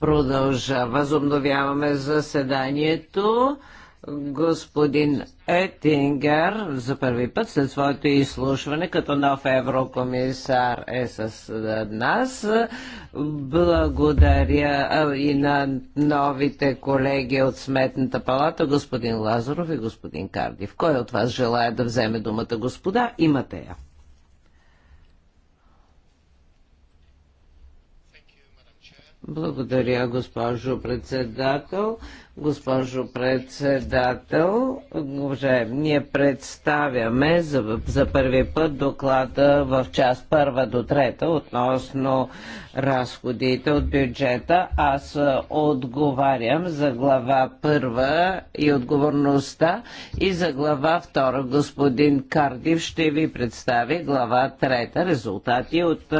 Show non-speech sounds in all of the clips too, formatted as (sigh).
Продължава. Възобновяваме заседанието. Господин Етингер за първи път след своето изслушване като нов еврокомисар е с нас. Благодаря и на новите колеги от Сметната палата, господин Лазаров и господин Кардив. Кой от вас желая да вземе думата, господа? Имате я. Благодаря, госпожо председател. Госпожо председател, уважаем, ние представяме за, за първи път доклада в част първа до трета относно разходите от бюджета. Аз отговарям за глава първа и отговорността и за глава втора. Господин Кардив ще ви представи глава трета резултати от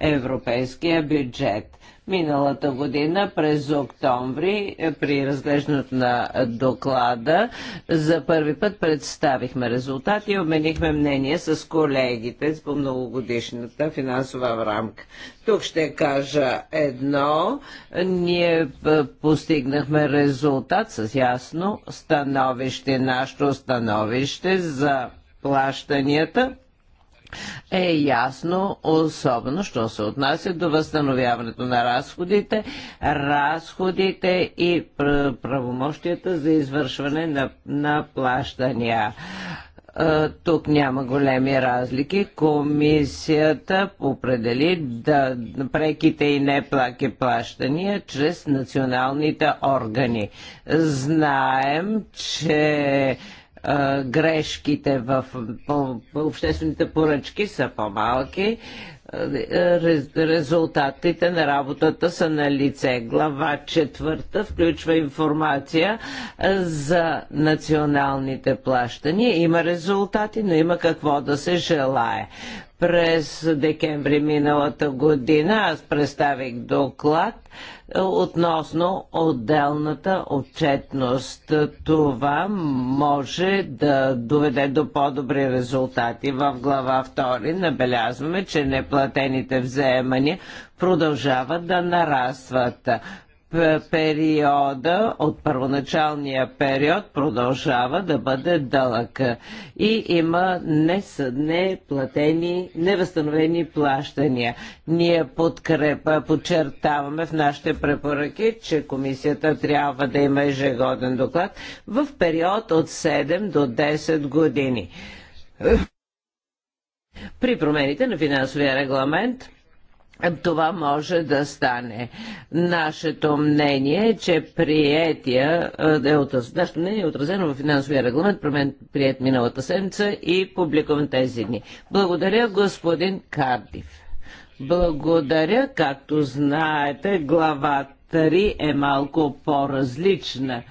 европейския бюджет Миналата година през октомври е, при разглеждането на доклада за първи път представихме резултати и обменихме мнение с колегите по многогодишната финансова рамка. Тук ще кажа едно. Ние е, постигнахме резултат с ясно становище, нашето становище за плащанията е ясно, особено, що се отнася до възстановяването на разходите, разходите и правомощията за извършване на, на плащания. Е, тук няма големи разлики. Комисията определи да преките и неплаки плащания чрез националните органи. Знаем, че грешките в по, по обществените поръчки са по-малки, резултатите на работата са на лице. Глава четвърта включва информация за националните плащания. Има резултати, но има какво да се желае. През декември миналата година аз представих доклад е, относно отделната отчетност. Това може да доведе до по-добри резултати. В глава 2 набелязваме, че неплатените вземания продължават да нарастват периода от първоначалния период продължава да бъде дълъг и има неплатени, невъзстановени плащания. Ние подкрепа, подчертаваме в нашите препоръки, че комисията трябва да има ежегоден доклад в период от 7 до 10 години. При промените на финансовия регламент това може да стане. Нашето мнение е, че приятия, е, отраз... нашето мнение е отразено в финансовия регламент, промен прият миналата седмица и публикуван тези дни. Благодаря, господин Кардив. Благодаря, както знаете, глава 3 е малко по-различна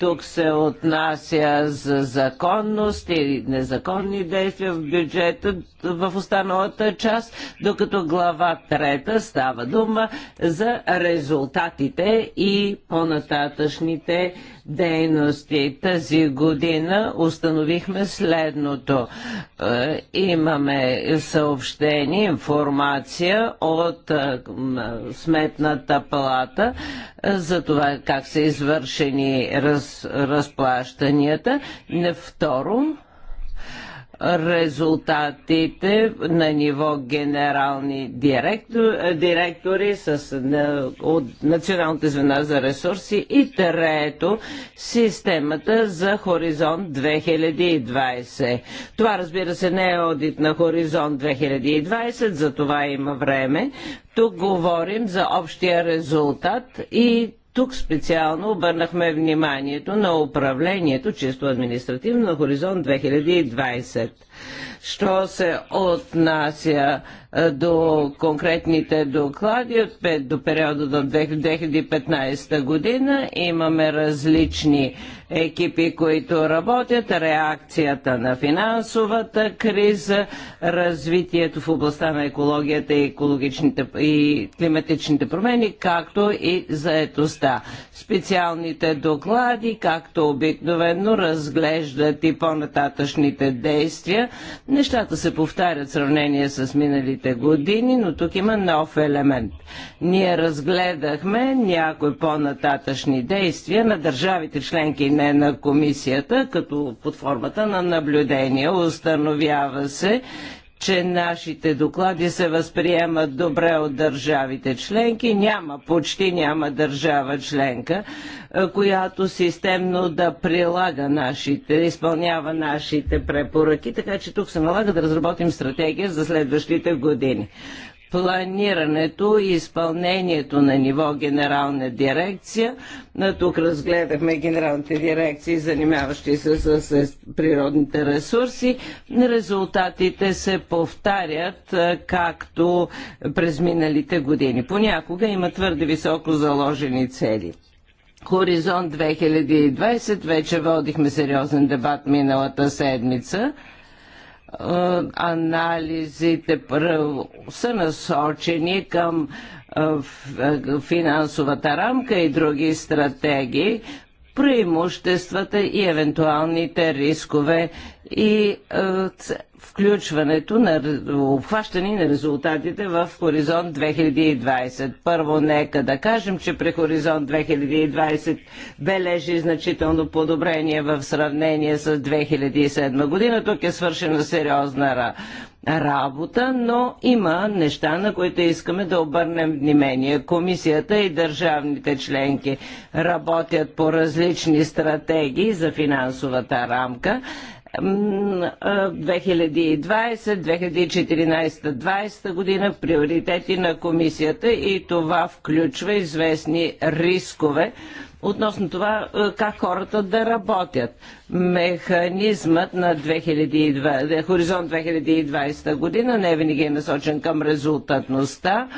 тук се отнася за законност и незаконни действия в бюджета в останалата част, докато глава трета става дума за резултатите и по-нататъчните дейности. Тази година установихме следното. Е, имаме съобщение, информация от е, Сметната палата е, за това как са извършени раз, разплащанията. Второ, резултатите на ниво генерални директор, директори с, на, от Националните звена за ресурси и трето системата за Хоризонт 2020. Това разбира се не е одит на Хоризонт 2020, за това има време. Тук говорим за общия резултат и тук специално обърнахме вниманието на управлението, чисто административно, на Хоризонт 2020 Що се отнася е, до конкретните доклади от 5 до периода до 2015 година, имаме различни екипи, които работят, реакцията на финансовата криза, развитието в областта на екологията и, екологичните, и климатичните промени, както и заетостта. Специалните доклади, както обикновено, разглеждат и по-нататъчните действия Нещата се повтарят в сравнение с миналите години, но тук има нов елемент. Ние разгледахме някои по-нататъчни действия на държавите членки, не на комисията, като под формата на наблюдение. Установява се, че нашите доклади се възприемат добре от държавите членки. Няма, почти няма държава членка, е, която системно да прилага нашите, изпълнява нашите препоръки, така че тук се налага да разработим стратегия за следващите години планирането и изпълнението на ниво генерална дирекция. На тук разгледахме генералните дирекции, занимаващи се с, с природните ресурси. Резултатите се повтарят както през миналите години. Понякога има твърде високо заложени цели. Хоризонт 2020 вече водихме сериозен дебат миналата седмица. Е, анализите са насочени към е, е, финансовата рамка и други стратегии, преимуществата и евентуалните рискове и включването на обхващане на резултатите в Хоризонт 2020. Първо, нека да кажем, че при Хоризонт 2020 бележи значително подобрение в сравнение с 2007 година. Тук е свършена сериозна работа, но има неща, на които искаме да обърнем внимание. Комисията и държавните членки работят по различни стратегии за финансовата рамка 2020-2014-2020 година приоритети на комисията и това включва известни рискове относно това как хората да работят. Механизмът на 2020, Хоризонт 2020 година не е винаги е насочен към резултатността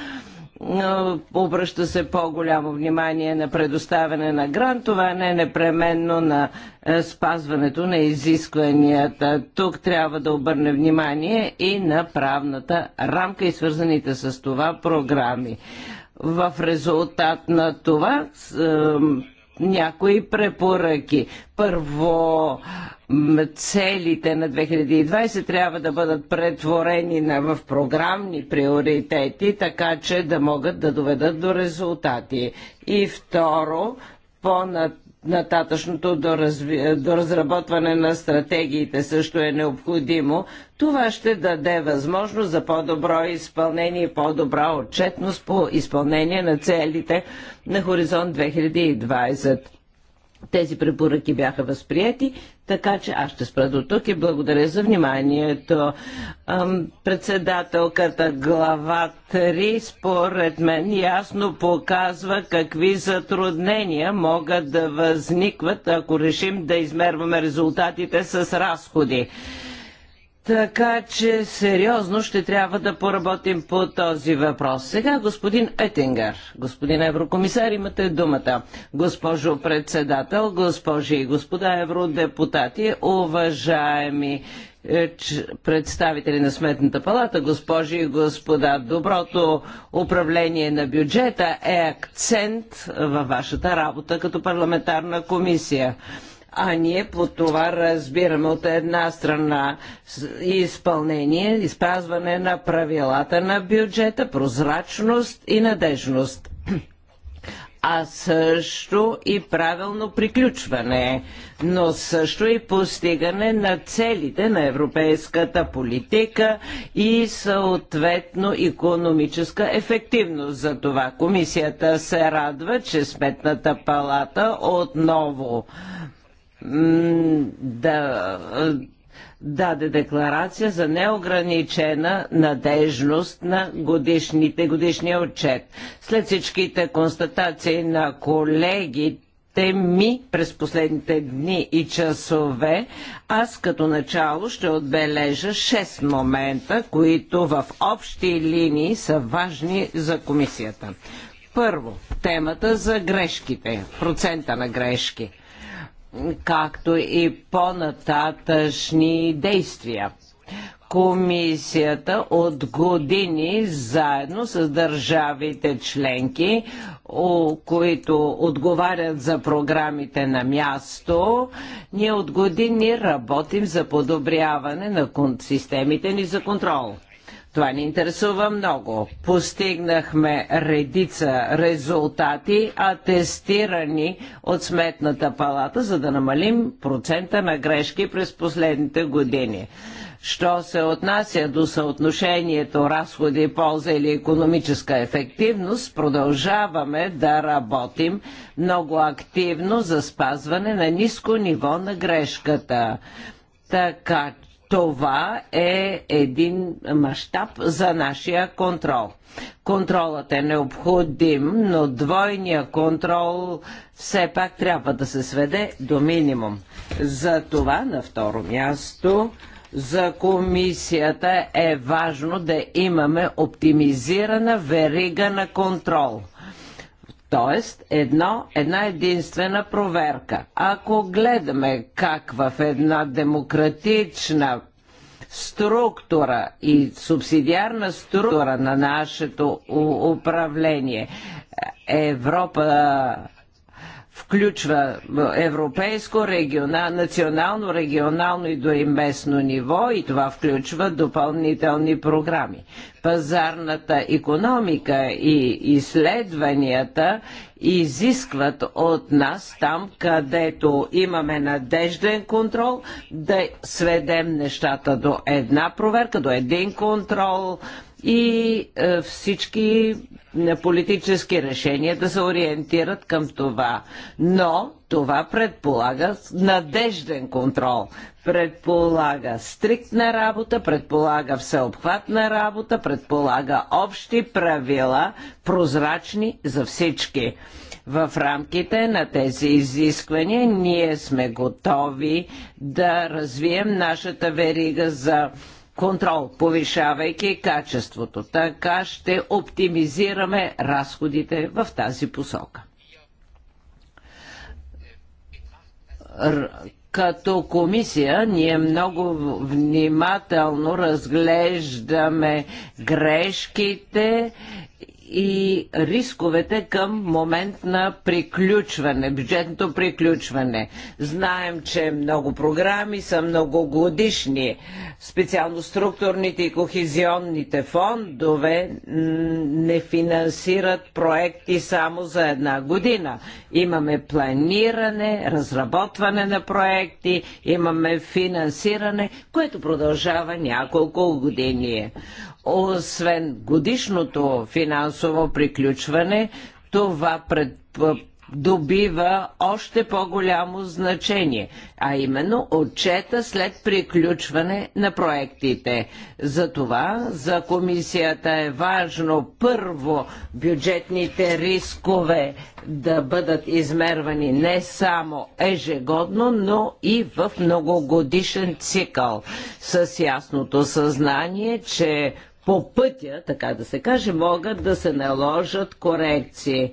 обръща се по-голямо внимание на предоставяне на грантове, а не е непременно на е, спазването на изискванията. Тук трябва да обърне внимание и на правната рамка и свързаните с това програми. В резултат на това е, някои препоръки. Първо, целите на 2020 трябва да бъдат претворени на, в програмни приоритети, така че да могат да доведат до резултати. И второ, по-над нататъчното до разработване на стратегиите също е необходимо. Това ще даде възможност за по-добро изпълнение и по-добра отчетност по изпълнение на целите на Хоризонт 2020. Тези препоръки бяха възприяти. Така че аз ще спра до тук и благодаря за вниманието. Председателката глава 3 според мен ясно показва какви затруднения могат да възникват, ако решим да измерваме резултатите с разходи. Така че сериозно ще трябва да поработим по този въпрос. Сега господин Етингър, господин еврокомисар, имате думата. Госпожо председател, госпожи и господа евродепутати, уважаеми е, представители на Сметната палата, госпожи и господа, доброто управление на бюджета е акцент във вашата работа като парламентарна комисия. А ние по това разбираме от една страна изпълнение, изпазване на правилата на бюджета, прозрачност и надежност а също и правилно приключване, но също и постигане на целите на европейската политика и съответно економическа ефективност. За това комисията се радва, че Сметната палата отново да даде декларация за неограничена надежност на годишните, годишния отчет. След всичките констатации на колегите ми през последните дни и часове, аз като начало ще отбележа 6 момента, които в общи линии са важни за комисията. Първо, темата за грешките, процента на грешки – както и по-нататъчни действия. Комисията от години заедно с държавите членки, които отговарят за програмите на място, ние от години работим за подобряване на системите ни за контрол. Това ни интересува много. Постигнахме редица резултати, атестирани от Сметната палата, за да намалим процента на грешки през последните години. Що се отнася до съотношението разходи, полза или економическа ефективност, продължаваме да работим много активно за спазване на ниско ниво на грешката. Така това е един мащаб за нашия контрол. Контролът е необходим, но двойния контрол все пак трябва да се сведе до минимум. За това на второ място за комисията е важно да имаме оптимизирана верига на контрол – т.е. едно, една единствена проверка. Ако гледаме как в една демократична структура и субсидиарна структура на нашето управление Европа включва европейско, региона, национално, регионално и дори местно ниво и това включва допълнителни програми. Пазарната економика и изследванията изискват от нас там, където имаме надежден контрол, да сведем нещата до една проверка, до един контрол, и е, всички политически решения да се ориентират към това. Но това предполага надежден контрол, предполага стриктна работа, предполага всеобхватна работа, предполага общи правила, прозрачни за всички. В рамките на тези изисквания ние сме готови да развием нашата верига за контрол, повишавайки качеството. Така ще оптимизираме разходите в тази посока. Р като комисия ние много внимателно разглеждаме грешките и рисковете към момент на приключване, бюджетното приключване. Знаем, че много програми са многогодишни, специално структурните и кохезионните фондове не финансират проекти само за една година. Имаме планиране, разработване на проекти, имаме финансиране, което продължава няколко години. Освен годишното финансово приключване, това пред, добива още по-голямо значение, а именно отчета след приключване на проектите. Затова за комисията е важно първо бюджетните рискове да бъдат измервани не само ежегодно, но и в многогодишен цикъл, с ясното съзнание, че по пътя, така да се каже, могат да се наложат корекции.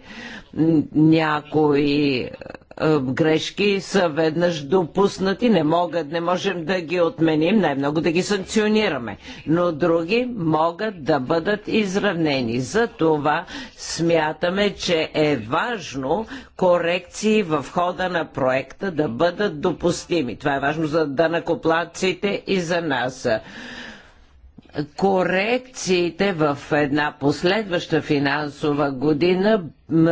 Някои е, грешки са веднъж допуснати, не могат, не можем да ги отменим, най-много да ги санкционираме, но други могат да бъдат изравнени. За това смятаме, че е важно корекции в хода на проекта да бъдат допустими. Това е важно за данакоплаците и за нас корекциите в една последваща финансова година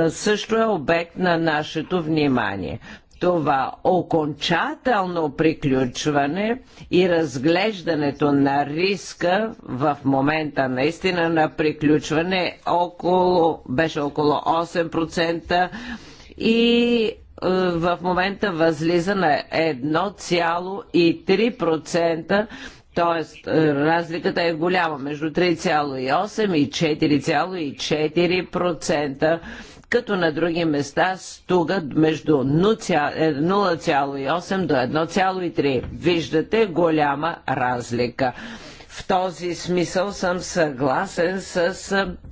също е обект на нашето внимание. Това окончателно приключване и разглеждането на риска в момента наистина на приключване е около, беше около 8% и е, в момента възлиза на 1,3% Тоест, е, разликата е голяма между 3,8 и 4,4%, като на други места стугат между 0,8 е, до 1,3. Виждате голяма разлика. В този смисъл съм съгласен с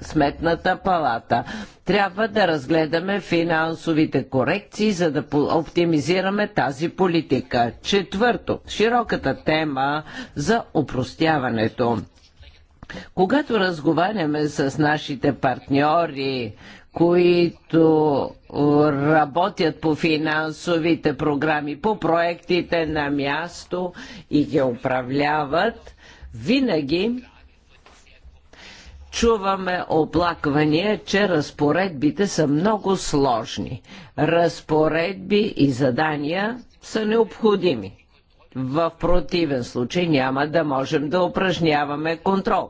Сметната палата. Трябва да разгледаме финансовите корекции, за да оптимизираме тази политика. Четвърто, широката тема за упростяването. Когато разговаряме с нашите партньори, които работят по финансовите програми, по проектите на място и ги управляват, винаги чуваме оплаквания, че разпоредбите са много сложни. Разпоредби и задания са необходими. В противен случай няма да можем да упражняваме контрол.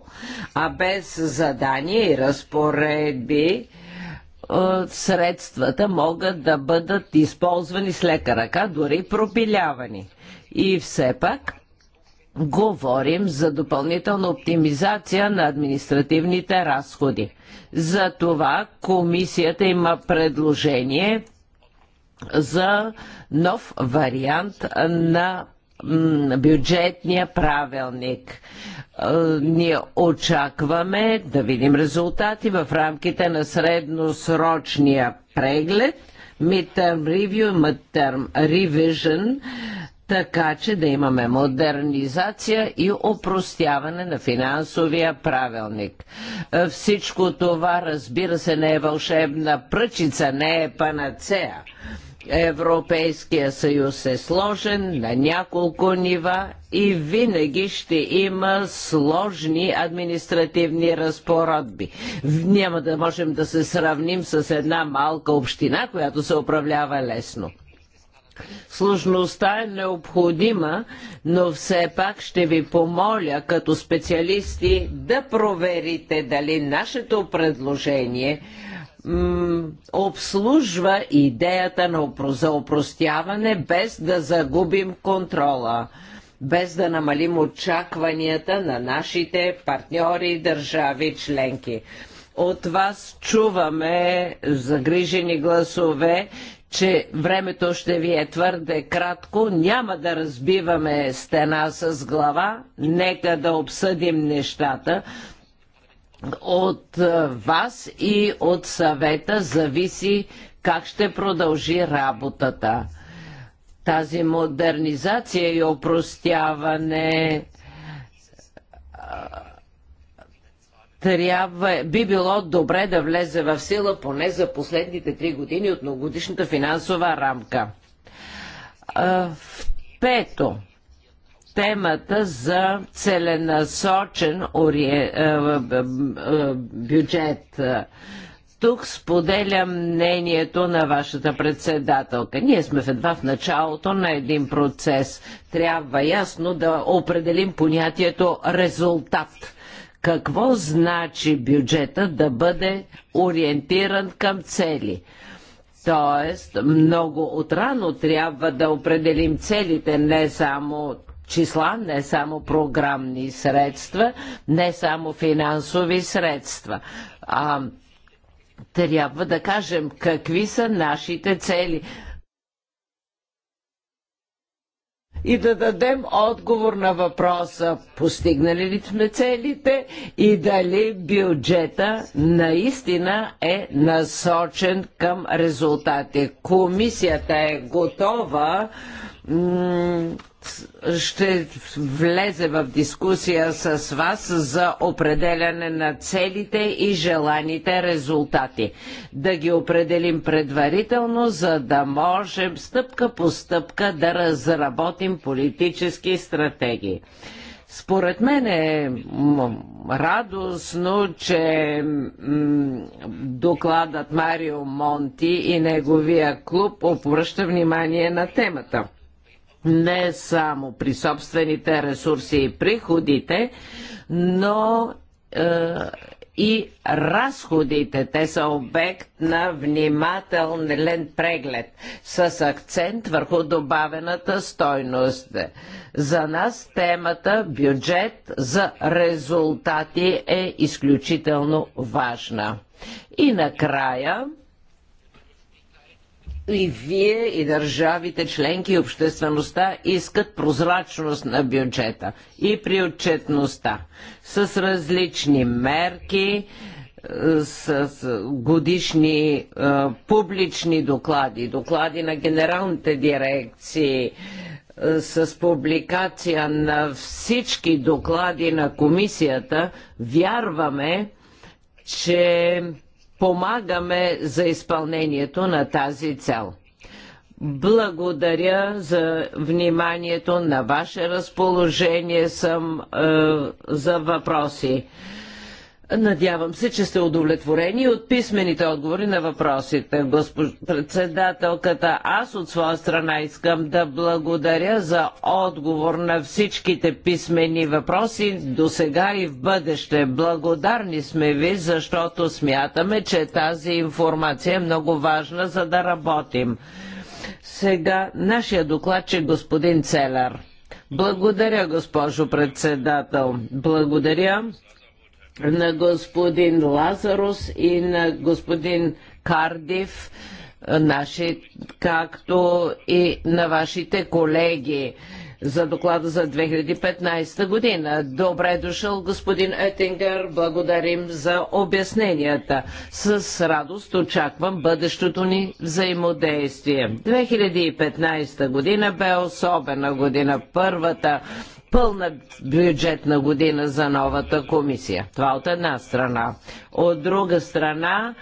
А без задания и разпоредби е, средствата могат да бъдат използвани с лека ръка, дори пропилявани. И все пак говорим за допълнителна оптимизация на административните разходи. За това комисията има предложение за нов вариант на бюджетния правилник. Е, ние очакваме да видим резултати в рамките на средносрочния преглед, midterm review, midterm revision така че да имаме модернизация и опростяване на финансовия правилник. Е, всичко това, разбира се, не е вълшебна пръчица, не е панацея. Европейския съюз е сложен на няколко нива и винаги ще има сложни административни разпоредби. Няма да можем да се сравним с една малка община, която се управлява лесно. Сложността е необходима, но все пак ще ви помоля като специалисти да проверите дали нашето предложение обслужва идеята на опро... за опростяване, без да загубим контрола, без да намалим очакванията на нашите партньори и държави членки. От вас чуваме загрижени гласове, че времето ще ви е твърде кратко, няма да разбиваме стена с глава, нека да обсъдим нещата. От е, вас и от съвета зависи как ще продължи работата. Тази модернизация и опростяване е, трябва, би било добре да влезе в сила поне за последните три години от многогодишната финансова рамка. В пето, темата за целенасочен бюджет. Тук споделям мнението на вашата председателка. Ние сме в едва в началото на един процес. Трябва ясно да определим понятието резултат какво значи бюджета да бъде ориентиран към цели? Тоест, много отрано трябва да определим целите, не само числа, не само програмни средства, не само финансови средства. А, трябва да кажем какви са нашите цели и да дадем отговор на въпроса постигнали ли сме целите и дали бюджета наистина е насочен към резултати. Комисията е готова ще влезе в дискусия с вас за определяне на целите и желаните резултати. Да ги определим предварително, за да можем стъпка по стъпка да разработим политически стратегии. Според мен е радостно, че докладът Марио Монти и неговия клуб обръща внимание на темата не само при собствените ресурси и приходите, но е, и разходите. Те са обект на внимателен преглед с акцент върху добавената стойност. За нас темата бюджет за резултати е изключително важна. И накрая и вие, и държавите, членки и обществеността искат прозрачност на бюджета и при отчетността с различни мерки, е, с годишни е, публични доклади, доклади на генералните дирекции, е, с публикация на всички доклади на комисията, вярваме, че помагаме за изпълнението на тази цел. Благодаря за вниманието. На ваше разположение съм е, за въпроси. Надявам се, че сте удовлетворени от писмените отговори на въпросите. Госпож председателката, аз от своя страна искам да благодаря за отговор на всичките писмени въпроси до сега и в бъдеще. Благодарни сме ви, защото смятаме, че тази информация е много важна, за да работим. Сега нашия докладчик господин Целер. Благодаря, госпожо председател. Благодаря на господин Лазарус и на господин Кардив, наши, както и на вашите колеги за доклада за 2015 година. Добре дошъл, господин Етингер. Благодарим за обясненията. С радост очаквам бъдещото ни взаимодействие. 2015 година бе особена година. Първата пълна бюджетна година за новата комисия. Това от една страна. От друга страна,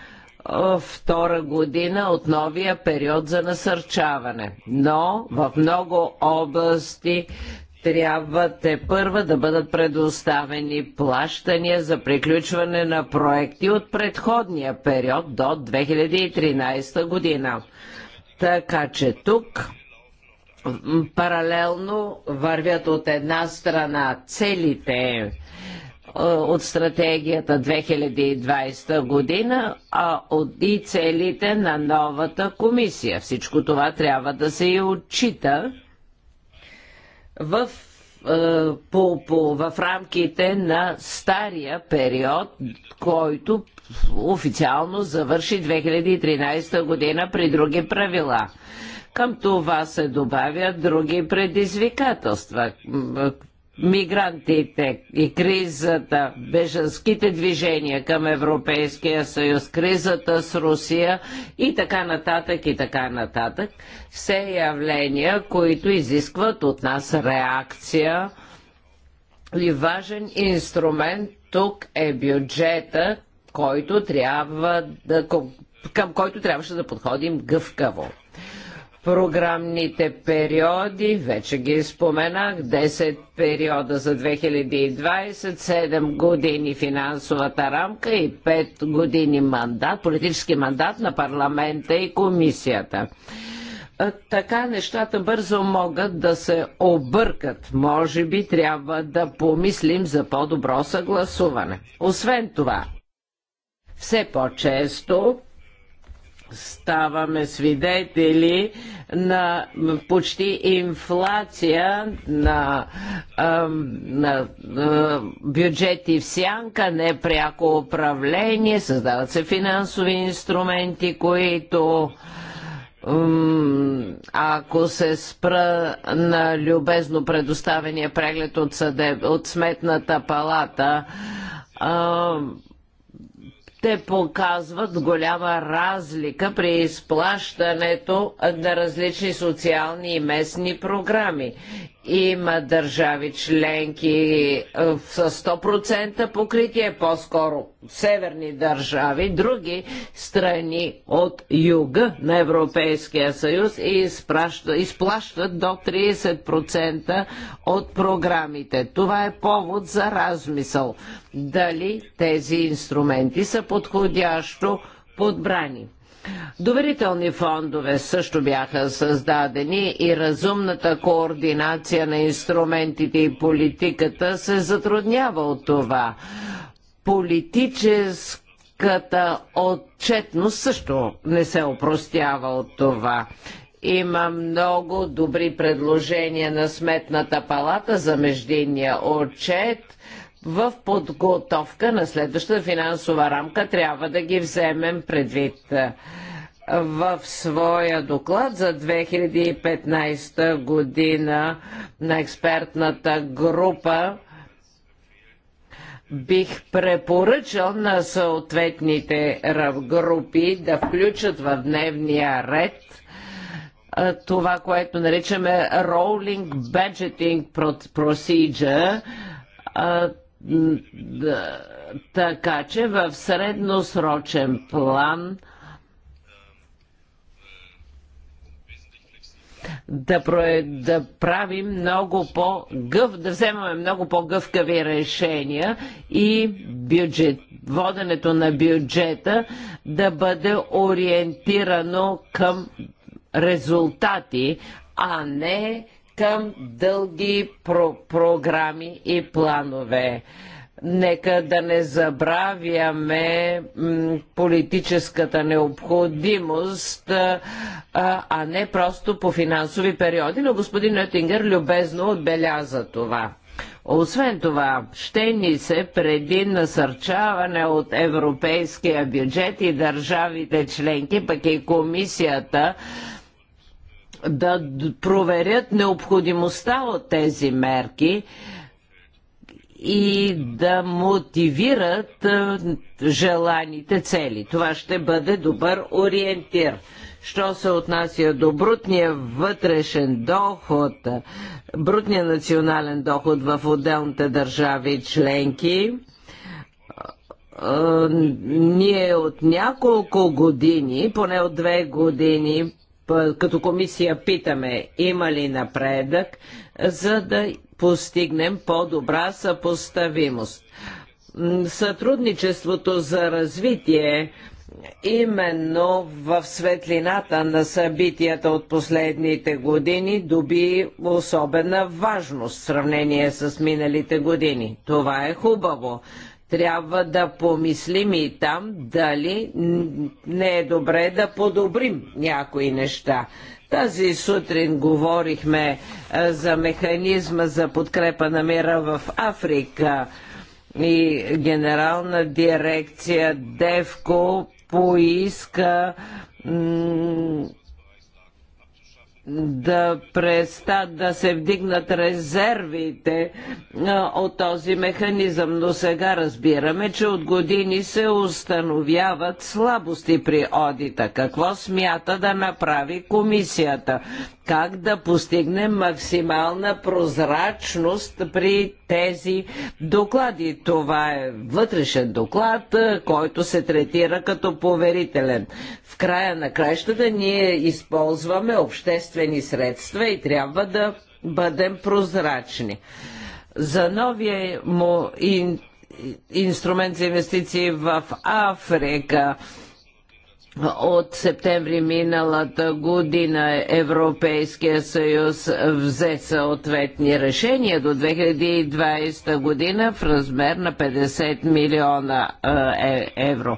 втора година от новия период за насърчаване. Но в много области трябва те първа да бъдат предоставени плащания за приключване на проекти от предходния период до 2013 година. Така че тук паралелно вървят от една страна целите е, от стратегията 2020 година, а от и целите на новата комисия. Всичко това трябва да се и отчита в е, по, по, в рамките на стария период, който официално завърши 2013 година при други правила. Към това се добавят други предизвикателства, мигрантите и кризата, бежанските движения към Европейския съюз, кризата с Русия и така нататък и така нататък, все явления, които изискват от нас реакция и важен инструмент тук е бюджета, който трябва да, към който трябваше да подходим гъвкаво програмните периоди, вече ги споменах, 10 периода за 2020, 7 години финансовата рамка и 5 години мандат, политически мандат на парламента и комисията. Така нещата бързо могат да се объркат. Може би трябва да помислим за по-добро съгласуване. Освен това, все по-често ставаме свидетели на почти инфлация на, а, на а, бюджети в сянка, непряко управление, създават се финансови инструменти, които ако се спра на любезно предоставения преглед от, съдеб, от сметната палата, а, те показват голяма разлика при изплащането на различни социални и местни програми. Има държави членки е, с 100% покритие, по-скоро северни държави, други страни от юга на Европейския съюз и изплащат до 30% от програмите. Това е повод за размисъл дали тези инструменти са подходящо подбрани. Доверителни фондове също бяха създадени и разумната координация на инструментите и политиката се затруднява от това. Политическата отчетност също не се опростява от това. Има много добри предложения на Сметната палата за междинния отчет, в подготовка на следващата финансова рамка трябва да ги вземем предвид. В своя доклад за 2015 година на експертната група бих препоръчал на съответните групи да включат в дневния ред това, което наричаме Rolling Budgeting Procedure, така че в средносрочен план да, про, да правим много по-гъв, да вземаме много по-гъвкави решения и бюджет, воденето на бюджета да бъде ориентирано към резултати, а не към дълги про- програми и планове. Нека да не забравяме политическата необходимост, а не просто по финансови периоди, но господин Нетингер любезно отбеляза това. Освен това, ще ни се преди насърчаване от европейския бюджет и държавите членки, пък и комисията, да проверят необходимостта от тези мерки и да мотивират е, желаните цели. Това ще бъде добър ориентир. Що се отнася до брутния вътрешен доход, брутния национален доход в отделните държави членки, е, ние от няколко години, поне от две години, като комисия питаме има ли напредък, за да постигнем по-добра съпоставимост. Сътрудничеството за развитие именно в светлината на събитията от последните години доби особена важност в сравнение с миналите години. Това е хубаво, трябва да помислим и там дали не е добре да подобрим някои неща. Тази сутрин говорихме е, за механизма за подкрепа на мира в Африка и генерална дирекция Девко поиска да престат да се вдигнат резервите от този механизъм. Но сега разбираме, че от години се установяват слабости при одита. Какво смята да направи комисията? Как да постигне максимална прозрачност при тези доклади? Това е вътрешен доклад, който се третира като поверителен. В края на краищата ние използваме обществените лекарствени средства и трябва да бъдем прозрачни. За новия му ин, инструмент за инвестиции в Африка от септември миналата година Европейския съюз взе съответни решения до 2020 година в размер на 50 милиона е, евро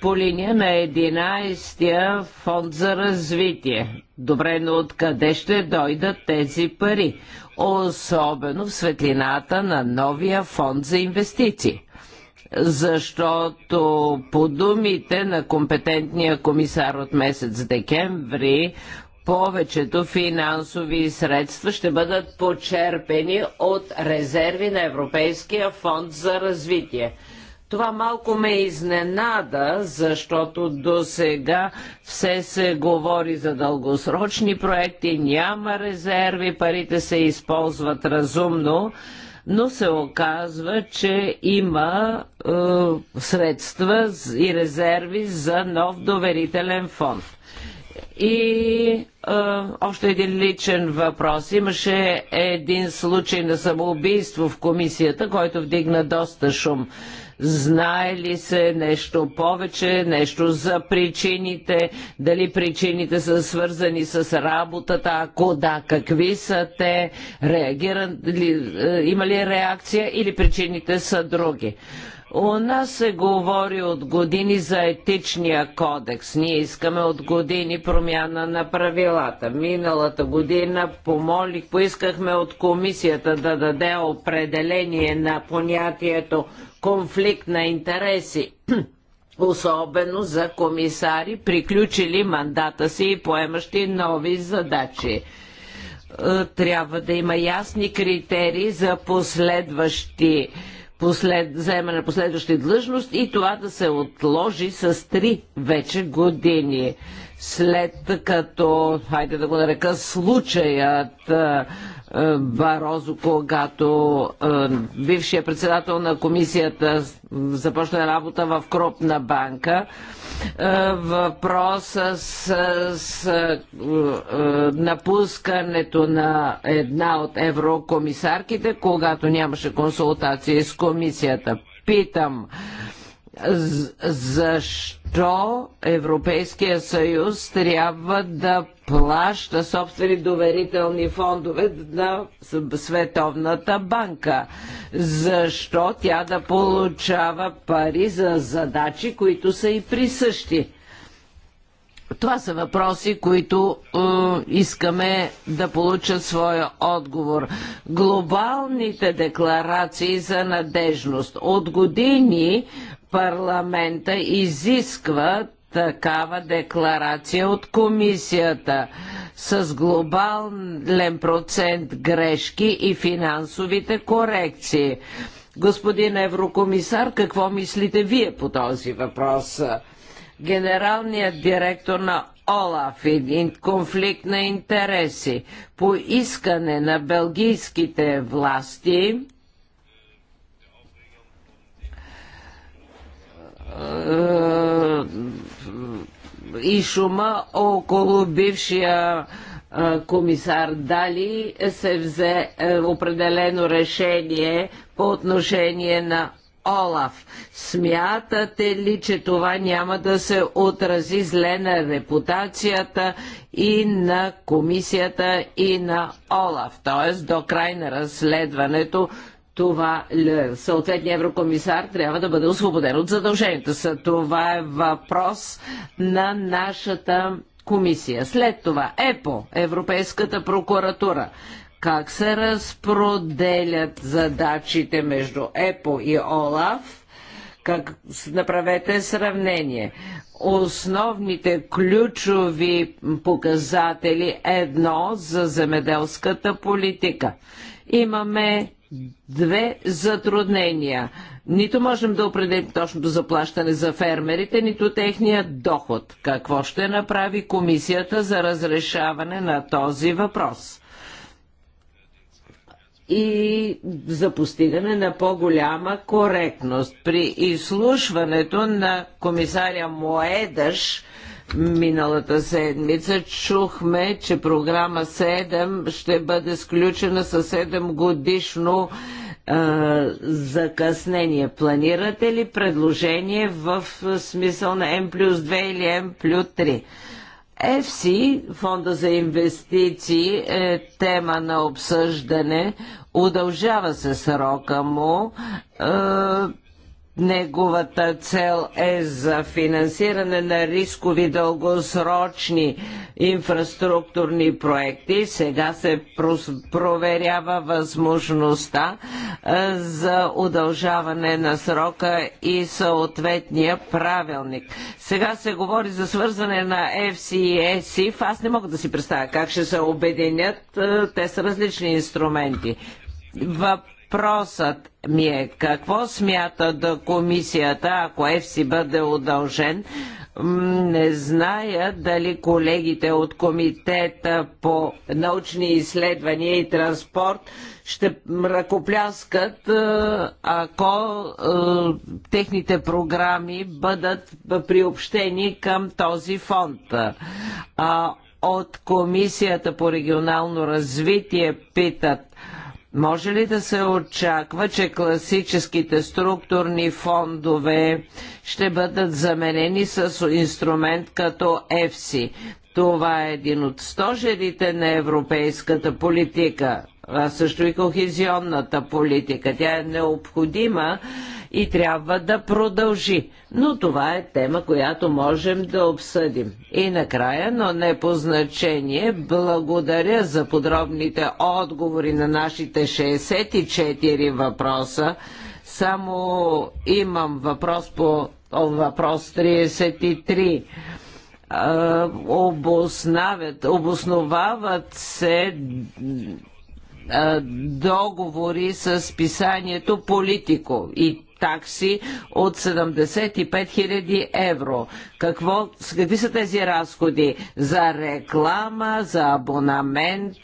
по линия на 11-я фонд за развитие. Добре, но откъде ще дойдат тези пари? Особено в светлината на новия фонд за инвестиции. Защото по думите на компетентния комисар от месец декември, повечето финансови средства ще бъдат почерпени от резерви на Европейския фонд за развитие. Това малко ме изненада, защото до сега все се говори за дългосрочни проекти, няма резерви, парите се използват разумно, но се оказва, че има е, средства и резерви за нов доверителен фонд. И е, още един личен въпрос. Имаше един случай на самоубийство в комисията, който вдигна доста шум. Знае ли се нещо повече, нещо за причините, дали причините са свързани с работата, ако да, какви са те, реагират ли, е, има ли реакция или причините са други? У нас се говори от години за етичния кодекс. Ние искаме от години промяна на правилата. Миналата година помолих, поискахме от комисията да даде определение на понятието конфликт на интереси (clears throat) особено за комисари, приключили мандата си и поемащи нови задачи. Е, трябва да има ясни критерии за последващи послед, заемане на последващи длъжност и това да се отложи с три вече години. След като, хайде да го нарека, случаят е, Барозо, когато е, бившия председател на комисията започна работа в Кропна банка. Е, въпроса с, с напускането на една от еврокомисарките, когато нямаше консултации с комисията. Питам, защо Европейския съюз трябва да плаща собствени доверителни фондове на Световната банка? Защо тя да получава пари за задачи, които са и присъщи? Това са въпроси, които е, искаме да получат своя отговор. Глобалните декларации за надежност. От години парламента изисква такава декларация от комисията с глобален процент грешки и финансовите корекции. Господин еврокомисар, какво мислите вие по този въпрос? Генералният директор на Олаф и конфликт на интереси по искане на белгийските власти Е, и шума около бившия е, комисар Дали се взе е, определено решение по отношение на Олаф. Смятате ли, че това няма да се отрази зле на репутацията и на комисията и на Олаф? Т.е. до край на разследването това съответният еврокомисар трябва да бъде освободен от задълженията са. Това е въпрос на нашата комисия. След това ЕПО, Европейската прокуратура. Как се разпроделят задачите между ЕПО и ОЛАФ? Как, направете сравнение. Основните ключови показатели едно за земеделската политика. Имаме две затруднения. Нито можем да определим точното заплащане за фермерите, нито техния доход. Какво ще направи комисията за разрешаване на този въпрос? и за постигане на по-голяма коректност. При изслушването на комисаря Моедаш Миналата седмица чухме, че програма 7 ще бъде сключена със 7 годишно а, закъснение. Планирате ли предложение в смисъл на М плюс 2 или М плюс 3? FC, фонда за инвестиции, е тема на обсъждане. Удължава се срока му. Е, Неговата цел е за финансиране на рискови дългосрочни инфраструктурни проекти. Сега се проверява възможността за удължаване на срока и съответния правилник. Сега се говори за свързване на FC и ESIF. Аз не мога да си представя как ще се обединят. Те са различни инструменти. Въпросът Въпросът ми е какво смята да комисията, ако ЕФСИ бъде удължен, не зная дали колегите от Комитета по научни изследвания и транспорт ще ръкопляскат, е, ако е, техните програми бъдат приобщени към този фонд. От Комисията по регионално развитие питат може ли да се очаква, че класическите структурни фондове ще бъдат заменени с инструмент като ЕФСИ? Това е един от стожерите на европейската политика а също и кохезионната политика. Тя е необходима и трябва да продължи. Но това е тема, която можем да обсъдим. И накрая, но не по значение, благодаря за подробните отговори на нашите 64 въпроса. Само имам въпрос по въпрос 33 обосновават се договори с писанието Политико и такси от 75 000 евро. Какво, какви са тези разходи? За реклама, за абонамент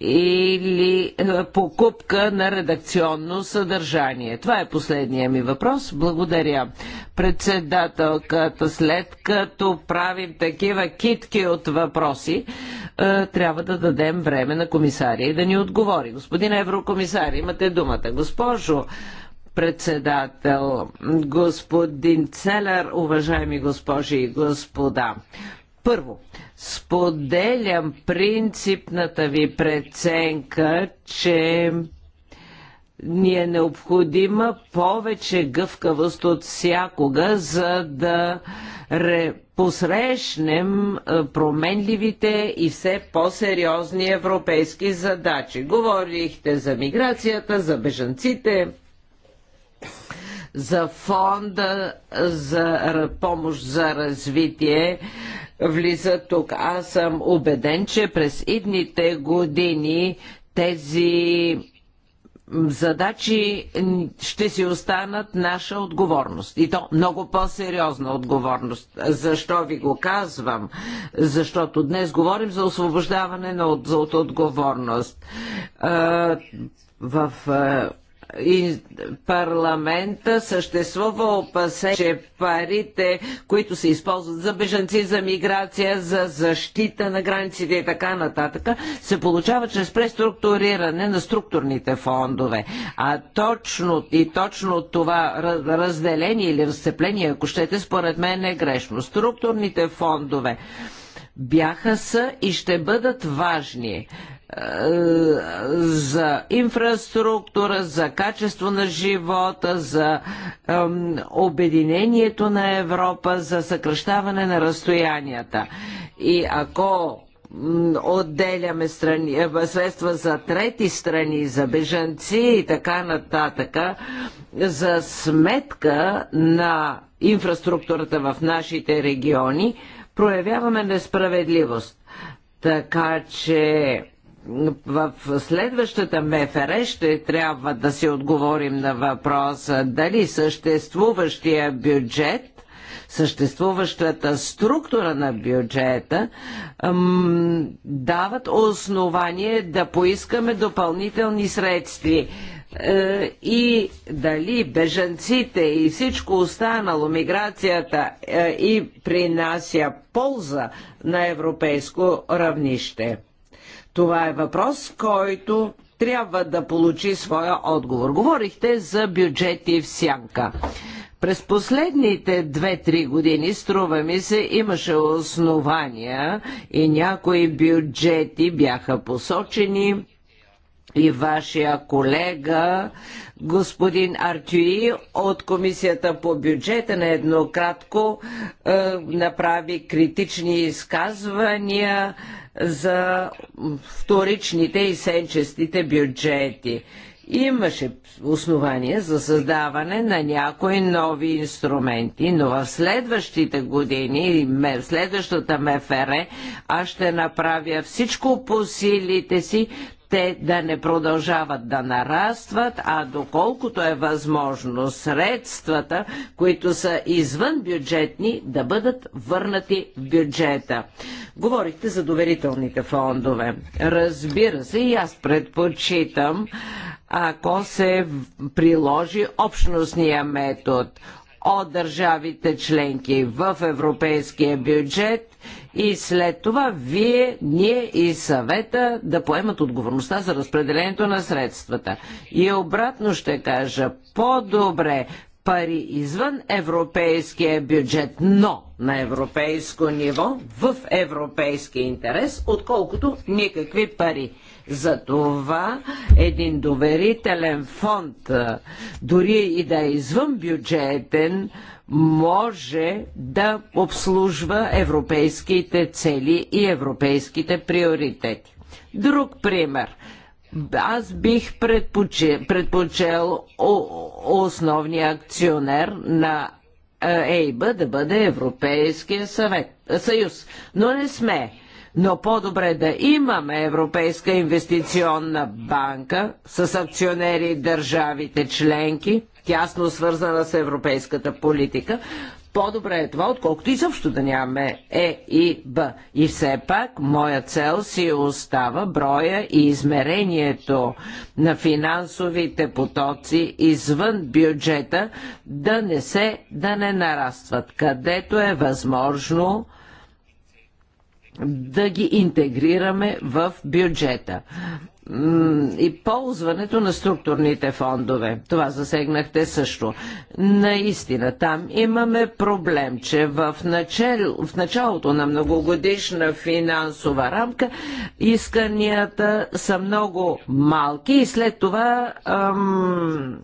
или е, покупка на редакционно съдържание? Това е последния ми въпрос. Благодаря. Председателката, след като правим такива китки от въпроси, е, трябва да дадем време на комисария и да ни отговори. Господин еврокомисар, имате думата. Госпожо председател, господин Целер, уважаеми госпожи и господа. Първо, споделям принципната ви преценка, че ни е необходима повече гъвкавост от всякога, за да посрещнем променливите и все по-сериозни европейски задачи. Говорихте за миграцията, за бежанците, за фонда за помощ за развитие влиза тук. Аз съм убеден, че през идните години тези задачи ще си останат наша отговорност. И то много по-сериозна отговорност. Защо ви го казвам? Защото днес говорим за освобождаване на, от, от отговорност. А, в а, и парламента съществува опасение, че парите, които се използват за бежанци, за миграция, за защита на границите и така нататък, се получава чрез преструктуриране на структурните фондове. А точно и точно това разделение или разцепление, ако щете, според мен е грешно. Структурните фондове бяха са и ще бъдат важни за инфраструктура, за качество на живота, за ем, обединението на Европа, за съкръщаване на разстоянията. И ако отделяме страни, е, средства за трети страни, за бежанци и така нататък, за сметка на инфраструктурата в нашите региони, проявяваме несправедливост. Така че в следващата МФР ще трябва да си отговорим на въпроса дали съществуващия бюджет съществуващата структура на бюджета дават основание да поискаме допълнителни средства е, и дали бежанците и всичко останало, миграцията е, и принася полза на европейско равнище. Това е въпрос, който трябва да получи своя отговор. Говорихте за бюджети в сянка. През последните 2-3 години, струва ми се, имаше основания и някои бюджети бяха посочени и вашия колега господин Артюи от Комисията по бюджета на еднократко е, направи критични изказвания за вторичните и сенчестите бюджети имаше основания за създаване на някои нови инструменти, но в следващите години, в следващата МФР, аз ще направя всичко по силите си те да не продължават да нарастват, а доколкото е възможно средствата, които са извън бюджетни, да бъдат върнати в бюджета. Говорихте за доверителните фондове. Разбира се, и аз предпочитам, ако се приложи общностния метод от държавите членки в европейския бюджет и след това вие, ние и съвета да поемат отговорността за разпределението на средствата. И обратно ще кажа, по-добре пари извън европейския бюджет, но на европейско ниво, в европейски интерес, отколкото никакви пари. За това един доверителен фонд, дори и да е извън бюджетен, може да обслужва европейските цели и европейските приоритети. Друг пример. Аз бих предпочел, предпочел основния акционер на ЕИБА да бъде Европейския съвет, съюз. Но не сме. Но по-добре да имаме Европейска инвестиционна банка с акционери държавите членки, тясно свързана с европейската политика. По-добре е това, отколкото изобщо да нямаме Е и Б. И все пак, моя цел си остава броя и измерението на финансовите потоци извън бюджета да не се, да не нарастват, където е възможно да ги интегрираме в бюджета и ползването на структурните фондове. Това засегнахте също. Наистина, там имаме проблем, че в, начал, в началото на многогодишна финансова рамка исканията са много малки и след това ам,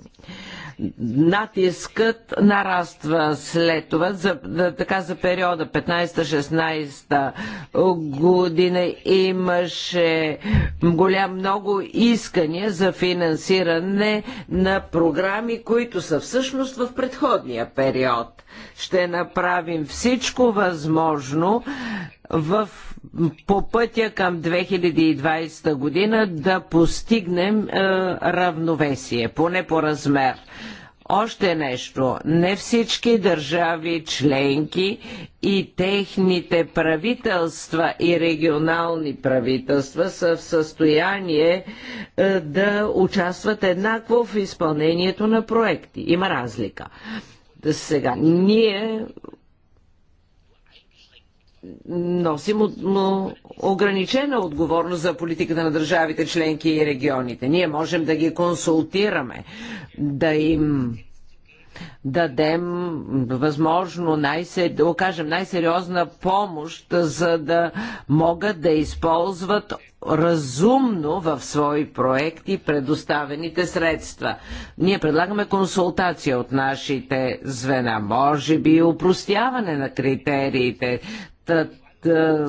Натискът нараства след това, за, така за периода 15-16 година имаше голям много искания за финансиране на програми, които са всъщност в предходния период. Ще направим всичко възможно в, по пътя към 2020 година да постигнем е, равновесие, поне по размер. Още нещо. Не всички държави членки и техните правителства и регионални правителства са в състояние е, да участват еднакво в изпълнението на проекти. Има разлика. Сега, ние носим от, но, ограничена отговорност за политиката на държавите, членки и регионите. Ние можем да ги консултираме, да им дадем възможно най да най-сериозна помощ, за да могат да използват разумно в свои проекти предоставените средства. Ние предлагаме консултация от нашите звена, може би упростяване на критериите, да,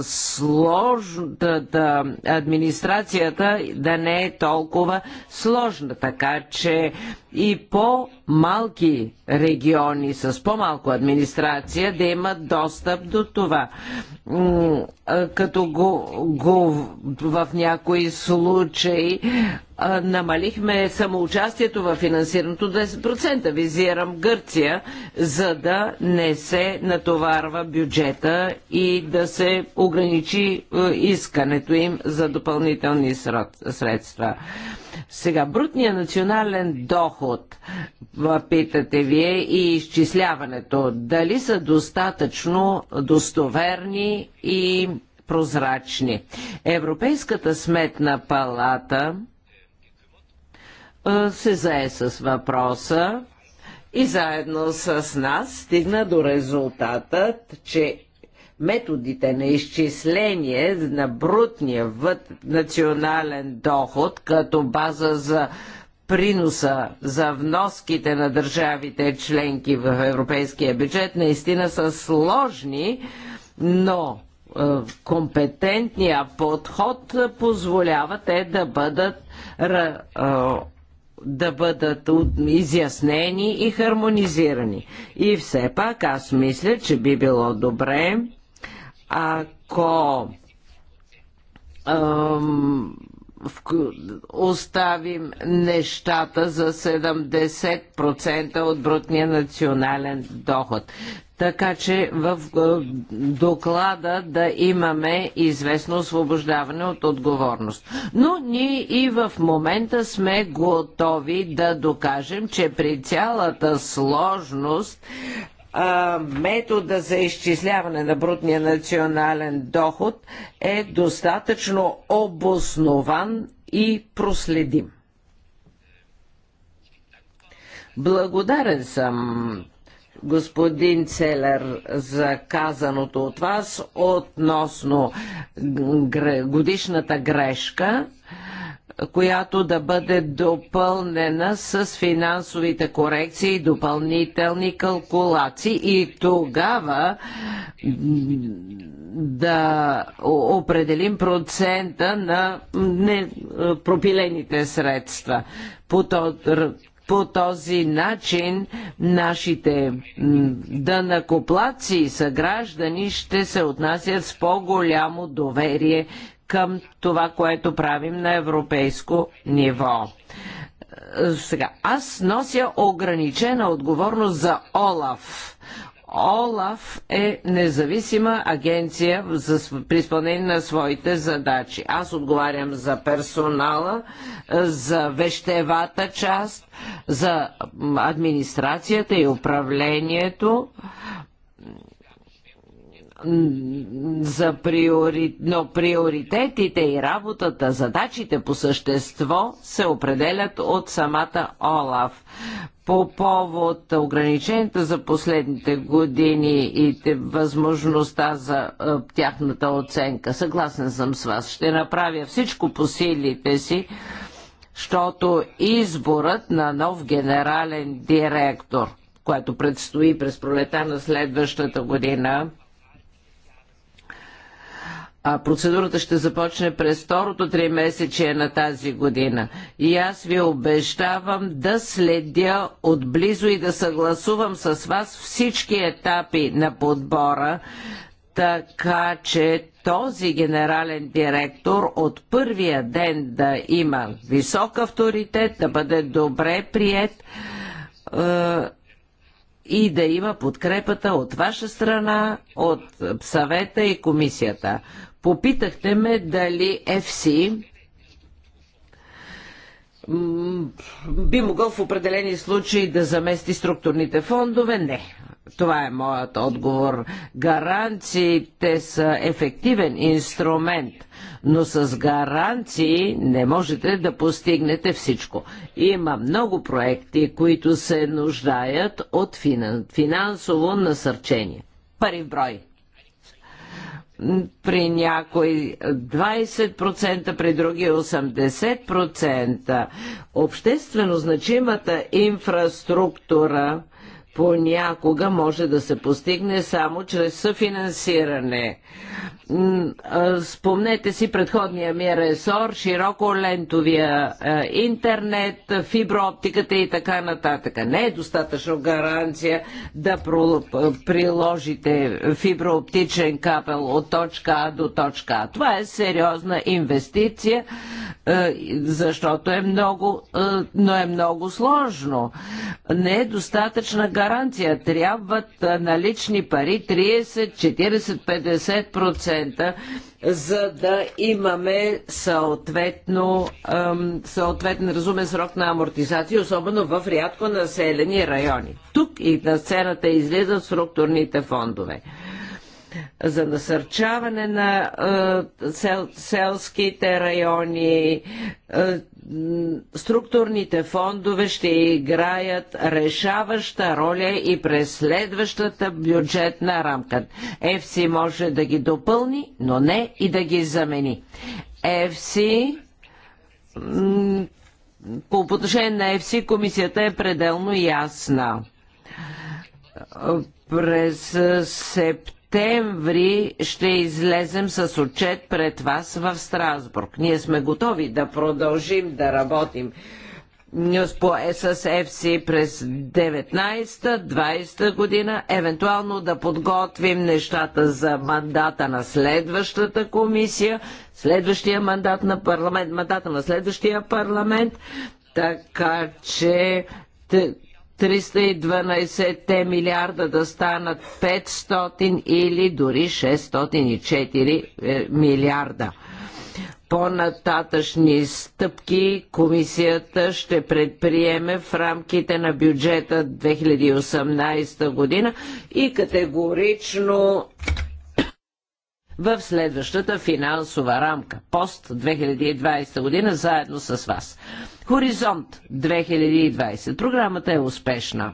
сложна, да, да, администрацията да не е толкова сложна, така че и по малки региони с по-малко администрация да имат достъп до това. Като го, го в някои случаи намалихме самоучастието в финансирането 10%. Визирам Гърция, за да не се натоварва бюджета и да се ограничи искането им за допълнителни средства. Сега, брутният национален доход, питате вие, и изчисляването, дали са достатъчно достоверни и прозрачни. Европейската сметна палата се зае с въпроса и заедно с нас стигна до резултатът, че методите на изчисление на брутния въд национален доход като база за приноса за вноските на държавите членки в европейския бюджет наистина са сложни, но е, компетентния подход позволява те да бъдат е, да бъдат изяснени и хармонизирани. И все пак аз мисля, че би било добре ако ам, оставим нещата за 70% от брутния национален доход. Така че в доклада да имаме известно освобождаване от отговорност. Но ние и в момента сме готови да докажем, че при цялата сложност метода за изчисляване на брутния национален доход е достатъчно обоснован и проследим. Благодарен съм господин Целер за казаното от вас относно годишната грешка която да бъде допълнена с финансовите корекции и допълнителни калкулации и тогава да определим процента на пропилените средства. По този начин нашите дънакоплаци и съграждани ще се отнасят с по-голямо доверие към това, което правим на европейско ниво. Сега, аз нося ограничена отговорност за Олаф. ОЛАФ е независима агенция за, при изпълнение на своите задачи. Аз отговарям за персонала, за вещевата част, за администрацията и управлението за приори... но приоритетите и работата, задачите по същество се определят от самата ОЛАФ. По повод ограниченията за последните години и възможността за е, тяхната оценка, съгласен съм с вас. Ще направя всичко по силите си, защото изборът на нов генерален директор, което предстои през пролета на следващата година, а процедурата ще започне през второто три месече на тази година. И аз ви обещавам да следя отблизо и да съгласувам с вас всички етапи на подбора, така че този генерален директор от първия ден да има висок авторитет, да бъде добре прият е, и да има подкрепата от ваша страна, от съвета и комисията. Попитахте ме дали FC би могъл в определени случаи да замести структурните фондове? Не. Това е моят отговор. Гаранциите са ефективен инструмент, но с гаранции не можете да постигнете всичко. Има много проекти, които се нуждаят от финансово насърчение. Пари в брой при някои 20%, при други 80%. Обществено значимата инфраструктура понякога може да се постигне само чрез съфинансиране. Спомнете си предходния ми ресор, широко лентовия интернет, фиброоптиката и така нататък. Не е достатъчно гаранция да приложите фиброоптичен капел от точка А до точка А. Това е сериозна инвестиция, защото е много, но е много сложно. Не е достатъчна гаранция гаранция. Трябват налични пари 30, 40, 50%, за да имаме съответно, съответен разумен срок на амортизация, особено в рядко населени райони. Тук и на сцената излизат структурните фондове за насърчаване на сел, селските райони. Структурните фондове ще играят решаваща роля и през следващата бюджетна рамка. ЕФСИ може да ги допълни, но не и да ги замени. ЕФСИ по отношение на ЕФСИ комисията е пределно ясна. През септември септември ще излезем с отчет пред вас в Страсбург. Ние сме готови да продължим да работим по FC е, през 19-20 година, евентуално да подготвим нещата за мандата на следващата комисия, следващия мандат на парламент, мандата на следващия парламент, така че 312 те милиарда да станат 500 или дори 604 е, милиарда. По-нататъчни стъпки комисията ще предприеме в рамките на бюджета 2018 година и категорично в следващата финансова рамка, пост 2020 година, заедно с вас. Хоризонт 2020. Програмата е успешна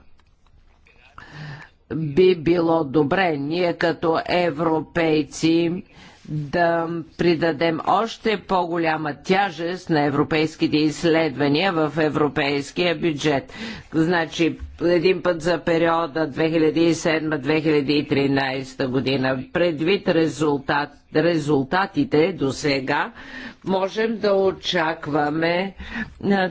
би било добре ние като европейци да придадем още по-голяма тяжест на европейските изследвания в европейския бюджет. Значи, един път за периода 2007-2013 година. Предвид резултат, резултатите до сега, можем да очакваме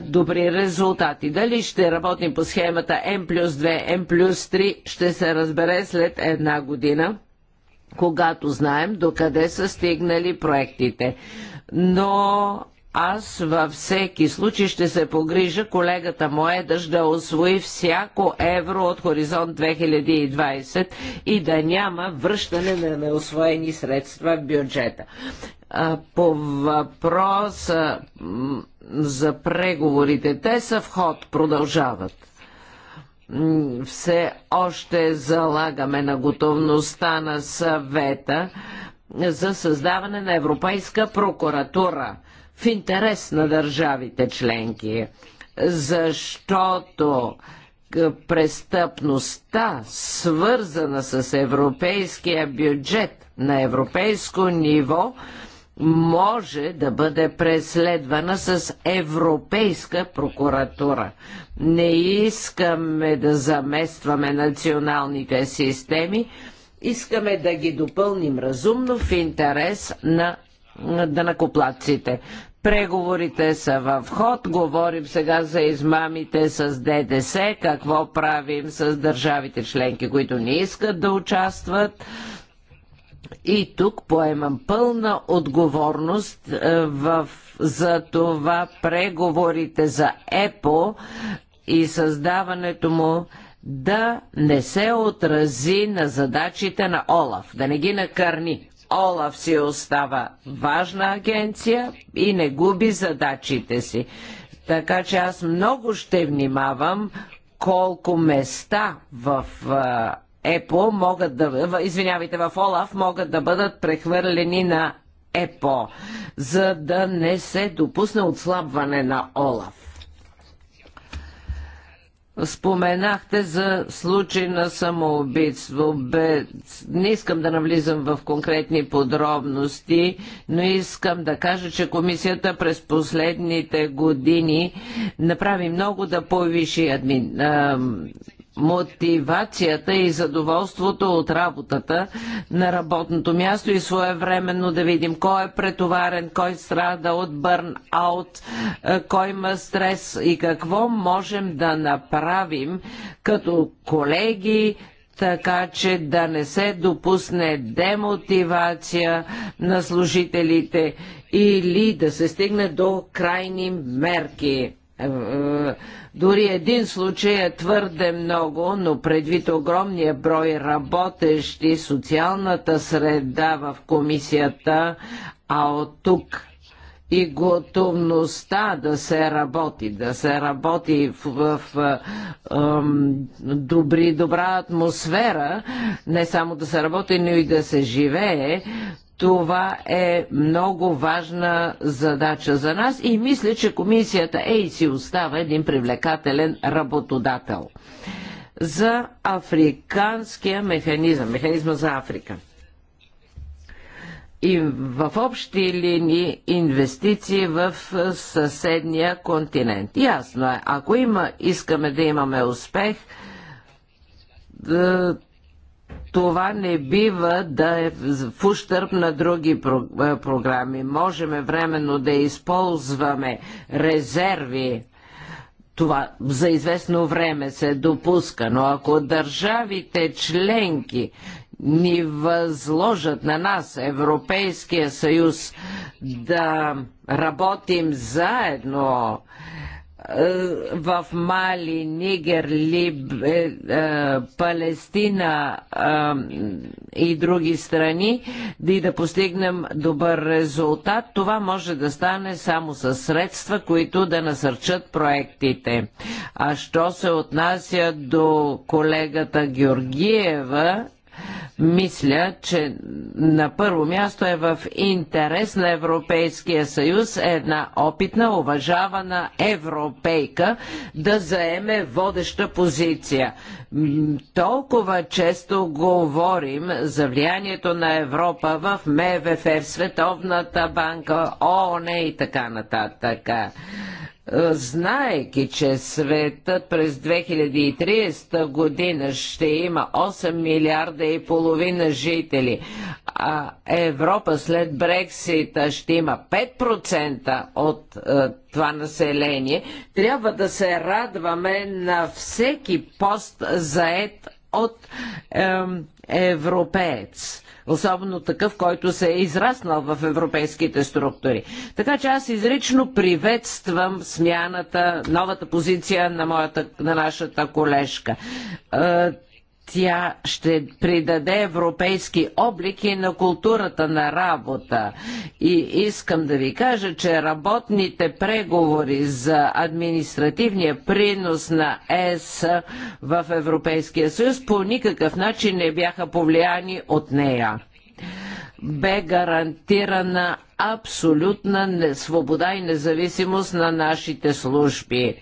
добри резултати. Дали ще работим по схемата М плюс 2, М плюс 3, ще се разбере след една година когато знаем докъде са стигнали проектите. Но аз във всеки случай ще се погрижа колегата Моедаш да освои всяко евро от Хоризонт 2020 и да няма връщане на неосвоени средства в бюджета. По въпроса за преговорите, те са в ход, продължават все още залагаме на готовността на съвета за създаване на Европейска прокуратура в интерес на държавите членки, защото престъпността, свързана с европейския бюджет на европейско ниво, може да бъде преследвана с Европейска прокуратура. Не искаме да заместваме националните системи, искаме да ги допълним разумно в интерес на данакоплаците. Преговорите са в ход. Говорим сега за измамите с ДДС, какво правим с държавите членки, които не искат да участват и тук поемам пълна отговорност е, в, за това преговорите за ЕПО и създаването му да не се отрази на задачите на ОЛАФ, да не ги накърни. ОЛАФ си остава важна агенция и не губи задачите си. Така че аз много ще внимавам колко места в е, ЕПО могат да, извинявайте, в ОЛАФ могат да бъдат прехвърлени на ЕПО, за да не се допусне отслабване на ОЛАФ. Споменахте за случай на самоубийство. Бе, не искам да навлизам в конкретни подробности, но искам да кажа, че комисията през последните години направи много да повиши адми мотивацията и задоволството от работата на работното място и своевременно да видим кой е претоварен, кой страда от бърнаут, е, кой има стрес и какво можем да направим като колеги, така че да не се допусне демотивация на служителите или да се стигне до крайни мерки е, е, дори един случай е твърде много, но предвид огромния брой работещи, социалната среда в комисията, а от тук и готовността да се работи, да се работи в, в, в ем, добри, добра атмосфера, не само да се работи, но и да се живее, това е много важна задача за нас и мисля, че комисията е и си остава един привлекателен работодател за африканския механизъм, механизма за Африка. И в общи линии инвестиции в съседния континент. Ясно е, ако има, искаме да имаме успех, това не бива да е в ущърп на други е, програми. Можеме временно да използваме резерви. Това за известно време се допуска, но ако държавите членки ни възложат на нас, Европейския съюз, да работим заедно, в Мали, Нигер, Либ, е, е, Палестина е, и други страни и да постигнем добър резултат. Това може да стане само с средства, които да насърчат проектите. А що се отнася до колегата Георгиева, мисля, че на първо място е в интерес на Европейския съюз една опитна, уважавана европейка да заеме водеща позиция. Толкова често говорим за влиянието на Европа в МВФ, в Световната банка, ООН е и така нататък знаеки, че света през 2030 година ще има 8 милиарда и половина жители, а Европа след Брексита ще има 5% от а, е, това население, трябва да се радваме на всеки пост заед от е, европеец особено такъв, който се е израснал в европейските структури. Така че аз изрично приветствам смяната, новата позиция на, моята, на нашата колежка. Е, тя ще придаде европейски облики на културата на работа. И искам да ви кажа, че работните преговори за административния принос на ЕС в Европейския съюз по никакъв начин не бяха повлияни от нея бе гарантирана абсолютна свобода и независимост на нашите служби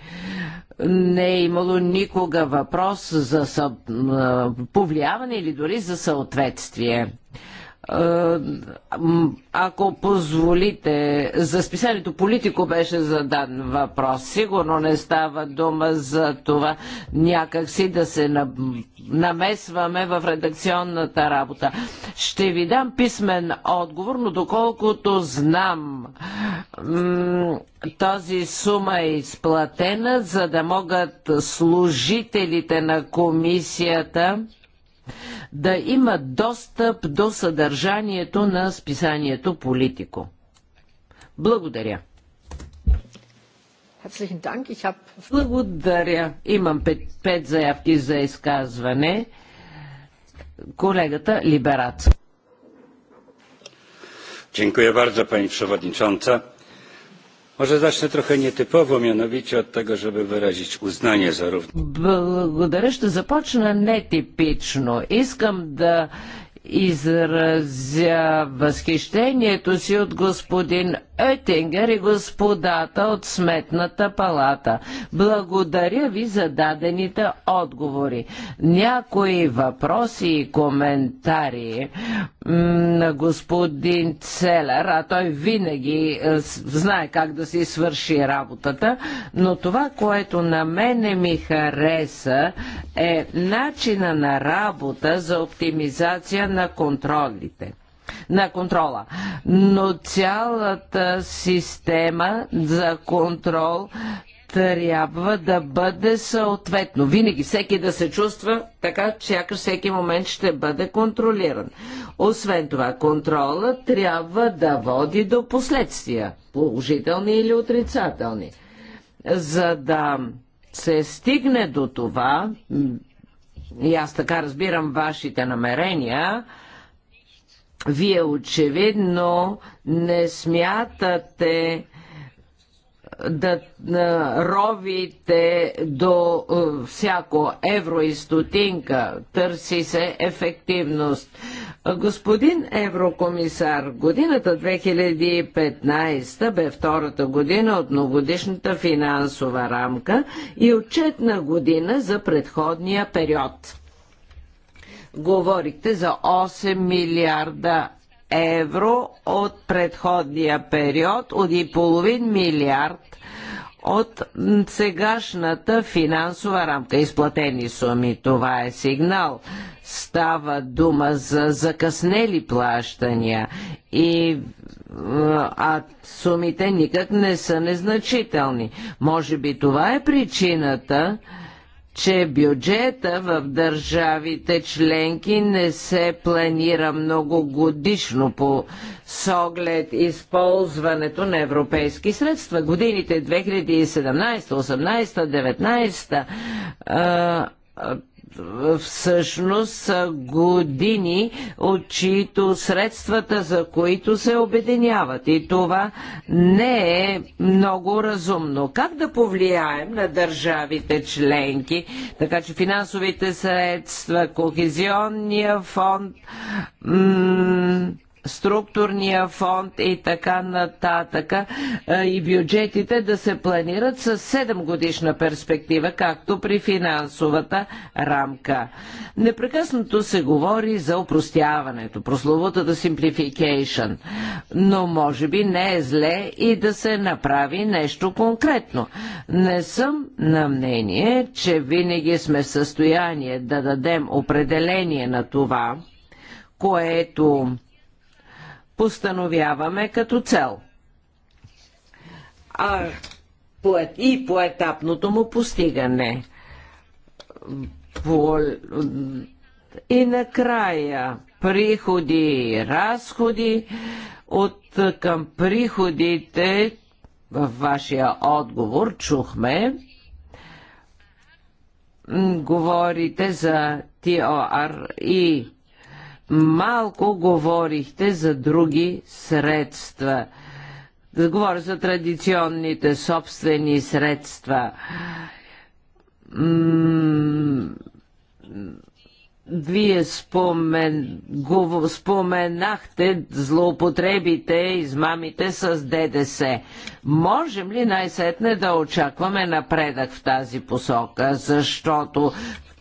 не е имало никога въпрос за повлияване или дори за съответствие. Е, ако позволите, за списанието Политико беше задан въпрос. Сигурно не става дума за това някакси да се намесваме в редакционната работа. Ще ви дам писмен отговор, но доколкото знам, тази сума е изплатена, за да могат служителите на комисията да имат достъп до съдържанието на списанието Политико. Благодаря. Благодаря. Имам пет, пет заявки за изказване. Колегата Либерат. Dziękuję bardzo, pani przewodnicząca. Może zacznę trochę nietypowo, mianowicie od tego, żeby wyrazić uznanie zarówno. Благодаря, ще започна нетипично. Искам да изразя възхищението си от господин Етингер и господата от Сметната палата. Благодаря ви за дадените отговори. Някои въпроси и коментари на господин Целер, а той винаги е, знае как да си свърши работата, но това, което на мене ми хареса е начина на работа за оптимизация на на контролите на контрола. Но цялата система за контрол трябва да бъде съответно. Винаги всеки да се чувства така, че всеки момент ще бъде контролиран. Освен това, контрола трябва да води до последствия, положителни или отрицателни. За да се стигне до това, и аз така разбирам вашите намерения, вие очевидно не смятате да ровите до всяко евро и стотинка. Търси се ефективност. Господин еврокомисар, годината 2015 бе втората година от многодишната финансова рамка и отчетна година за предходния период. Говорихте за 8 милиарда евро от предходния период, от и половин милиард от сегашната финансова рамка. Изплатени суми, това е сигнал. Става дума за закъснели плащания и а сумите никак не са незначителни. Може би това е причината, че бюджета в държавите членки не се планира много годишно по с оглед използването на европейски средства. Годините 2017, 2018 2019 всъщност са години, от чието средствата, за които се обединяват. И това не е много разумно. Как да повлияем на държавите членки, така че финансовите средства, кохезионния фонд, структурния фонд и така нататък е, и бюджетите да се планират с 7 годишна перспектива, както при финансовата рамка. Непрекъснато се говори за опростяването, прословутата simplification, но може би не е зле и да се направи нещо конкретно. Не съм на мнение, че винаги сме в състояние да дадем определение на това, което постановяваме като цел. А и поетапното му постигане. По... И накрая приходи и разходи. От към приходите във вашия отговор чухме, говорите за ТОР и малко говорихте за други средства. Да говоря за традиционните собствени средства. М вие спомен... гов, споменахте злоупотребите, измамите с ДДС. Можем ли най-сетне да очакваме напредък в тази посока? Защото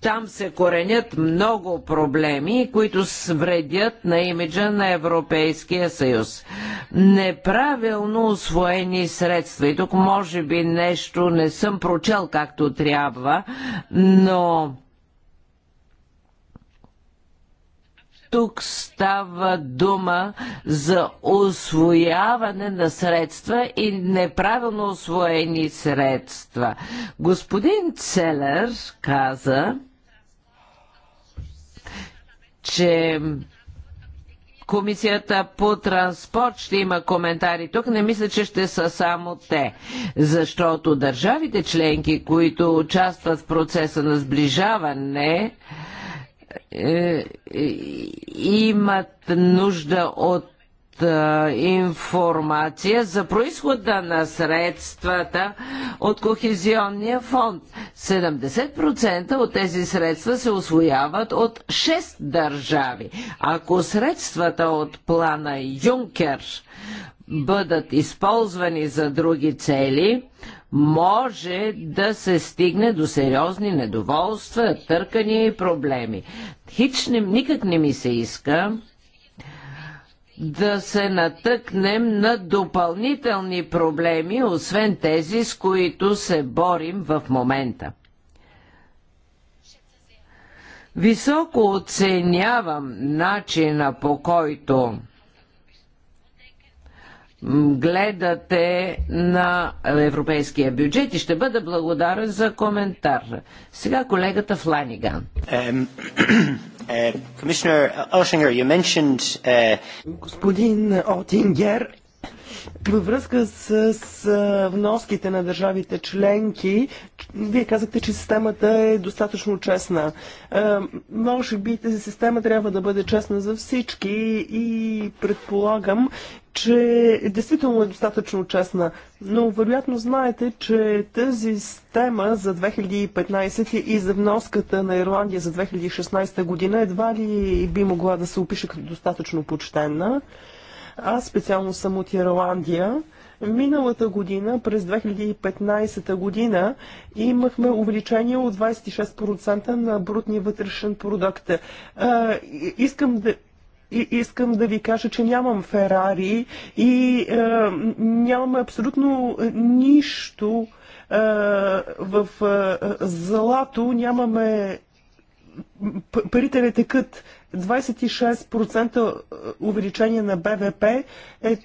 там се коренят много проблеми, които вредят на имиджа на Европейския съюз. Неправилно освоени средства. И тук може би нещо не съм прочел както трябва, но тук става дума за освояване на средства и неправилно освоени средства. Господин Целер каза, че Комисията по транспорт ще има коментари тук. Не мисля, че ще са само те, защото държавите членки, които участват в процеса на сближаване, е, имат нужда от информация за происхода на средствата от Кохезионния фонд. 70% от тези средства се освояват от 6 държави. Ако средствата от плана Юнкер бъдат използвани за други цели, може да се стигне до сериозни недоволства, търкания и проблеми. Хич не, никак не ми се иска да се натъкнем на допълнителни проблеми, освен тези, с които се борим в момента. Високо оценявам начина по който гледате на европейския бюджет и ще бъда благодарен за коментар. Сега колегата Фланиган. Uh, Господин Отингер, във връзка с, с вноските на държавите членки, вие казахте, че системата е достатъчно честна. може би тази система трябва да бъде честна за всички и предполагам, че действително е достатъчно честна. Но вероятно знаете, че тази система за 2015 и за вноската на Ирландия за 2016 година едва ли би могла да се опише като достатъчно почтенна. Аз специално съм от Ирландия. Миналата година, през 2015 година, имахме увеличение от 26% на брутния вътрешен продукт. Искам да, и искам да ви кажа, че нямам Ферари и е, нямаме абсолютно нищо е, в е, злато, нямаме парите не текат. 26% е, увеличение на БВП е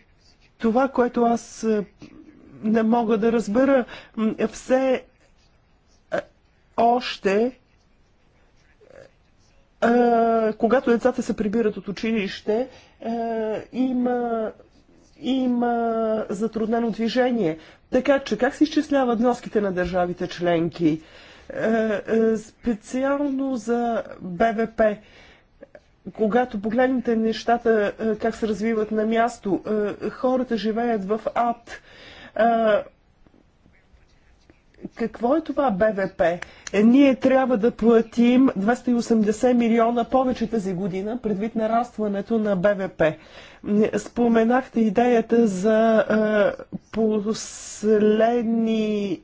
това, което аз е, не мога да разбера. Е, все още когато децата се прибират от училище, има, има затруднено движение. Така че как се изчисляват вноските на държавите членки? Специално за БВП когато погледнете нещата, е, как се развиват на място, е, хората живеят в ад. Е, какво е това БВП? Ние трябва да платим 280 милиона повече тази година, предвид нарастването на БВП. Споменахте идеята за последни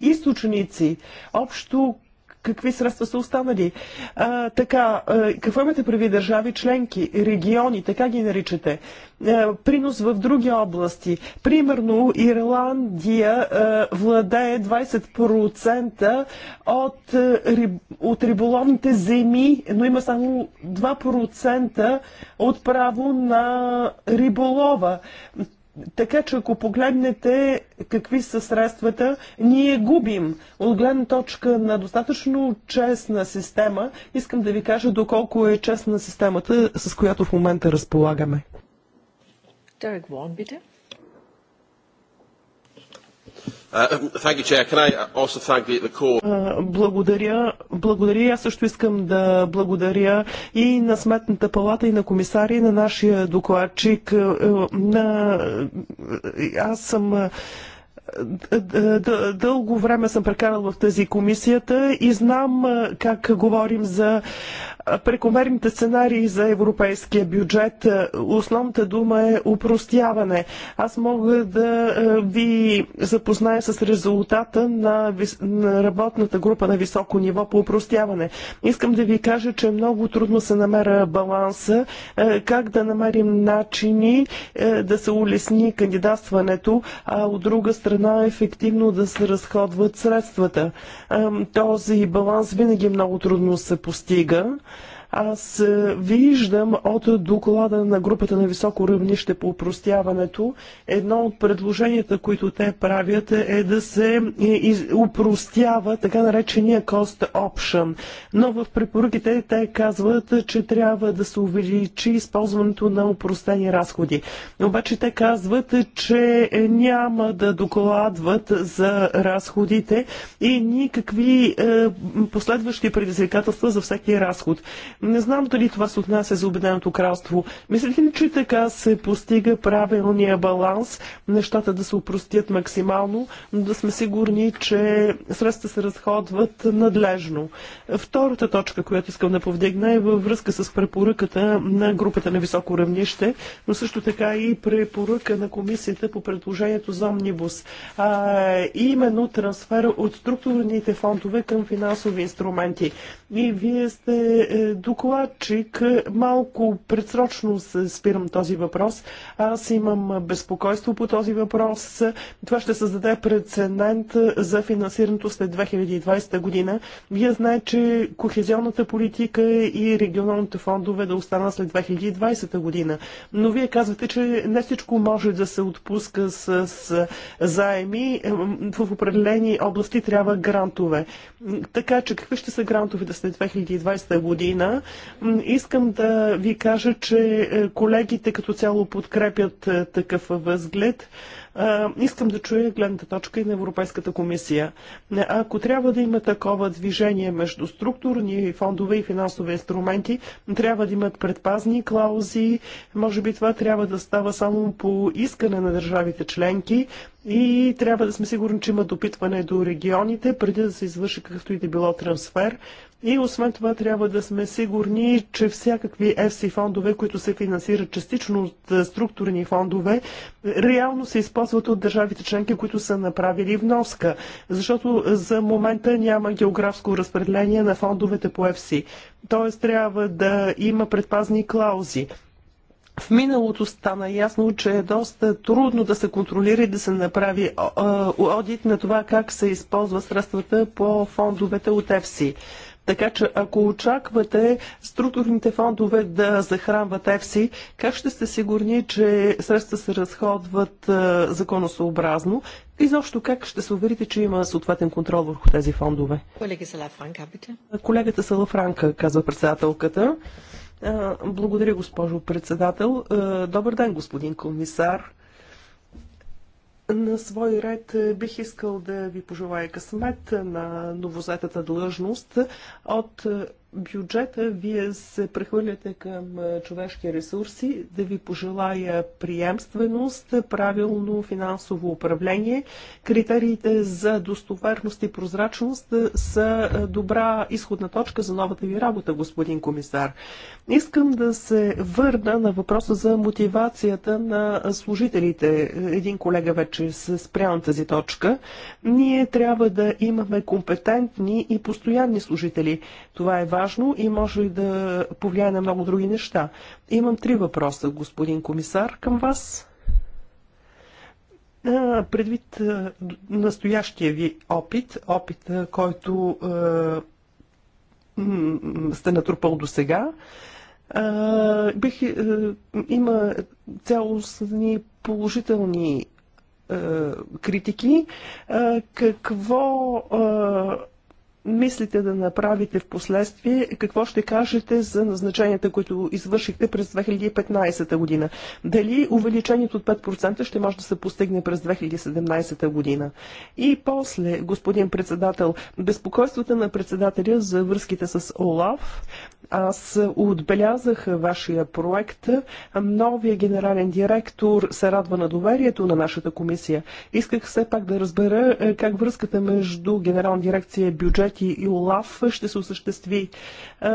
източници. Общо какви средства са останали. А, така, а, какво имате прави държави, членки, региони, така ги наричате? А, принос в други области. Примерно Ирландия а, владее 20% от, а, риб, от риболовните земи, но има само 2% от право на риболова. Така че ако погледнете какви са средствата, ние губим. От гледна точка на достатъчно честна система, искам да ви кажа доколко е честна системата, с която в момента разполагаме. Дерек Вон, бите. Uh, uh, благодаря. Благодаря. Аз също искам да благодаря и на Сметната палата, и на комисария, и на нашия докладчик. Е, е, на... Е, аз съм дълго време съм прекарал в тази комисията и знам как говорим за прекомерните сценарии за европейския бюджет. Е, основната дума е упростяване. Аз мога да е, ви запозная с резултата на, работната група на високо ниво по упростяване. Искам да ви кажа, че много трудно се намеря баланса, е, как да намерим начини да се улесни кандидатстването, а от друга страна ефективно да се разходват средствата. Този баланс винаги много трудно се постига. Аз е, виждам от доклада на групата на високо равнище по упростяването, едно от предложенията, които те правят е да се е, упростява така наречения cost option. Но в препоръките те казват, че трябва да се увеличи използването на упростени разходи. Обаче те казват, че е, няма да докладват за разходите и никакви е, последващи предизвикателства за всеки разход. Не знам дали това се отнася за Обединеното кралство. Мислите ли, че така се постига правилния баланс, нещата да се упростят максимално, но да сме сигурни, че средства се разходват надлежно? Втората точка, която искам да повдигна е във връзка с препоръката на групата на високо равнище, но също така и препоръка на комисията по предложението за омнибус. А, именно трансфер от структурните фондове към финансови инструменти. И вие сте е, докладчик малко предсрочно се спирам този въпрос. Аз имам безпокойство по този въпрос. Това ще създаде прецедент за финансирането след 2020 година. Вие знаете, че кохезионната политика и регионалните фондове да останат след 2020 година. Но вие казвате, че не всичко може да се отпуска с, с заеми. В определени области трябва грантове. Така че какви ще са грантовете след 2020 година? Искам да ви кажа, че е, колегите като цяло подкрепят е, такъв възглед. Е, искам да чуя гледната точка и на Европейската комисия. Ако трябва да има такова движение между структурни фондове и финансови инструменти, трябва да имат предпазни клаузи. Може би това трябва да става само по искане на държавите членки и трябва да сме сигурни, че има допитване до регионите, преди да се извърши какъвто и да било трансфер. И освен това трябва да сме сигурни, че всякакви ЕФСИ фондове, които се финансират частично от е, структурни фондове, реално се използват от държавите членки, които са направили вноска. Защото е, за момента няма географско разпределение на фондовете по ЕФСИ. Тоест трябва да има предпазни клаузи. В миналото стана ясно, че е доста трудно да се контролира и да се направи одит на това как се използва средствата по фондовете от ЕФСИ. Така че ако очаквате структурните фондове да захранват ЕФСИ, как ще сте сигурни, че средства се разходват законосообразно? И защо как ще се уверите, че има съответен контрол върху тези фондове? Колеги Салафранка, бите. Колегата Салафранка, казва председателката. Благодаря, госпожо председател. Добър ден, господин комисар. На свой ред е, бих искал да ви пожелая късмет на новозетата длъжност от е, бюджета, вие се прехвърляте към човешки ресурси, да ви пожелая приемственост, правилно финансово управление. Критериите за достоверност и прозрачност са добра изходна точка за новата ви работа, господин комисар. Искам да се върна на въпроса за мотивацията на служителите. Един колега вече се спря на тази точка. Ние трябва да имаме компетентни и постоянни служители. Това е важно важно и може ли да повлияе на много други неща. Имам три въпроса, господин комисар, към вас. Предвид настоящия ви опит, опит, който сте натрупал до сега, бих, има цялостни положителни критики. Какво мислите да направите в последствие, какво ще кажете за назначенията, които извършихте през 2015 година? Дали увеличението от 5% ще може да се постигне през 2017 година? И после, господин председател, безпокойствата на председателя за връзките с ОЛАВ. Аз отбелязах вашия проект. Новия генерален директор се радва на доверието на нашата комисия. Исках все пак да разбера е, как връзката между генерална дирекция бюджет съвет и ОЛАФ ще се осъществи. Е,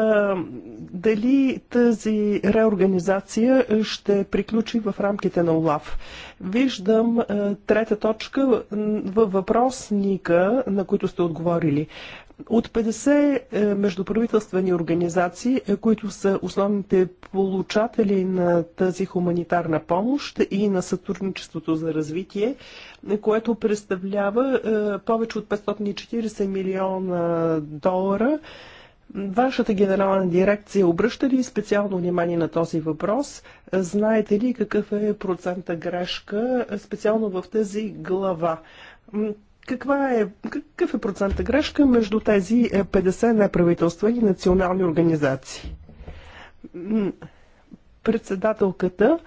дали тази реорганизация ще приключи в рамките на ОЛАФ? Виждам е, трета точка във въпросника, на които сте отговорили. От 50 е, междуправителствени организации, е, които са основните получатели на тази хуманитарна помощ и на сътрудничеството за развитие, е, което представлява повече от 540 милиона долара, Вашата генерална дирекция обръща ли специално внимание на този въпрос? Знаете ли какъв е процента грешка специално в тази глава? Каква е, какъв е процента грешка между тези 50 е, неправителствени национални организации? Председателката,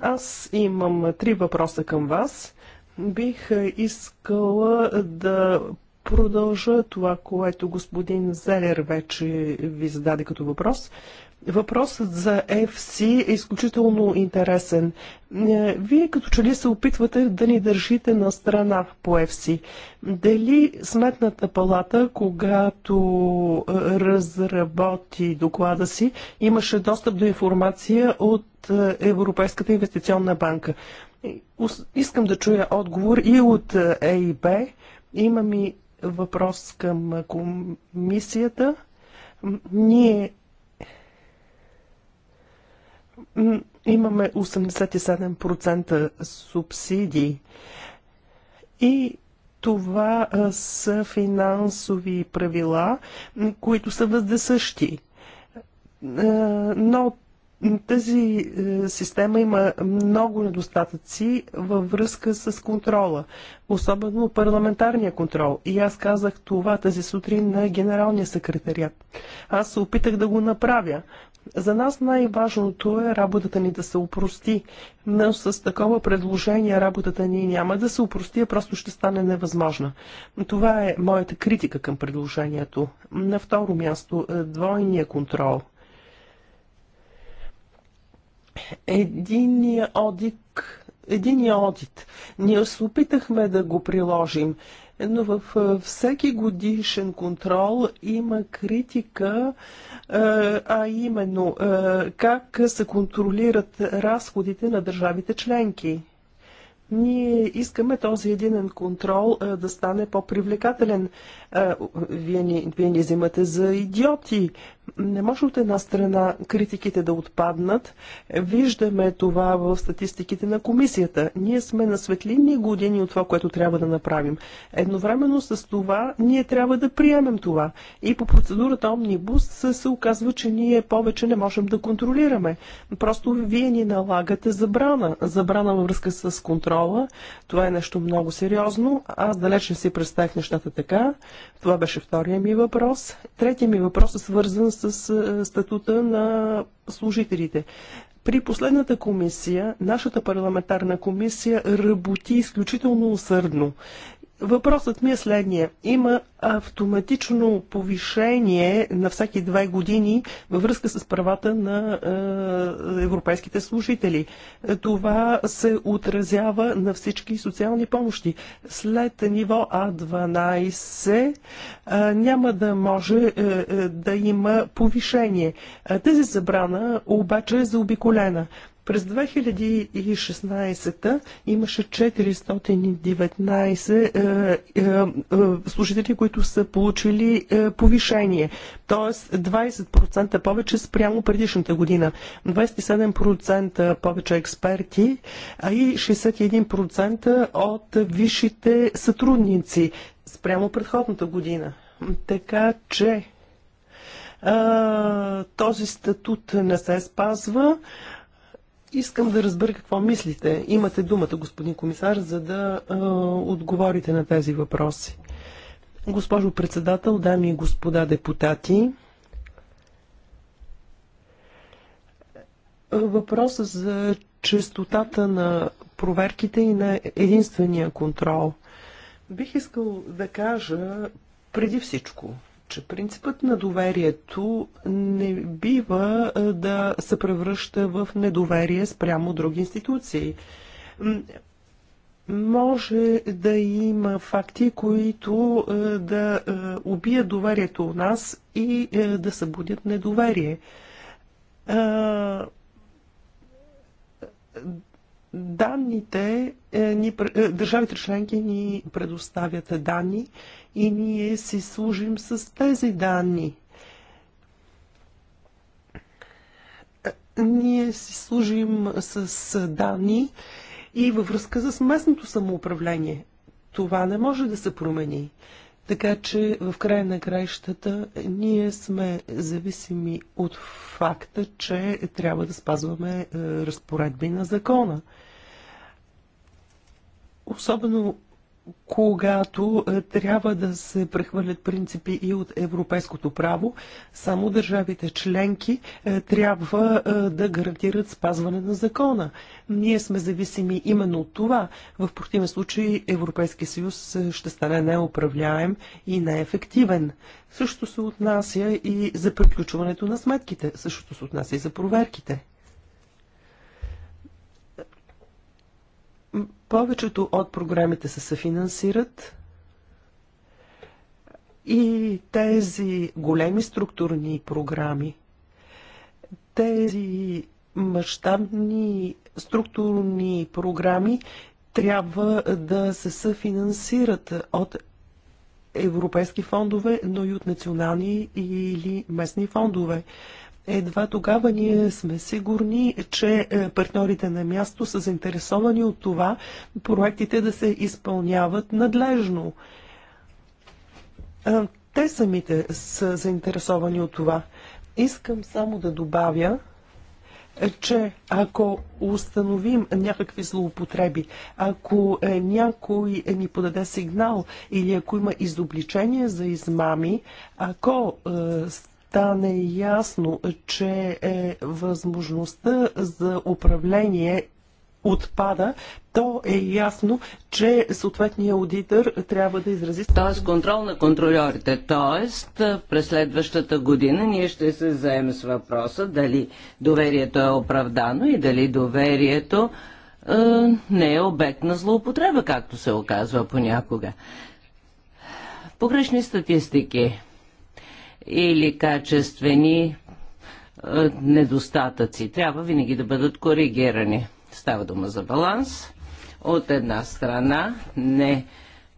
аз имам е, три въпроса към вас. Бих е, искала да продължа това, което господин Зелер вече ви зададе като въпрос. Въпросът за FC е изключително интересен. Е, вие като че ли се опитвате да ни държите на страна по FC? Дали Сметната палата, когато е, разработи доклада си, имаше достъп до информация от е, Европейската инвестиционна банка? Искам да чуя отговор и от ЕИБ. Имам и въпрос към комисията. Ние Имаме 87% субсидии и това са финансови правила, които са въздесъщи. Е, но тази е, система има много недостатъци във връзка с контрола, особено парламентарния контрол. И аз казах това тази сутрин на генералния секретарят. Аз се опитах да го направя, за нас най-важното е работата ни да се упрости, но с такова предложение работата ни няма да се упрости, а просто ще стане невъзможна. Това е моята критика към предложението. На второ място, е, двойния контрол. Единия одик единия одит. Ние се опитахме да го приложим, но във всеки годишен контрол има критика, а именно как се контролират разходите на държавите членки. Ние искаме този единен контрол а, да стане по-привлекателен. вие, ни, вие ни взимате за идиоти. Не може от една страна критиките да отпаднат. Виждаме това в статистиките на комисията. Ние сме на светлинни години от това, което трябва да направим. Едновременно с това ние трябва да приемем това. И по процедурата Омнибус се, се оказва, че ние повече не можем да контролираме. Просто вие ни налагате забрана. Забрана във връзка с контрола. Това е нещо много сериозно. Аз далеч не си представих нещата така. Това беше втория ми въпрос. Третия ми въпрос е свързан с е, статута на служителите. При последната комисия, нашата парламентарна комисия работи изключително усърдно Въпросът ми е следния. Има автоматично повишение на всеки две години във връзка с правата на е, европейските служители. Това се отразява на всички социални помощи. След ниво А12 е, няма да може е, е да има повишение. Е, тази забрана обаче е заобиколена. През 2016 имаше 419 е, е, е, служители, които са получили повишение, т.е. 20% повече спрямо предишната година, 27% повече експерти, а и 61% от висшите сътрудници спрямо предходната година. Така че този статут не се спазва. Искам да разбера какво мислите. Имате думата, господин комисар, за да е, отговорите на тези въпроси. Госпожо председател, дами и господа депутати, въпросът за честотата на проверките и на единствения контрол. Бих искал да кажа преди всичко – че принципът на доверието не бива да се превръща в недоверие спрямо други институции. Може да има факти, които да убият доверието у нас и да събудят недоверие данните, е, ни, е, държавите членки ни предоставят данни и ние си служим с тези данни. Е, ние си служим с данни и във връзка с местното самоуправление. Това не може да се промени. Така че в края на краищата ние сме зависими от факта, че трябва да спазваме разпоредби на закона особено когато е, трябва да се прехвърлят принципи и от европейското право, само държавите членки е, трябва е, да гарантират спазване на закона. Ние сме зависими именно от това. В противен случай Европейския съюз ще стане неуправляем и неефективен. Същото се отнася и за приключването на сметките, същото се отнася и за проверките. Повечето от програмите се съфинансират и тези големи структурни програми, тези мащабни структурни програми трябва да се съфинансират от европейски фондове, но и от национални или местни фондове. Едва тогава ние сме сигурни, че е, партньорите на място са заинтересовани от това проектите да се изпълняват надлежно. Е, те самите са заинтересовани от това. Искам само да добавя, е, че ако установим някакви злоупотреби, ако някой ни подаде сигнал или ако има изобличение за измами, ако стане е ясно, че е възможността за управление отпада, то е ясно, че съответния аудитор трябва да изрази... Тоест контрол на контролерите. Тоест през следващата година ние ще се заемем с въпроса дали доверието е оправдано и дали доверието е, не е обект на злоупотреба, както се оказва понякога. Погрешни статистики или качествени е, недостатъци. Трябва винаги да бъдат коригирани. Става дума за баланс. От една страна не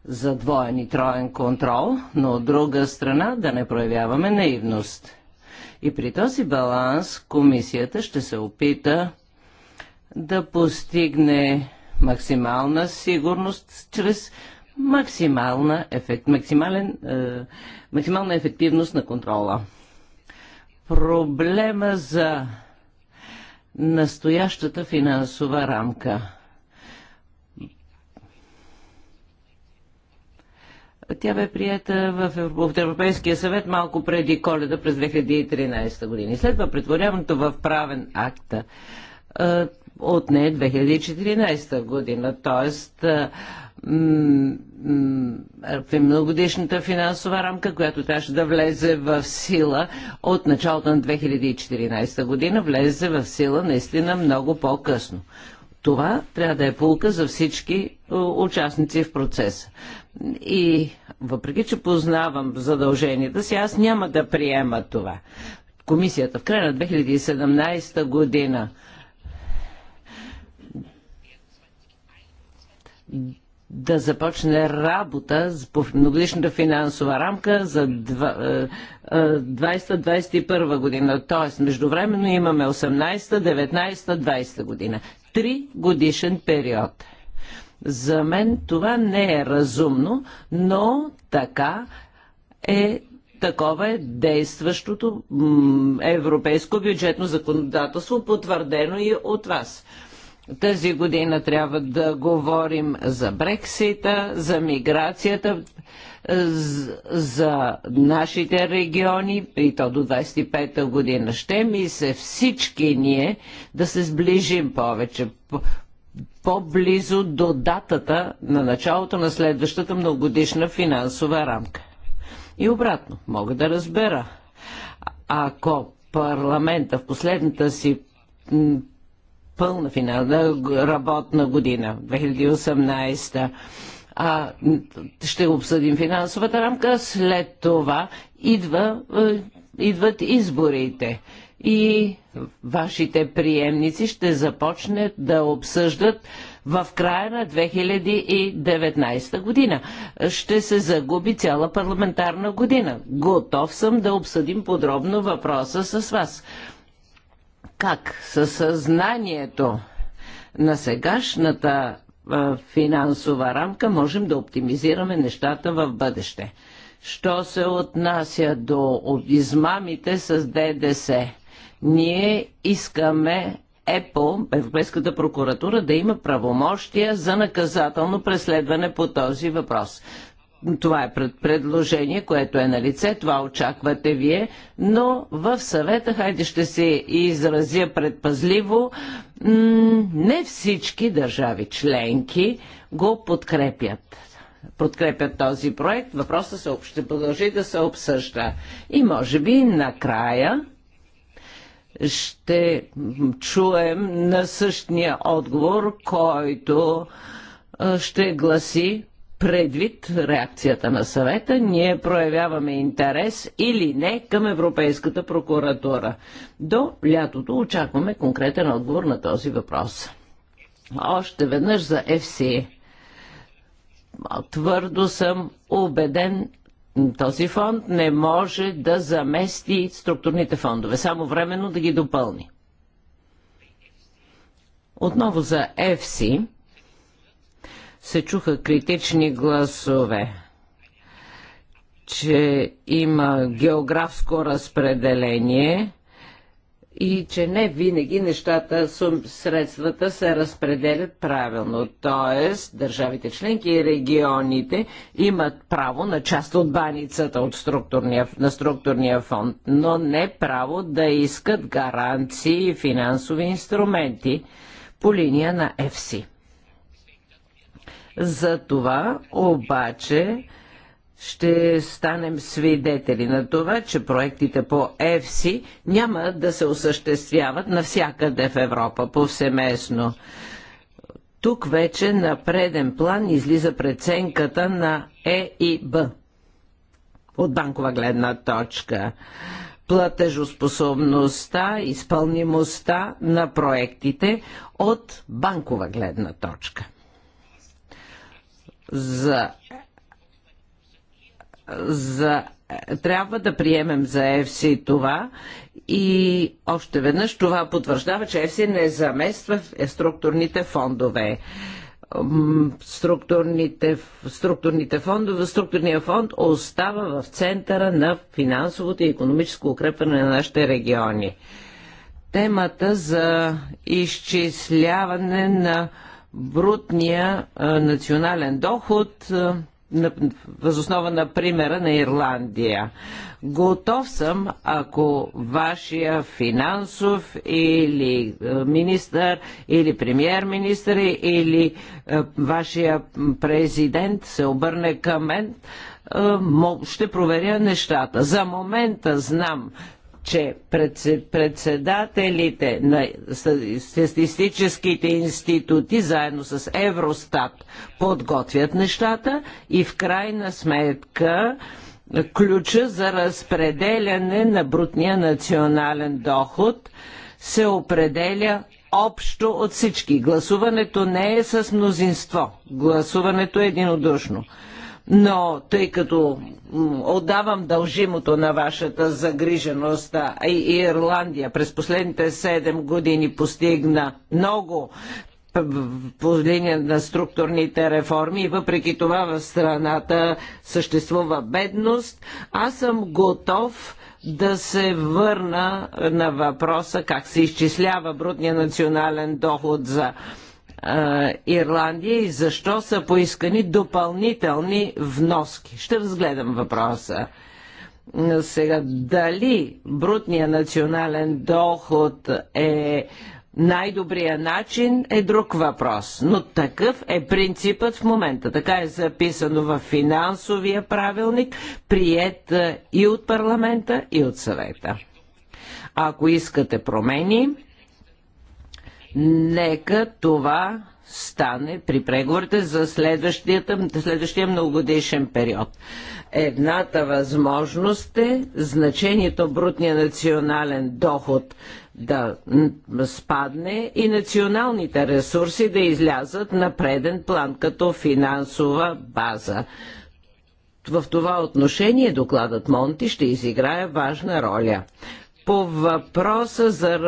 за двоен и троен контрол, но от друга страна да не проявяваме наивност. И при този баланс комисията ще се опита да постигне максимална сигурност чрез максимална, ефект, максимален, е, максимална ефективност на контрола. Проблема за настоящата финансова рамка. Тя бе приета в Европейския съвет малко преди коледа през 2013 година. Следва претворяването в правен акт е, от не 2014 година. Тоест, е, многогодишната финансова рамка, която трябваше да влезе в сила от началото на 2014 година, влезе в сила наистина много по-късно. Това трябва да е полка за всички е, участници в процеса. И въпреки, че познавам задълженията си, аз няма да приема това. Комисията в края на 2017 година да започне работа по многодишната финансова рамка за 2021 е, е, година. Тоест, междувременно имаме 18-19-20 година. Три годишен период. За мен това не е разумно, но така е Такова е действащото европейско бюджетно законодателство, потвърдено и от вас. Тази година трябва да говорим за Брексита, за миграцията, за нашите региони и то до 25-та година. Ще ми се всички ние да се сближим повече, по-близо до датата на началото на следващата многогодишна финансова рамка. И обратно, мога да разбера, ако парламента в последната си пълна финална работна година, 2018 а, ще обсъдим финансовата рамка, след това идва, е, идват изборите и вашите приемници ще започнат да обсъждат в края на 2019 година. Ще се загуби цяла парламентарна година. Готов съм да обсъдим подробно въпроса с вас. Как? Със съзнанието на сегашната финансова рамка можем да оптимизираме нещата в бъдеще. Що се отнася до измамите с ДДС? Ние искаме ЕПО, Европейската прокуратура, да има правомощия за наказателно преследване по този въпрос това е пред предложение, което е на лице, това очаквате вие, но в съвета, хайде ще се изразя предпазливо, не всички държави членки го подкрепят. Подкрепят този проект, въпросът се, ще продължи да се обсъжда. И може би накрая ще чуем на същия отговор, който ще гласи предвид реакцията на съвета, ние проявяваме интерес или не към Европейската прокуратура. До лятото очакваме конкретен отговор на този въпрос. Още веднъж за ФСИ. Твърдо съм убеден, този фонд не може да замести структурните фондове, само временно да ги допълни. Отново за FC се чуха критични гласове, че има географско разпределение и че не винаги нещата, средствата се разпределят правилно. Тоест, държавите членки и регионите имат право на част от баницата от структурния, на структурния фонд, но не право да искат гаранции и финансови инструменти по линия на ЕФСИ. За това обаче ще станем свидетели на това, че проектите по ЕФСИ няма да се осъществяват навсякъде в Европа повсеместно. Тук вече на преден план излиза преценката на Е и Б от банкова гледна точка. Платежоспособността, изпълнимостта на проектите от банкова гледна точка за, за трябва да приемем за ЕФСИ това и още веднъж това потвърждава, че ЕФСИ не замества в структурните фондове структурните, структурните фондове, структурния фонд остава в центъра на финансовото и економическо укрепване на нашите региони. Темата за изчисляване на брутния национален доход на, възоснова на примера на Ирландия. Готов съм, ако вашия финансов или министър, или премьер-министър, или а, вашия президент се обърне към мен, а, ще проверя нещата. За момента знам че председателите на статистическите институти заедно с Евростат подготвят нещата и в крайна сметка ключа за разпределяне на брутния национален доход се определя общо от всички. Гласуването не е с мнозинство. Гласуването е единодушно но тъй като отдавам дължимото на вашата загриженост и Ирландия през последните 7 години постигна много по линия на структурните реформи въпреки това в страната съществува бедност, аз съм готов да се върна на въпроса как се изчислява брутния национален доход за Ирландия и защо са поискани допълнителни вноски. Ще разгледам въпроса. Сега, дали брутния национален доход е най-добрия начин е друг въпрос, но такъв е принципът в момента. Така е записано в финансовия правилник, прият и от парламента, и от съвета. Ако искате промени, Нека това стане при преговорите за следващия, следващия многогодишен период. Едната възможност е значението брутния национален доход да спадне и националните ресурси да излязат на преден план като финансова база. В това отношение докладът Монти ще изиграе важна роля. По въпроса за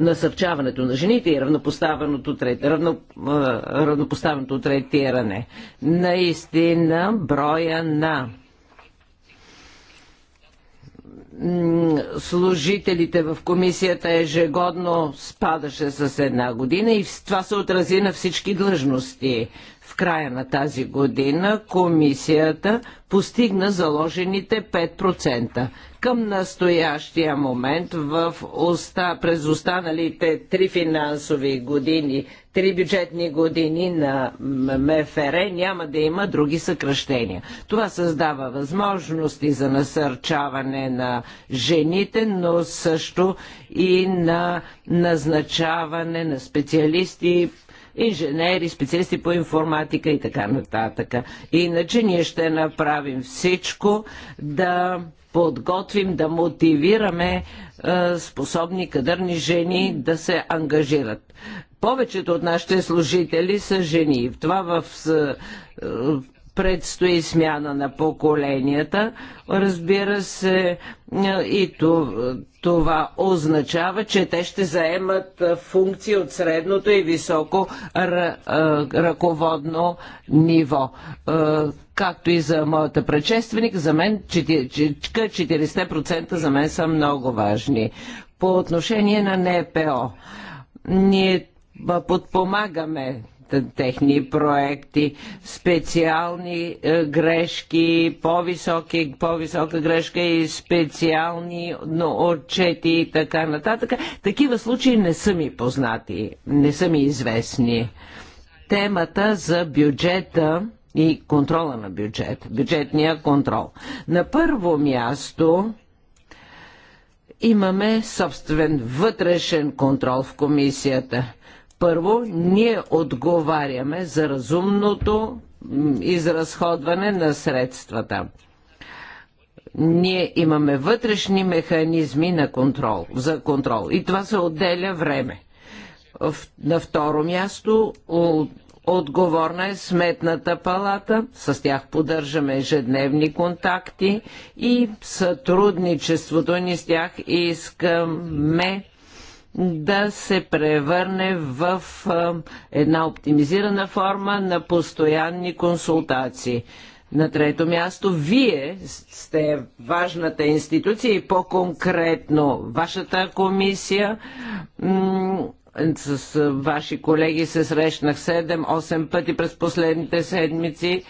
насърчаването на жените и равнопоставеното, трет, равно, равнопоставеното третиране. Наистина броя на служителите в комисията ежегодно спадаше с една година и това се отрази на всички длъжности. В края на тази година комисията постигна заложените 5%. Към настоящия момент в оста, през останалите три финансови години, три бюджетни години на МФР няма да има други съкръщения. Това създава възможности за насърчаване на жените, но също и на назначаване на специалисти инженери, специалисти по информатика и така нататък. Иначе ние ще направим всичко да подготвим, да мотивираме е, способни, кадърни жени да се ангажират повечето от нашите служители са жени. Това в е, предстои смяна на поколенията. Разбира се, и това означава, че те ще заемат функции от средното и високо ръководно ниво. Както и за моята предшественик, за мен 40% за мен са много важни. По отношение на НПО, ние подпомагаме техни проекти, специални е, грешки, по-високи, по-висока грешка и специални отчети и така нататък. Такива случаи не са ми познати, не са ми известни. Темата за бюджета и контрола на бюджет, бюджетния контрол. На първо място имаме собствен вътрешен контрол в комисията. Първо, ние отговаряме за разумното изразходване на средствата. Ние имаме вътрешни механизми на контрол, за контрол и това се отделя време. На второ място Отговорна е сметната палата, с тях поддържаме ежедневни контакти и сътрудничеството ни с тях искаме да се превърне в една оптимизирана форма на постоянни консултации. На трето място, вие сте важната институция и по-конкретно вашата комисия. С ваши колеги се срещнах 7-8 пъти през последните седмици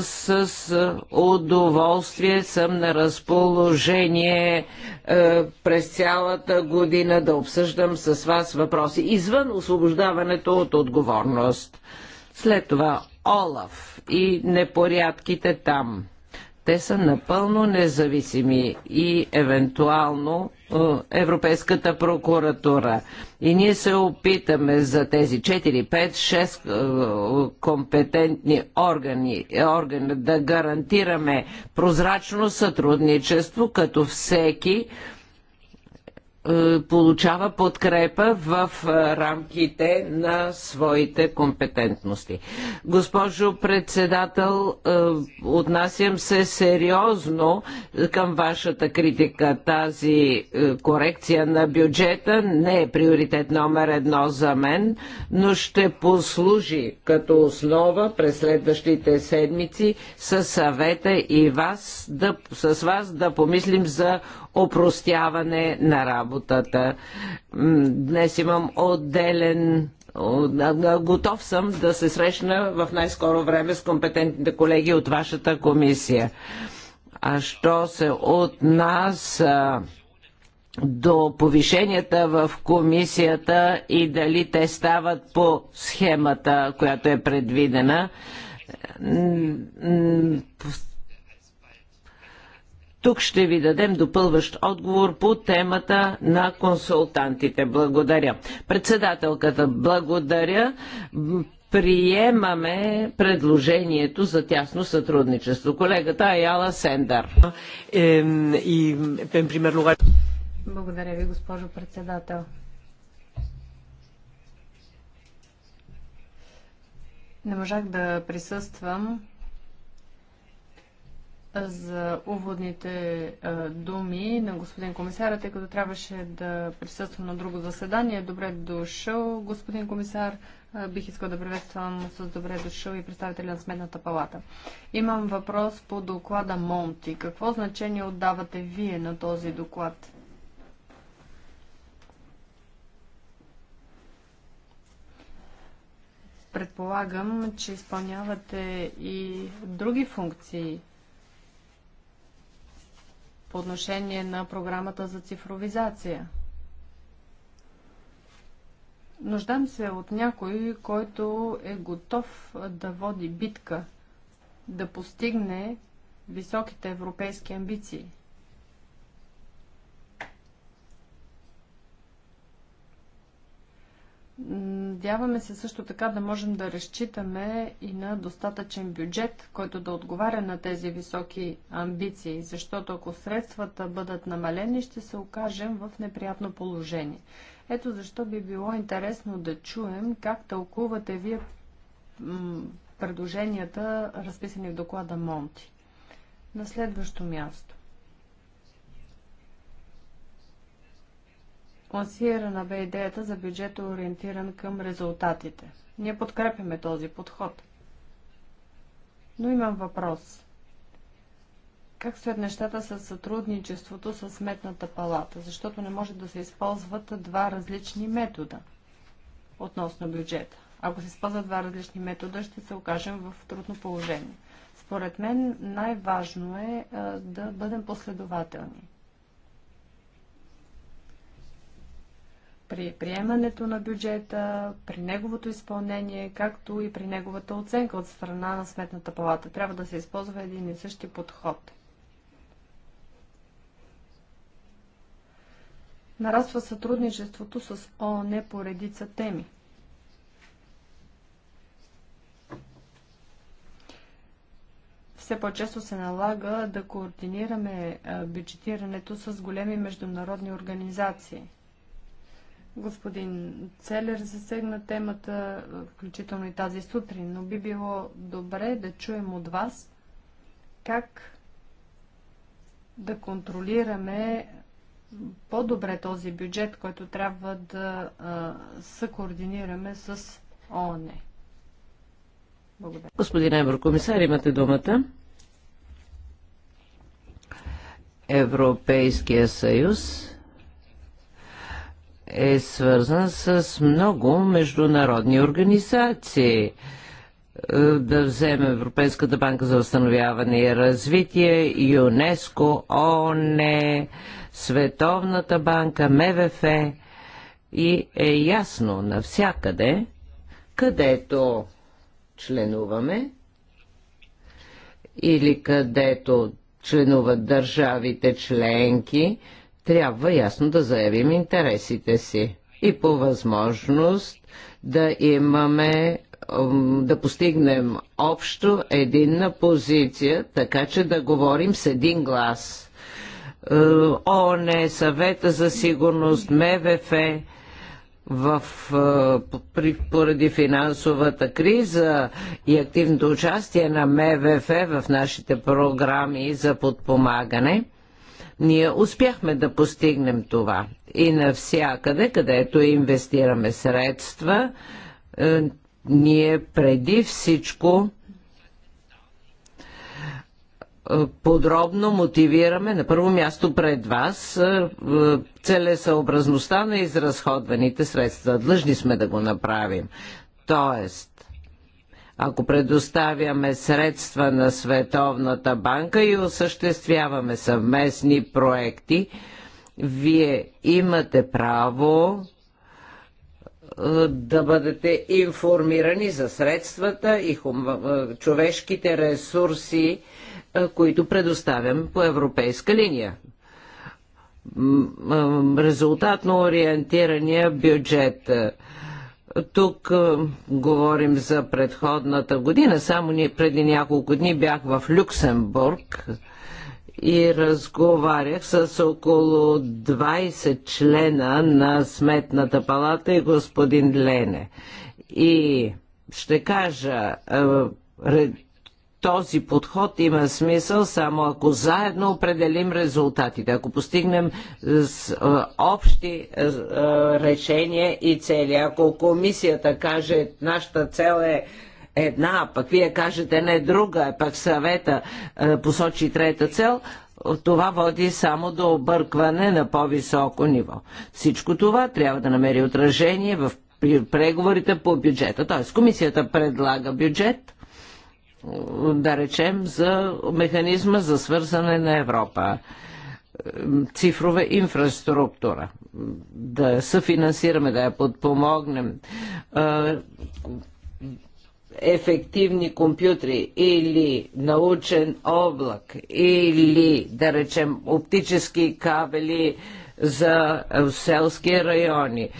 с е, удоволствие съм на разположение е, през цялата година да обсъждам с вас въпроси извън освобождаването от отговорност. След това Олаф и непорядките там. Те са напълно независими и евентуално е, Европейската прокуратура. И ние се опитаме за тези 4, 5, 6 компетентни органи, е, органи да гарантираме прозрачно сътрудничество, като всеки е, получава подкрепа в е, рамките на своите компетентности. Госпожо председател, е, отнасям се сериозно към вашата критика. Тази корекция на бюджета не е приоритет номер едно за мен, но ще послужи като основа през следващите седмици със съвета и вас да, с вас да помислим за опростяване на работата. Днес имам отделен Готов съм да се срещна в най-скоро време с компетентните колеги от вашата комисия. А що се от нас до повишенията в комисията и дали те стават по схемата, която е предвидена, тук ще ви дадем допълващ отговор по темата на консултантите. Благодаря. Председателката, благодаря. Приемаме предложението за тясно сътрудничество. Колегата Аяла Сендар. Благодаря ви, госпожо председател. Не можах да присъствам за уводните думи на господин комисар, тъй като трябваше да присъствам на друго заседание. Добре дошъл, господин комисар. Бих искал да приветствам с добре дошъл и представителя на Сметната палата. Имам въпрос по доклада Монти. Какво значение отдавате вие на този доклад? Предполагам, че изпълнявате и други функции по отношение на програмата за цифровизация. Нуждам се от някой, който е готов да води битка, да постигне високите европейски амбиции. Надяваме се също така да можем да разчитаме и на достатъчен бюджет, който да отговаря на тези високи амбиции, защото ако средствата бъдат намалени, ще се окажем в неприятно положение. Ето защо би било интересно да чуем как тълкувате вие предложенията, разписани в доклада Монти. На следващо място. Лансирана бе идеята за бюджет ориентиран към резултатите. Ние подкрепяме този подход. Но имам въпрос. Как стоят нещата с сътрудничеството с Сметната палата? Защото не може да се използват два различни метода относно бюджета. Ако се използват два различни метода, ще се окажем в трудно положение. Според мен най-важно е да бъдем последователни. при приемането на бюджета, при неговото изпълнение, както и при неговата оценка от страна на Сметната палата. Трябва да се използва един и същи подход. Нараства сътрудничеството с ООН по редица теми. все по-често се налага да координираме бюджетирането с големи международни организации – Господин Целер засегна темата, включително и тази сутрин, но би било добре да чуем от вас как да контролираме по-добре този бюджет, който трябва да а, съкоординираме с ООН. Благодаря. Господин Еврокомисар, имате думата. Европейския съюз е свързан с много международни организации е, да вземе Европейската банка за възстановяване и развитие, ЮНЕСКО, ООН, Световната банка, МВФ и е ясно навсякъде, където членуваме или където членуват държавите членки, трябва ясно да заявим интересите си и по възможност да имаме да постигнем общо единна позиция, така че да говорим с един глас. Е, ООН, съвета за сигурност, МВФ, в, е, при, поради финансовата криза и активното участие на МВФ в нашите програми за подпомагане – ние успяхме да постигнем това. И навсякъде, където инвестираме средства, е, ние преди всичко е, подробно мотивираме на първо място пред вас е, целесъобразността на изразходваните средства. Длъжни сме да го направим. Тоест, ако предоставяме средства на Световната банка и осъществяваме съвместни проекти, вие имате право е, да бъдете информирани за средствата и хум... Е, човешките ресурси, е, които предоставям по европейска линия. Резултатно ориентирания бюджет тук а, е, говорим за предходната година. Само ни, преди няколко дни бях в Люксембург и разговарях с около 20 члена на Сметната палата и господин Лене. И ще кажа, а, е, този подход има смисъл само ако заедно определим резултатите, ако постигнем е, с, а, е, общи а, е, решения и цели. Ако комисията каже, нашата цел е една, пък вие кажете не друга, пък съвета а, посочи трета цел, това води само до объркване на по-високо ниво. Всичко това трябва да намери отражение в преговорите по бюджета. Т.е. комисията предлага бюджет – да речем, за механизма за свързане на Европа цифрова инфраструктура, да съфинансираме, да я подпомогнем, ефективни компютри или научен облак или, да речем, оптически кабели за селски райони,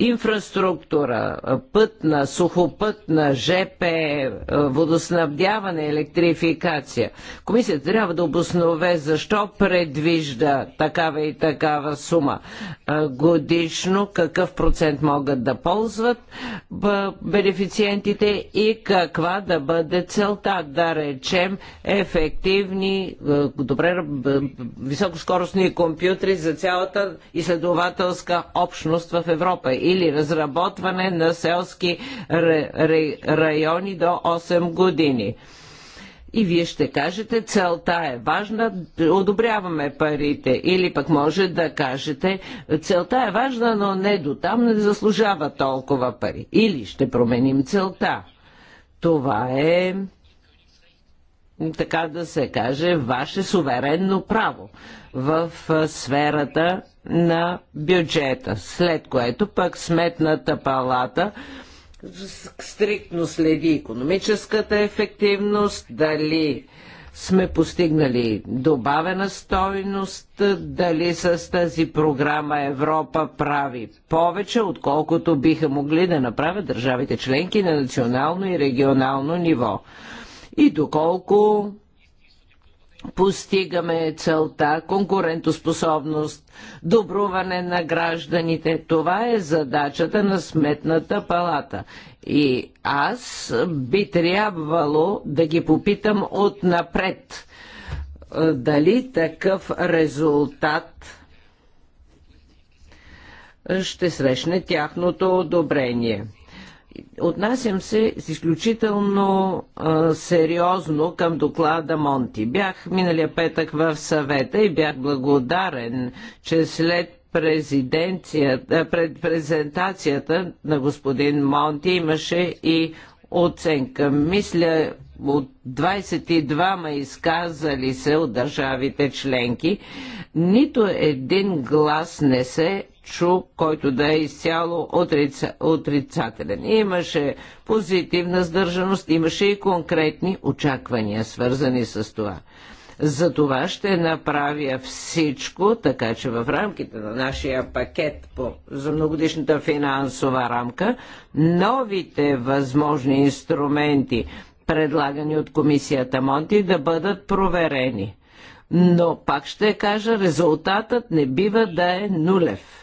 инфраструктура, пътна, сухопътна, ЖП, е, водоснабдяване, електрификация. Комисията трябва да обоснове защо предвижда такава и такава сума годишно, какъв процент могат да ползват бенефициентите и каква да бъде целта, да речем ефективни, добре, високоскоростни компютри за цялата изследователска общност в Европа или разработване на селски райони до 8 години. И вие ще кажете, целта е важна, одобряваме парите. Или пък може да кажете, целта е важна, но не до там не заслужава толкова пари. Или ще променим целта. Това е така да се каже, ваше суверенно право в сферата на бюджета. След което пък Сметната палата стриктно следи економическата ефективност, дали сме постигнали добавена стойност, дали с тази програма Европа прави повече, отколкото биха могли да направят държавите членки на национално и регионално ниво и доколко постигаме целта конкурентоспособност, добруване на гражданите. Това е задачата на Сметната палата. И аз би трябвало да ги попитам отнапред е, дали такъв резултат ще срещне тяхното одобрение. Отнасям се с изключително а, сериозно към доклада Монти. Бях миналия петък в съвета и бях благодарен, че след пред презентацията на господин Монти имаше и оценка. Мисля, от 22-ма изказали се от държавите членки, нито един глас не се чу, който да е изцяло отрица, отрицателен. Имаше позитивна сдържаност, имаше и конкретни очаквания, свързани с това. За това ще направя всичко, така че в рамките на нашия пакет по, за многодишната финансова рамка, новите възможни инструменти, предлагани от комисията Монти, да бъдат проверени. Но пак ще кажа, резултатът не бива да е нулев.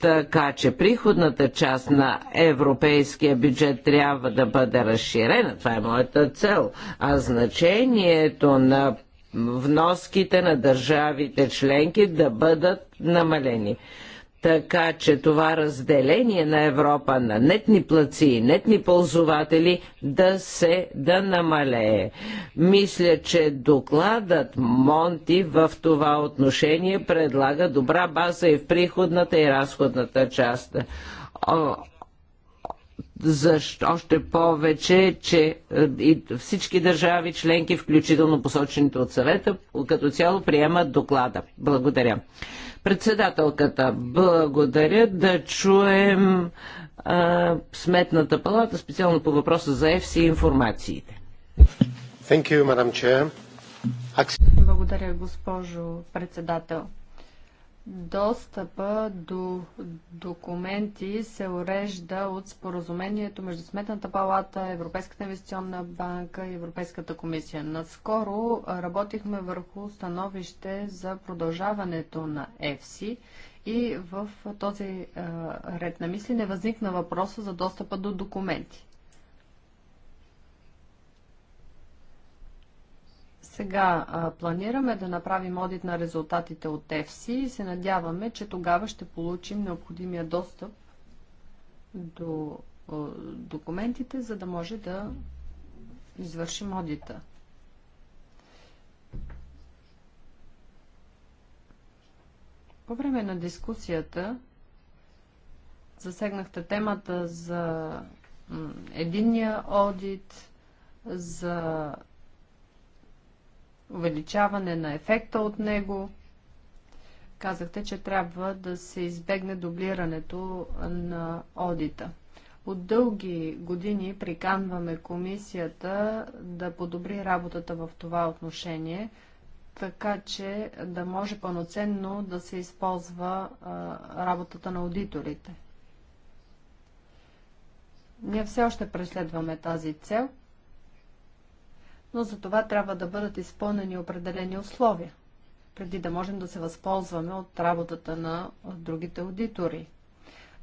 Така че приходната част на европейския бюджет трябва да бъде разширена. Това е моята цел. А значението на вноските на държавите членки да бъдат намалени. Така че това разделение на Европа на нетни плаци и нетни ползователи да се да намалее. Мисля, че докладът Монти в това отношение предлага добра база и в приходната и разходната част. Защо? Още повече, че е, и всички държави членки, включително посочените от съвета, като цяло приемат доклада. Благодаря. Председателката, благодаря да чуем а, Сметната палата, специално по въпроса за ЕФСИ и информациите. Thank you, Благодаря, госпожо председател. Достъпа до документи се урежда от споразумението между Сметната палата, Европейската инвестиционна банка и Европейската комисия. Наскоро работихме върху становище за продължаването на ЕФСИ и в този ред на мисли не възникна въпроса за достъпа до документи. Сега а, планираме да направим одит на резултатите от ЕФСИ и се надяваме, че тогава ще получим необходимия достъп до а, документите, за да може да извършим одита. По време на дискусията засегнахте темата за единния одит, за увеличаване на ефекта от него. Казахте, че трябва да се избегне дублирането на одита. От дълги години приканваме комисията да подобри работата в това отношение, така че да може пълноценно да се използва работата на аудиторите. Ние все още преследваме тази цел – но за това трябва да бъдат изпълнени определени условия, преди да можем да се възползваме от работата на другите аудитори.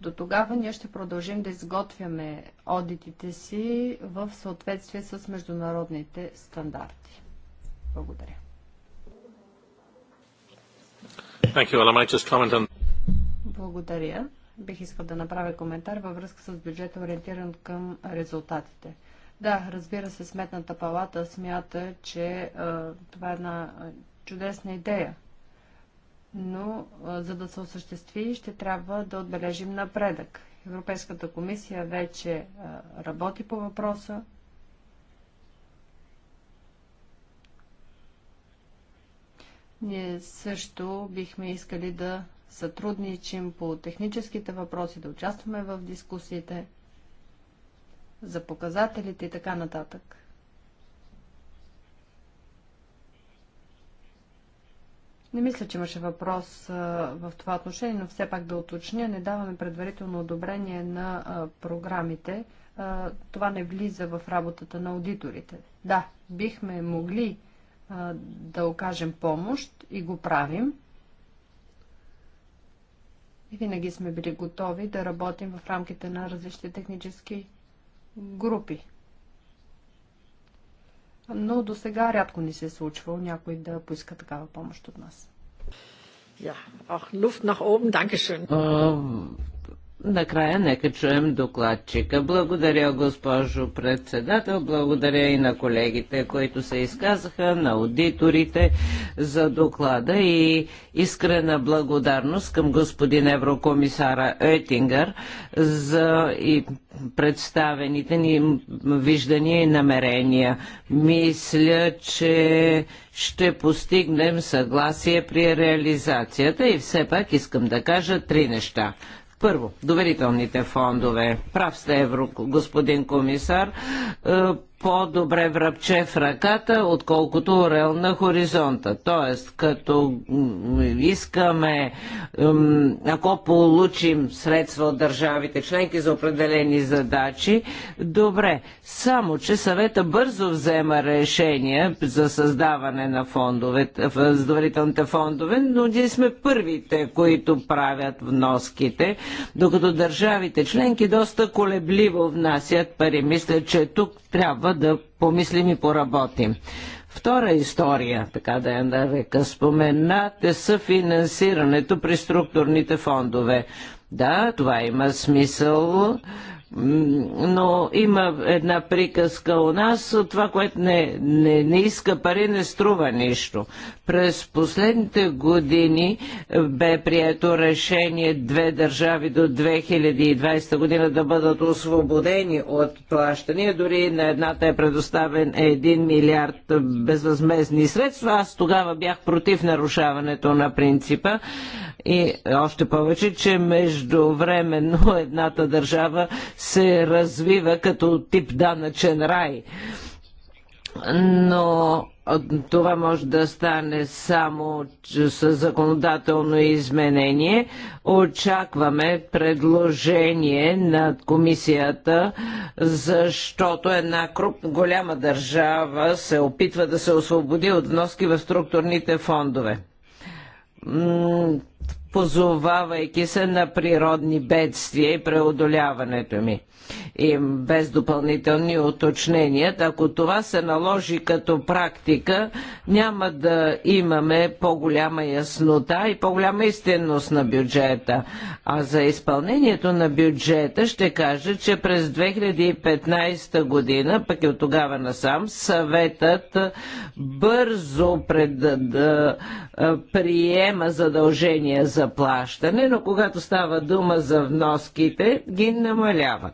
До тогава ние ще продължим да изготвяме одитите си в съответствие с международните стандарти. Благодаря. On... Благодаря. Бих искал да направя коментар във връзка с бюджета, ориентиран към резултатите. Да, разбира се, Сметната палата смята, че а, това е една чудесна идея. Но а, за да се осъществи, ще трябва да отбележим напредък. Европейската комисия вече а, работи по въпроса. Ние също бихме искали да сътрудничим по техническите въпроси, да участваме в дискусиите за показателите и така нататък. Не мисля, че имаше въпрос а, в това отношение, но все пак да уточня, не даваме предварително одобрение на а, програмите. А, това не влиза в работата на аудиторите. Да, бихме могли да окажем помощ и го правим. И винаги сме били готови да работим в рамките на различни технически групи. Но до сега рядко ни се е случвало някой да поиска такава помощ от нас. Ja, auch Luft nach oben, Dankeschön. Uh, Накрая нека чуем докладчика. Благодаря, госпожо председател, благодаря и на колегите, които се изказаха, на аудиторите за доклада и искрена благодарност към господин еврокомисара Оетингър за и представените ни виждания и намерения. Мисля, че ще постигнем съгласие при реализацията и все пак искам да кажа три неща. Първо, доверителните фондове. Прав сте, евро, господин комисар. Е, по-добре връбче в ръката, отколкото орел на хоризонта. Тоест, като искаме, ако получим средства от държавите членки за определени задачи, добре. Само, че съвета бързо взема решения за създаване на задоволителните фондове, но ние сме първите, които правят вноските, докато държавите членки доста колебливо внасят пари. Мисля, че тук трябва трябва да помислим и поработим. Втора история, така да я нарека, споменате финансирането при структурните фондове. Да, това има смисъл, но има една приказка у нас, това, което не, не, не иска пари, не струва нищо. През последните години бе прието решение две държави до 2020 година да бъдат освободени от плащания. Дори на едната е предоставен 1 милиард безвъзмезни средства. Аз тогава бях против нарушаването на принципа и още повече, че междувременно едната държава се развива като тип данъчен рай. Но това може да стане само с законодателно изменение. Очакваме предложение на комисията, защото една голяма държава се опитва да се освободи от вноски в структурните фондове позовавайки се на природни бедствия и преодоляването ми. И без допълнителни уточнения, ако това се наложи като практика, няма да имаме по-голяма яснота и по-голяма истинност на бюджета. А за изпълнението на бюджета ще кажа, че през 2015 година, пък и от тогава насам, съветът бързо пред, да, приема задължения за заплащане, но когато става дума за вноските, ги намаляват.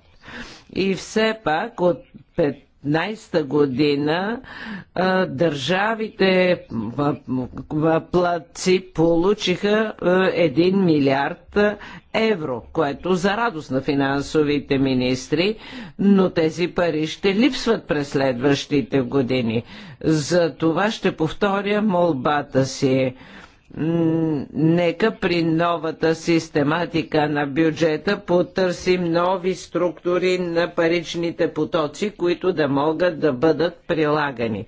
И все пак от 15-та година държавите платци получиха 1 милиард евро, което за радост на финансовите министри, но тези пари ще липсват през следващите години. За това ще повторя молбата си Нека при новата систематика на бюджета потърсим нови структури на паричните потоци, които да могат да бъдат прилагани.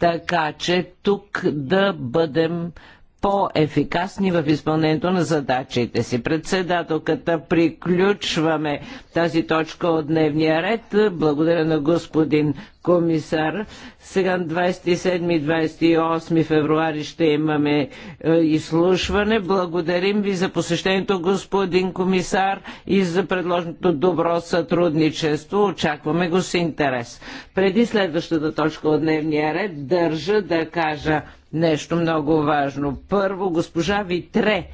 Така че тук да бъдем по-ефикасни в изпълнението на задачите си. Председателката, приключваме тази точка от дневния ред. Благодаря на господин комисар. Сега 27 28 февруари ще имаме е, изслушване. Благодарим ви за посещението, господин комисар, и за предложеното добро сътрудничество. Очакваме го с интерес. Преди следващата точка от дневния ред, държа да кажа нещо много важно. Първо, госпожа Витре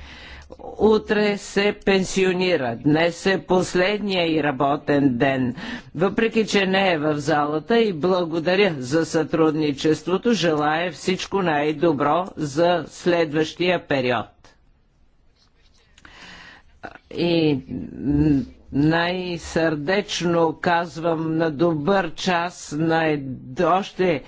утре се пенсионира. Днес е последния и работен ден. Въпреки, че не е в залата и благодаря за сътрудничеството, желая всичко най-добро за следващия период. И най-сърдечно казвам на добър час, на още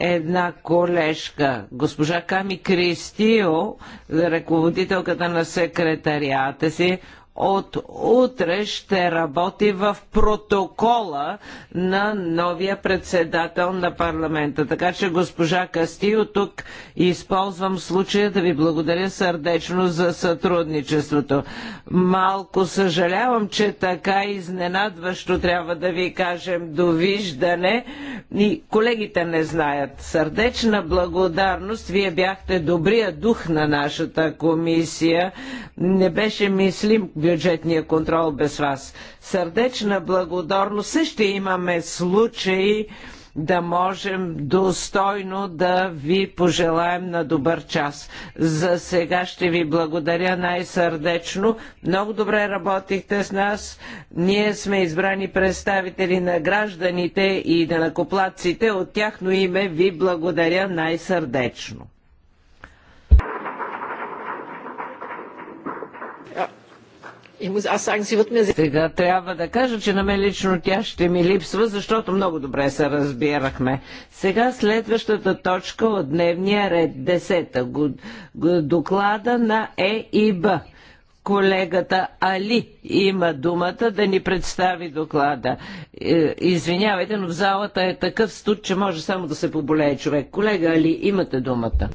една колежка, госпожа Ками Кристио, ръководителката на секретарията си, от утре ще работи в протокола на новия председател на парламента. Така че, госпожа Кастио, тук използвам случая да ви благодаря сърдечно за сътрудничеството. Малко съжалявам, че така изненадващо трябва да ви кажем довиждане. И колегите не знаят. Сърдечна благодарност. Вие бяхте добрия дух на нашата комисия. Не беше мислим бюджетния контрол без вас. Сърдечна благодарност. Също имаме случаи да можем достойно да ви пожелаем на добър час. За сега ще ви благодаря най-сърдечно. Много добре работихте с нас. Ние сме избрани представители на гражданите и на накоплаците. От тяхно име ви благодаря най-сърдечно. Сега трябва да кажа, че на мен лично тя ще ми липсва, защото много добре се разбирахме. Сега следващата точка от дневния ред, 10-та, доклада на ЕИБ. Колегата Али има думата да ни представи доклада. Е, извинявайте, но в залата е такъв студ, че може само да се поболее човек. Колега Али, имате думата.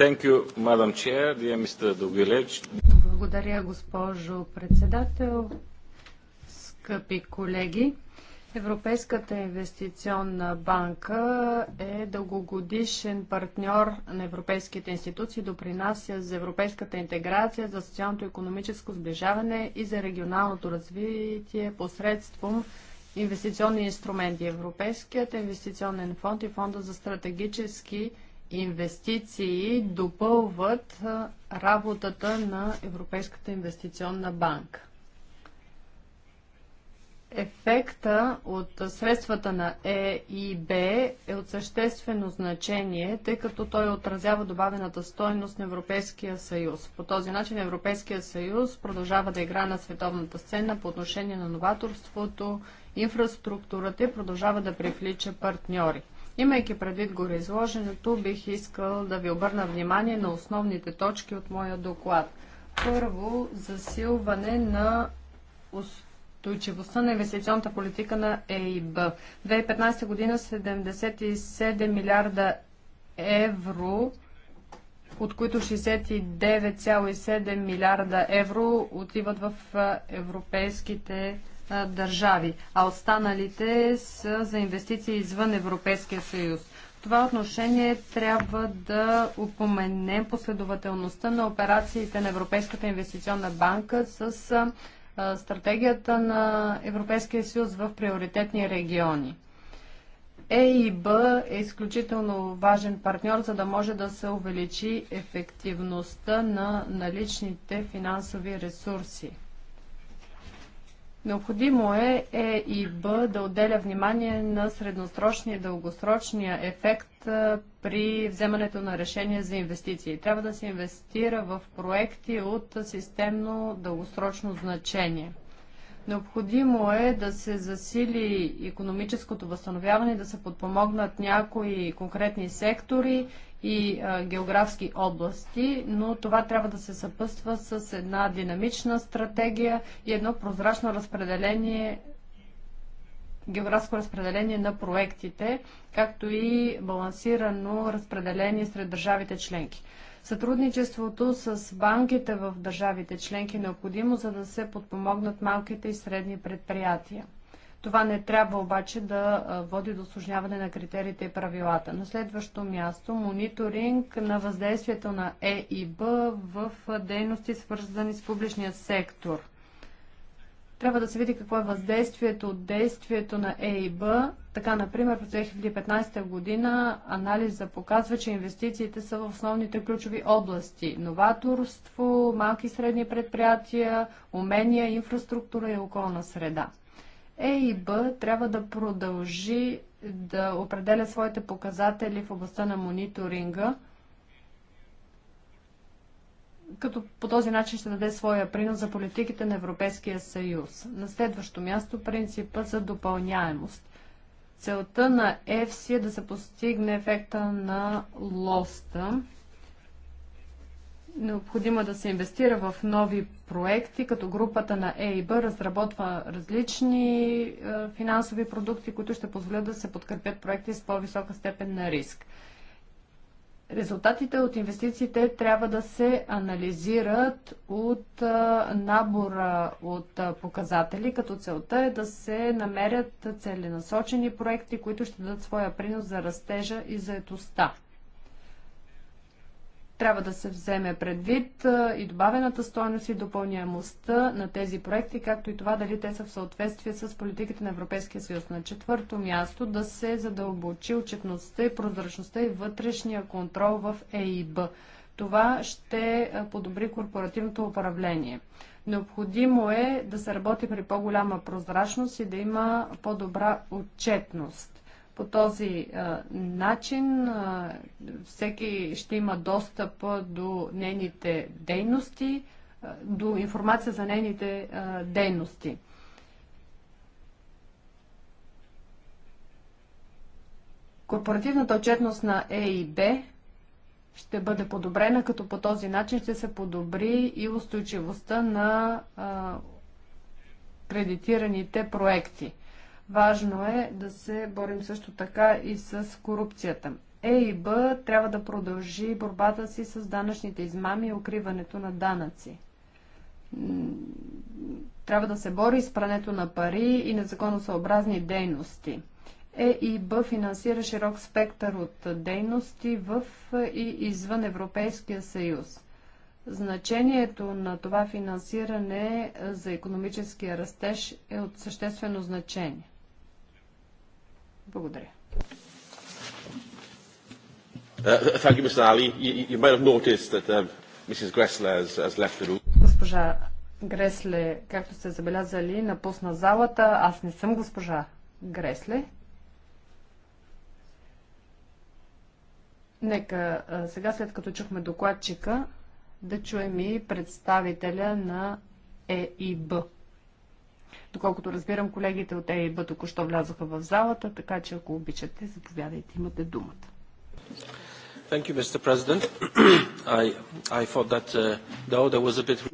You, Chair, Благодаря, госпожо председател. Скъпи колеги, Европейската инвестиционна банка е дългогодишен партньор на европейските институции, допринася за европейската интеграция, за социалното и економическо сближаване и за регионалното развитие посредством инвестиционни инструменти. Европейският инвестиционен фонд и е фонда за стратегически инвестиции инвестиции допълват работата на Европейската инвестиционна банка. Ефекта от средствата на Е и Б е от съществено значение, тъй като той отразява добавената стойност на Европейския съюз. По този начин Европейския съюз продължава да игра на световната сцена по отношение на новаторството, инфраструктурата и продължава да привлича партньори. Имайки предвид гореизложеното, бих искал да ви обърна внимание на основните точки от моя доклад. Първо, засилване на устойчивостта на инвестиционната политика на ЕИБ. 2015 година 77 милиарда евро от които 69,7 милиарда евро отиват в европейските държави, а останалите са за инвестиции извън Европейския съюз. В това отношение трябва да упоменем последователността на операциите на Европейската инвестиционна банка с стратегията на Европейския съюз в приоритетни региони. ЕИБ е изключително важен партньор, за да може да се увеличи ефективността на наличните финансови ресурси. Необходимо е Е и Б да отделя внимание на средносрочния и дългосрочния ефект при вземането на решение за инвестиции. Трябва да се инвестира в проекти от системно дългосрочно значение. Необходимо е да се засили економическото възстановяване, да се подпомогнат някои конкретни сектори и а, географски области, но това трябва да се съпъства с една динамична стратегия и едно прозрачно разпределение географско разпределение на проектите, както и балансирано разпределение сред държавите членки. Сътрудничеството с банките в държавите членки е необходимо, за да се подпомогнат малките и средни предприятия. Това не трябва обаче да води до осложняване на критериите и правилата. На следващо място мониторинг на въздействието на Е и Б в дейности свързани с публичния сектор. Трябва да се види какво е въздействието от действието на е Б. Така, например, през 2015 година анализа показва, че инвестициите са в основните ключови области. Новаторство, малки и средни предприятия, умения, инфраструктура и околна среда. Е Б трябва да продължи да определя своите показатели в областта на мониторинга, като по този начин ще даде своя принос за политиките на Европейския съюз. На следващо място принципа за допълняемост. Целта на ЕФСИ е да се постигне ефекта на лоста необходимо да се инвестира в нови проекти, като групата на ЕИБ разработва различни е, финансови продукти, които ще позволят да се подкрепят проекти с по-висока степен на риск. Резултатите от инвестициите трябва да се анализират от е, набора от е, показатели, като целта е да се намерят целенасочени проекти, които ще дадат своя принос за растежа и заетостта трябва да се вземе предвид и добавената стоеност и допълняемостта на тези проекти, както и това дали те са в съответствие с политиките на Европейския съюз. На четвърто място да се задълбочи отчетността и прозрачността и вътрешния контрол в ЕИБ. Това ще подобри корпоративното управление. Необходимо е да се работи при по-голяма прозрачност и да има по-добра отчетност. По този а, начин а, всеки ще има достъп до нейните дейности, а, до информация за нейните а, дейности. Корпоративната отчетност на ЕИБ ще бъде подобрена, като по този начин ще се подобри и устойчивостта на а, кредитираните проекти. Важно е да се борим също така и с корупцията. ЕИБ трябва да продължи борбата си с данъчните измами и укриването на данъци. Трябва да се бори с прането на пари и незаконосъобразни дейности. ЕИБ финансира широк спектър от дейности в и извън Европейския съюз. Значението на това финансиране за економическия растеж е от съществено значение. Благодаря. Госпожа Гресле, както сте забелязали, напусна залата. Аз не съм госпожа Гресле. Нека сега, след като чухме докладчика, да чуем и представителя на ЕИБ. Доколкото разбирам, колегите от ЕИБ току-що влязоха в залата, така че ако обичате, заповядайте, имате думата. (clears throat) Uh,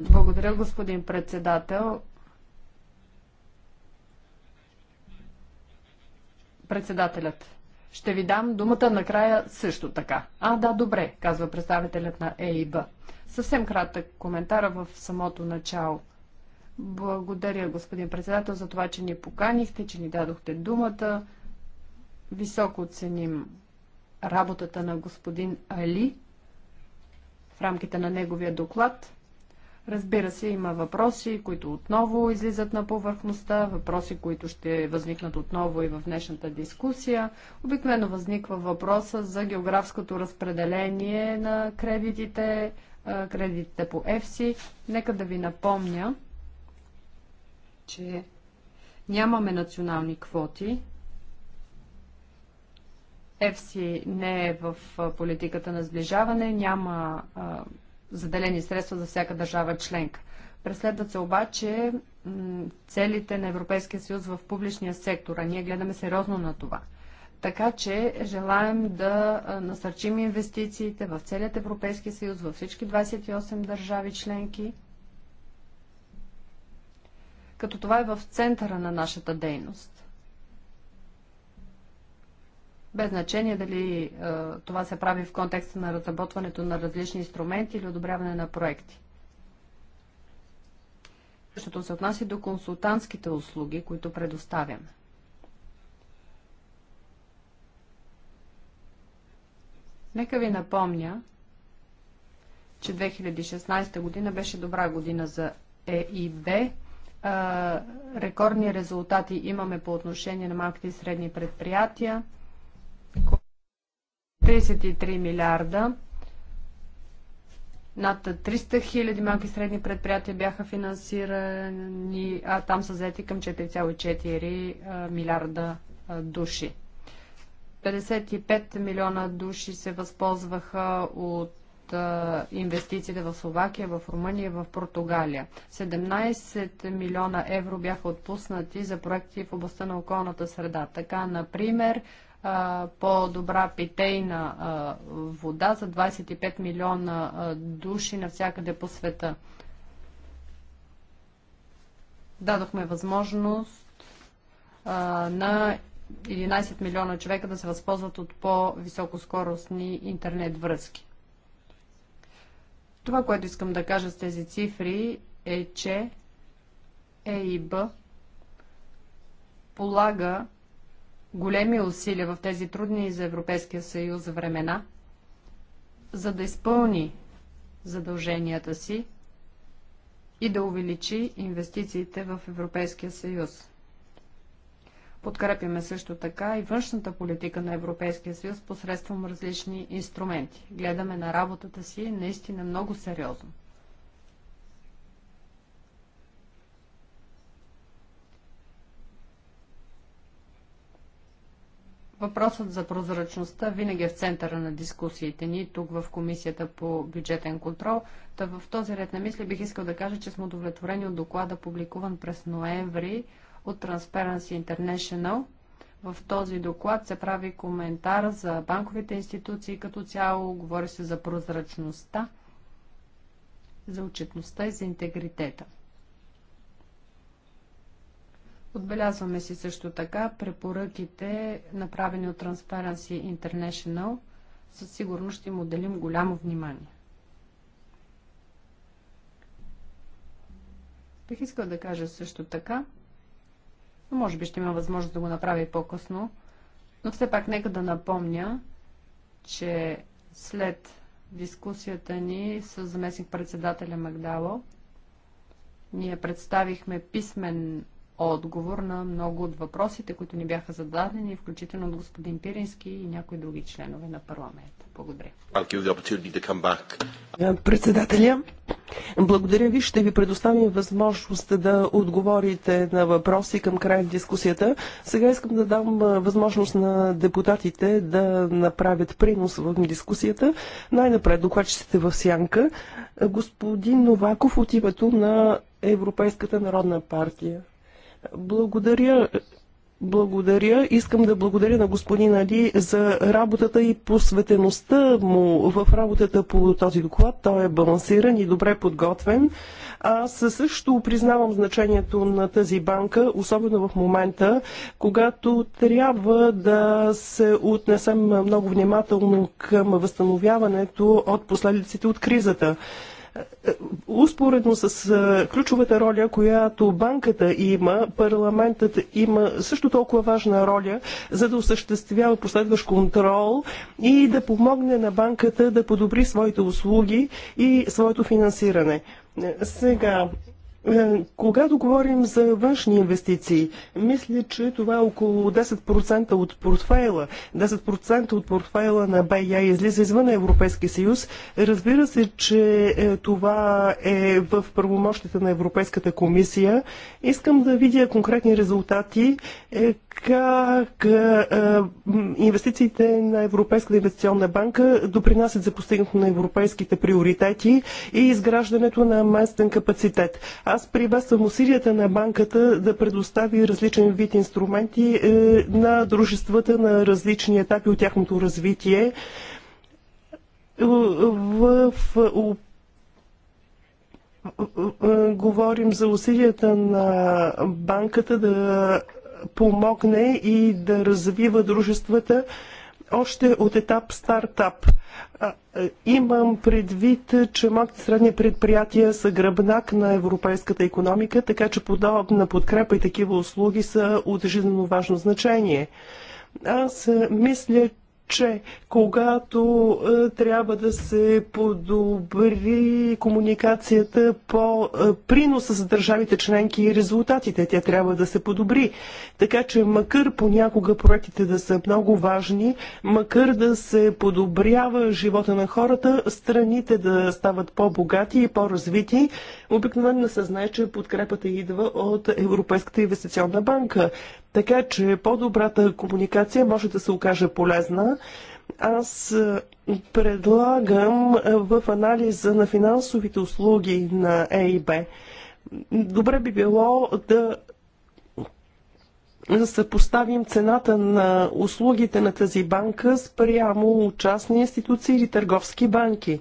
Благодаря, господин председател. Председателят. Ще ви дам думата накрая също така. А, да, добре, казва представителят на ЕИБ. Съвсем кратък коментар в самото начало – благодаря, господин председател, за това, че ни поканихте, че ни дадохте думата. Високо оценим работата на господин Али в рамките на неговия доклад. Разбира се, има въпроси, които отново излизат на повърхността, въпроси, които ще възникнат отново и в днешната дискусия. Обикновено възниква въпроса за географското разпределение на кредитите, кредитите по EFSI. Нека да ви напомня, че нямаме национални квоти. ЕФСИ не е в политиката на сближаване, няма а, заделени средства за всяка държава членка. Преследват се обаче целите на Европейския съюз в публичния сектор, а ние гледаме сериозно на това. Така че желаем да насърчим инвестициите в целият Европейски съюз, във всички 28 държави членки – като това е в центъра на нашата дейност. Без значение дали е, това се прави в контекста на разработването на различни инструменти или одобряване на проекти. Същото се отнася до консултантските услуги, които предоставяме. Нека ви напомня, че 2016 година беше добра година за ЕИБ рекордни резултати имаме по отношение на малките и средни предприятия. 33 милиарда. Над 300 хиляди малки и средни предприятия бяха финансирани, а там са взети към 4,4 милиарда души. 55 милиона души се възползваха от от инвестициите в Словакия, в Румъния и в Португалия. 17 милиона евро бяха отпуснати за проекти в областта на околната среда. Така, например, по-добра питейна вода за 25 милиона души навсякъде по света. Дадохме възможност на 11 милиона човека да се възползват от по-високоскоростни интернет връзки. Това, което искам да кажа с тези цифри е, че е Б полага големи усилия в тези трудни за Европейския съюз времена, за да изпълни задълженията си и да увеличи инвестициите в Европейския съюз. Подкрепяме също така и външната политика на Европейския съюз посредством различни инструменти. Гледаме на работата си наистина много сериозно. Въпросът за прозрачността винаги е в центъра на дискусиите ни тук в Комисията по бюджетен контрол. Та в този ред на мисли бих искал да кажа, че сме удовлетворени от доклада, публикуван през ноември от Transparency International. В този доклад се прави коментар за банковите институции като цяло, говори се за прозрачността, за отчетността и за интегритета. Отбелязваме си също така препоръките, направени от Transparency International. Със сигурност ще им отделим голямо внимание. Бих искал да кажа също така, но може би ще има възможност да го направя и по-късно. Но все пак нека да напомня, че след дискусията ни с заместник-председателя Магдало, ние представихме писмен отговор на много от въпросите, които ни бяха зададени, включително от господин Пирински и някои други членове на парламента. Благодаря. Е, председателя, благодаря ви. Ще ви предоставим възможност да отговорите на въпроси към края на дискусията. Сега искам да дам е, възможност на депутатите да направят принос в дискусията. Най-напред докладчиците в Сянка. Е, господин Новаков от името на Европейската народна партия. Благодаря. Благодаря. Искам да благодаря на господин Али за работата и посветеността му в работата по този доклад. Той е балансиран и добре подготвен. Аз също признавам значението на тази банка, особено в момента, когато трябва да се отнесем много внимателно към възстановяването от последиците от кризата. Успоредно с ключовата роля, която банката има, парламентът има също толкова важна роля, за да осъществява последващ контрол и да помогне на банката да подобри своите услуги и своето финансиране. Сега, е, когато говорим за външни инвестиции, мисля, че това е около 10% от портфейла. 10% от портфейла на БЯ излиза извън Европейския съюз. Разбира се, че е, това е в правомощите на Европейската комисия. Искам да видя конкретни резултати, е, как инвестициите на Европейската инвестиционна банка допринасят за постигането на европейските приоритети и изграждането на местен капацитет. Аз аз приветствам усилията на банката да предостави различен вид инструменти е, на дружествата на различни етапи от тяхното развитие. Е, в е, говорим за усилията на банката да помогне и да развива дружествата още от етап стартап. Имам предвид, че малките средни предприятия са гръбнак на европейската економика, така че подобна подкрепа и такива услуги са от жизненно важно значение. Аз мисля, че когато е, трябва да се подобри комуникацията по е, приноса с държавите членки и резултатите, тя трябва да се подобри. Така че макар понякога проектите да са много важни, макар да се подобрява живота на хората, страните да стават по-богати и по-развити, обикновено се знае, че подкрепата идва от Европейската инвестиционна банка. Така че по-добрата комуникация може да се окаже полезна. Аз е, предлагам е, в анализа на финансовите услуги на ЕИБ. Добре би било да съпоставим цената на услугите на тази банка спрямо частни институции или търговски банки.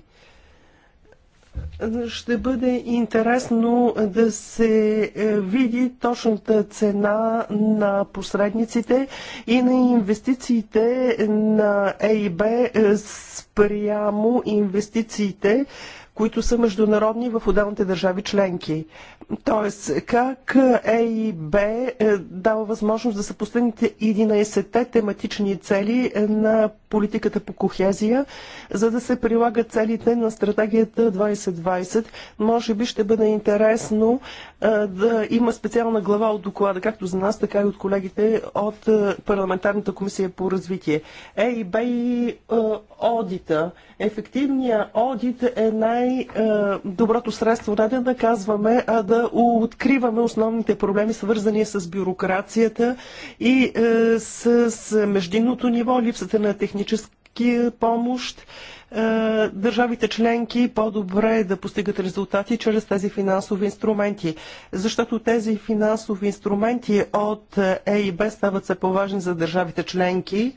Ще бъде интересно да се е, види точната цена на посредниците и на инвестициите на ЕИБ спрямо инвестициите, които са международни в отделните държави членки. Тоест, как ЕИБ е, дава възможност да са последните 11-те тематични цели е, на политиката по кохезия, за да се прилагат целите на стратегията 2020. Може би ще бъде интересно е, да има специална глава от доклада, както за нас, така и от колегите от е, парламентарната комисия по развитие. Е и бе и е, одита. Ефективният одит е най-доброто средство не да наказваме, а да откриваме основните проблеми, свързани с бюрокрацията и с междинното ниво, липсата на технически помощ е, държавите членки по-добре е да постигат резултати чрез тези финансови инструменти. Защото тези финансови инструменти от Е и Б стават все по-важни за държавите членки.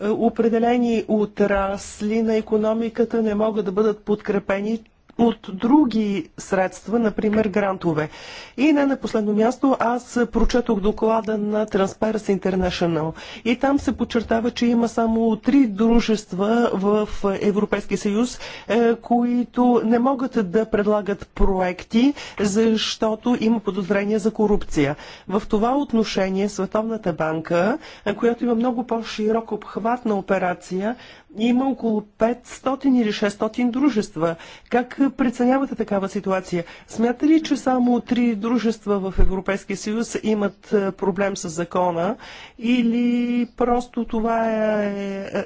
Е, определени отрасли на економиката не могат да бъдат подкрепени от други средства, например грантове. И не на последно място, аз прочетох доклада на Transparency International и там се подчертава, че има само три дружества в Европейския съюз, е, които не могат да предлагат проекти, защото има подозрение за корупция. В това отношение Световната банка, е, която има много по-широк обхват на операция, има около 500 или 600 дружества. Как преценявате такава ситуация? Смята ли, че само три дружества в Европейския съюз имат е, проблем с закона или просто това е... е,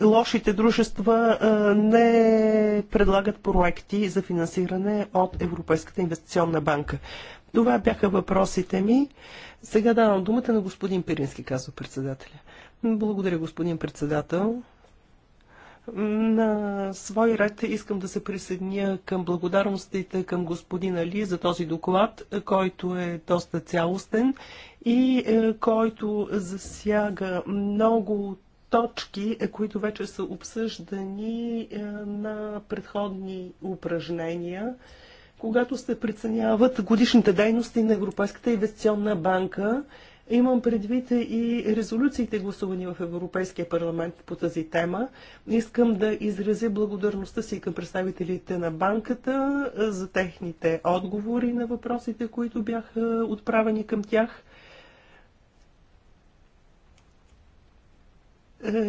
е лошите дружества не предлагат проекти за финансиране от Европейската инвестиционна банка? Това бяха въпросите ми. Сега давам думата на господин Пирински, казва председателя. Благодаря, господин председател. На свой ред искам да се присъединя към благодарностите към господин Али за този доклад, който е доста цялостен и е, който засяга много точки, е, които вече са обсъждани е, на предходни упражнения, когато се преценяват годишните дейности на Европейската инвестиционна банка – Имам предвид и резолюциите гласувани в Европейския парламент по тази тема. Искам да изразя благодарността си към представителите на банката за техните отговори на въпросите, които бяха отправени към тях.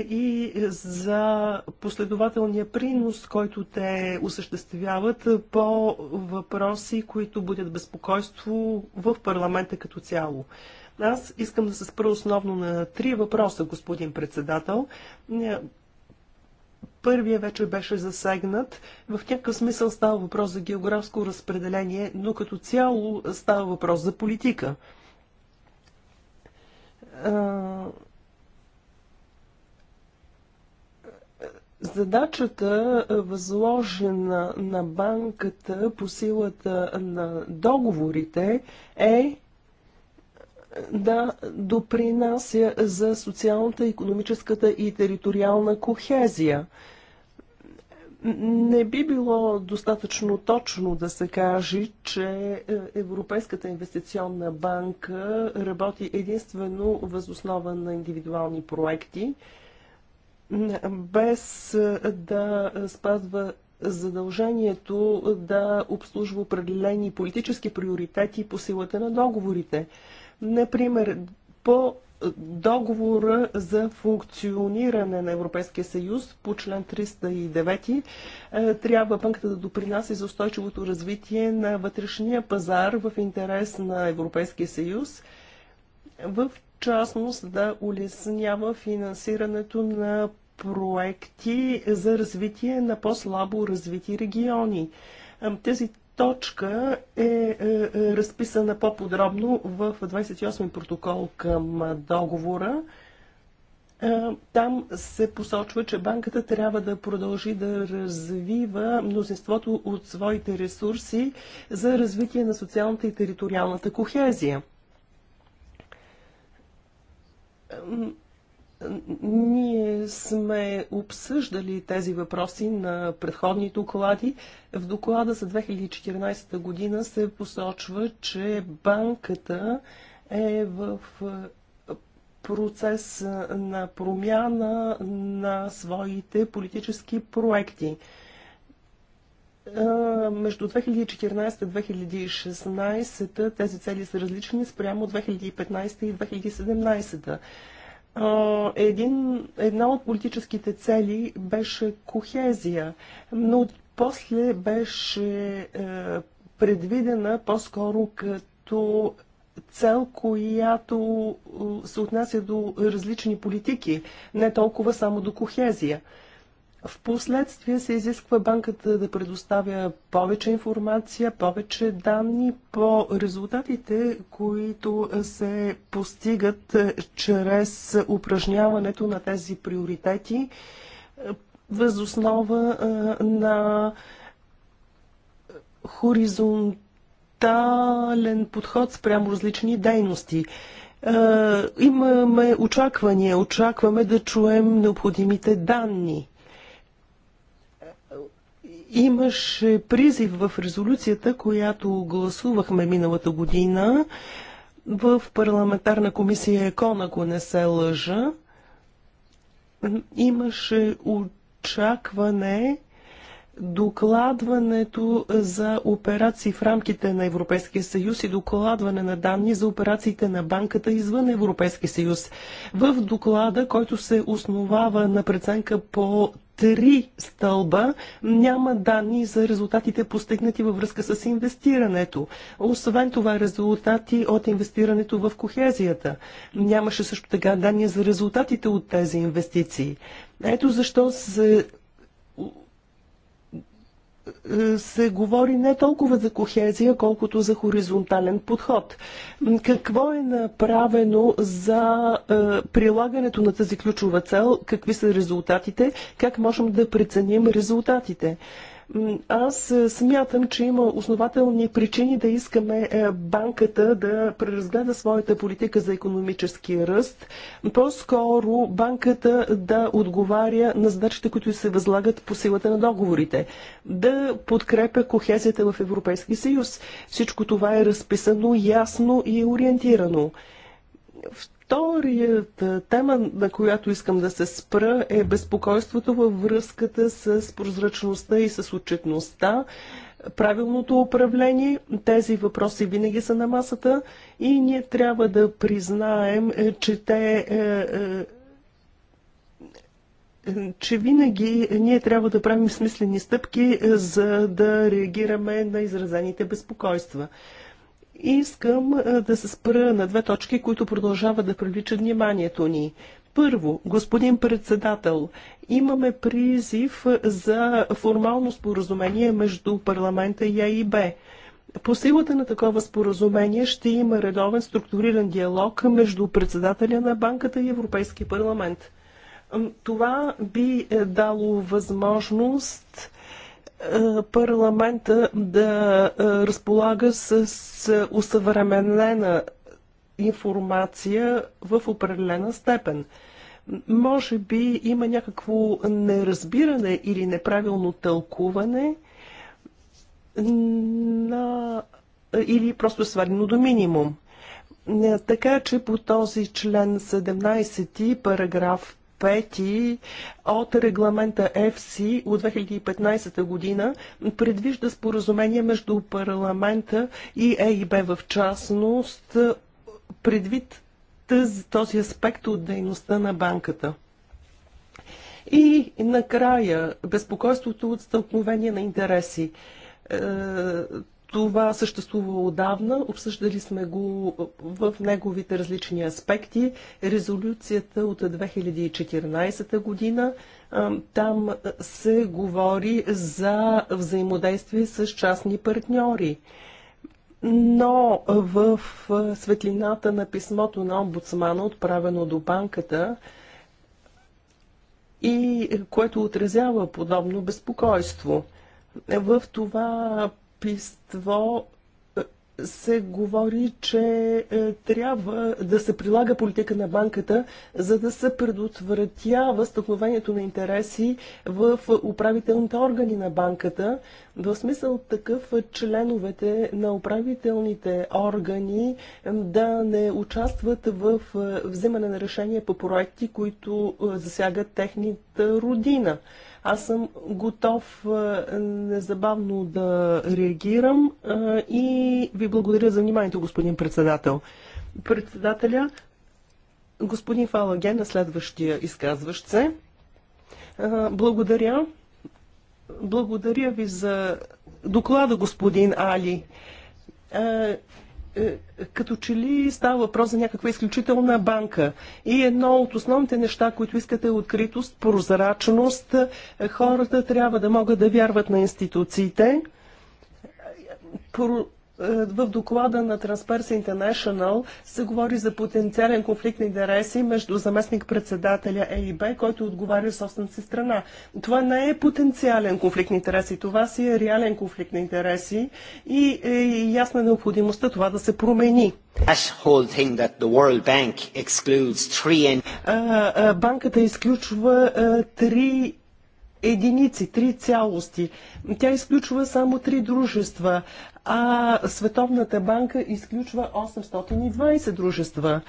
и за последователния принос, който те осъществяват по въпроси, които будят безпокойство в парламента като цяло. Аз искам да се спра основно на три въпроса, господин председател. Първия вече беше засегнат. В някакъв смисъл става въпрос за географско разпределение, но като цяло става въпрос за политика. Задачата, възложена на банката по силата на договорите, е да допринася за социалната, економическата и териториална кохезия. Не би било достатъчно точно да се каже, че е, Европейската инвестиционна банка работи единствено възоснова на индивидуални проекти, без е, да спазва задължението да обслужва определени политически приоритети по силата на договорите. Например, по договора за функциониране на Европейския съюз по член 309 е, трябва банката да допринася за устойчивото развитие на вътрешния пазар в интерес на Европейския съюз, в частност да улеснява финансирането на проекти за развитие на по-слабо развити региони. Тези точка е, е, е разписана по-подробно в 28 ми протокол към договора. Е, там се посочва, че банката трябва да продължи да развива мнозинството от своите ресурси за развитие на социалната и териториалната кохезия ние сме обсъждали тези въпроси на предходни доклади. В доклада за 2014 година се посочва, че банката е в процес на промяна на своите политически проекти. Между 2014-2016 и тези цели са различни спрямо 2015 и 2017 един, една от политическите цели беше кохезия, но после беше е, предвидена по-скоро като цел, която е, се отнася до различни политики, не толкова само до кохезия. В последствие се изисква банката да предоставя повече информация, повече данни по резултатите, които се постигат чрез упражняването на тези приоритети възоснова на хоризонтален подход спрямо различни дейности имаме очаквания, очакваме да чуем необходимите данни. Имаше призив в резолюцията, която гласувахме миналата година в парламентарна комисия ЕКОН, ако не се лъжа. Имаше очакване докладването за операции в рамките на Европейския съюз и докладване на данни за операциите на банката извън Европейския съюз. В доклада, който се основава на преценка по три стълба няма данни за резултатите постигнати във връзка с инвестирането. Освен това, резултати от инвестирането в кохезията. Нямаше също така данни за резултатите от тези инвестиции. Ето защо се се говори не толкова за кохезия, колкото за хоризонтален подход. Какво е направено за е, прилагането на тази ключова цел? Какви са резултатите? Как можем да преценим резултатите? Аз е, смятам, че има основателни причини да искаме е, банката да преразгледа своята политика за економически ръст. По-скоро банката да отговаря на задачите, които се възлагат по силата на договорите. Да подкрепя кохезията в Европейски съюз. Всичко това е разписано ясно и ориентирано. Вторията тема, на която искам да се спра, е безпокойството във връзката с прозрачността и с отчетността, правилното управление. Тези въпроси винаги са на масата и ние трябва да признаем, е, че те е, е, че винаги ние трябва да правим смислени стъпки, за да реагираме на изразените безпокойства. Искам да се спра на две точки, които продължават да привличат вниманието ни. Първо, господин председател, имаме призив за формално споразумение между парламента и АИБ. По силата на такова споразумение ще има редовен структуриран диалог между председателя на банката и Европейски парламент. Това би е, дало възможност парламента да разполага с усъвременена информация в определена степен. Може би има някакво неразбиране или неправилно тълкуване на... или просто е сварено до минимум. Е, така че по този член 17, параграф 5 от регламента FC от 2015 година предвижда споразумение между парламента и ЕИБ в частност предвид тази, този аспект от дейността на банката. И накрая, безпокойството от стълкновение на интереси. Е, това съществува отдавна, обсъждали сме го в неговите различни аспекти. Резолюцията от 2014 година, там се говори за взаимодействие с частни партньори. Но в светлината на писмото на омбудсмана, отправено до банката, и което отразява подобно безпокойство. В това общество е, се говори, че е, трябва да се прилага политика на банката, за да се предотвратява стъкновението на интереси в управителните органи на банката. В смисъл такъв членовете на управителните органи да не участват в е, взимане на решения по проекти, които засягат техните родина. Аз съм готов незабавно да реагирам и ви благодаря за вниманието, господин председател. Председателя, господин Фалаген е следващия изказващ се. Благодаря. Благодаря ви за доклада, господин Али. Е, като че ли става въпрос за някаква изключителна банка. И едно от основните неща, които искате е откритост, прозрачност. Е, хората трябва да могат да вярват на институциите. Е, е, в доклада на Transparency International се говори за потенциален конфликт на интереси между заместник-председателя ЕИБ, който отговаря в собствената си страна. Това не е потенциален конфликт на интереси, това си е реален конфликт на интереси и е ясна необходимостта това да се промени. Банката изключва три единици, три цялости. Тя изключва само три дружества, а Световната банка изключва 820 дружества.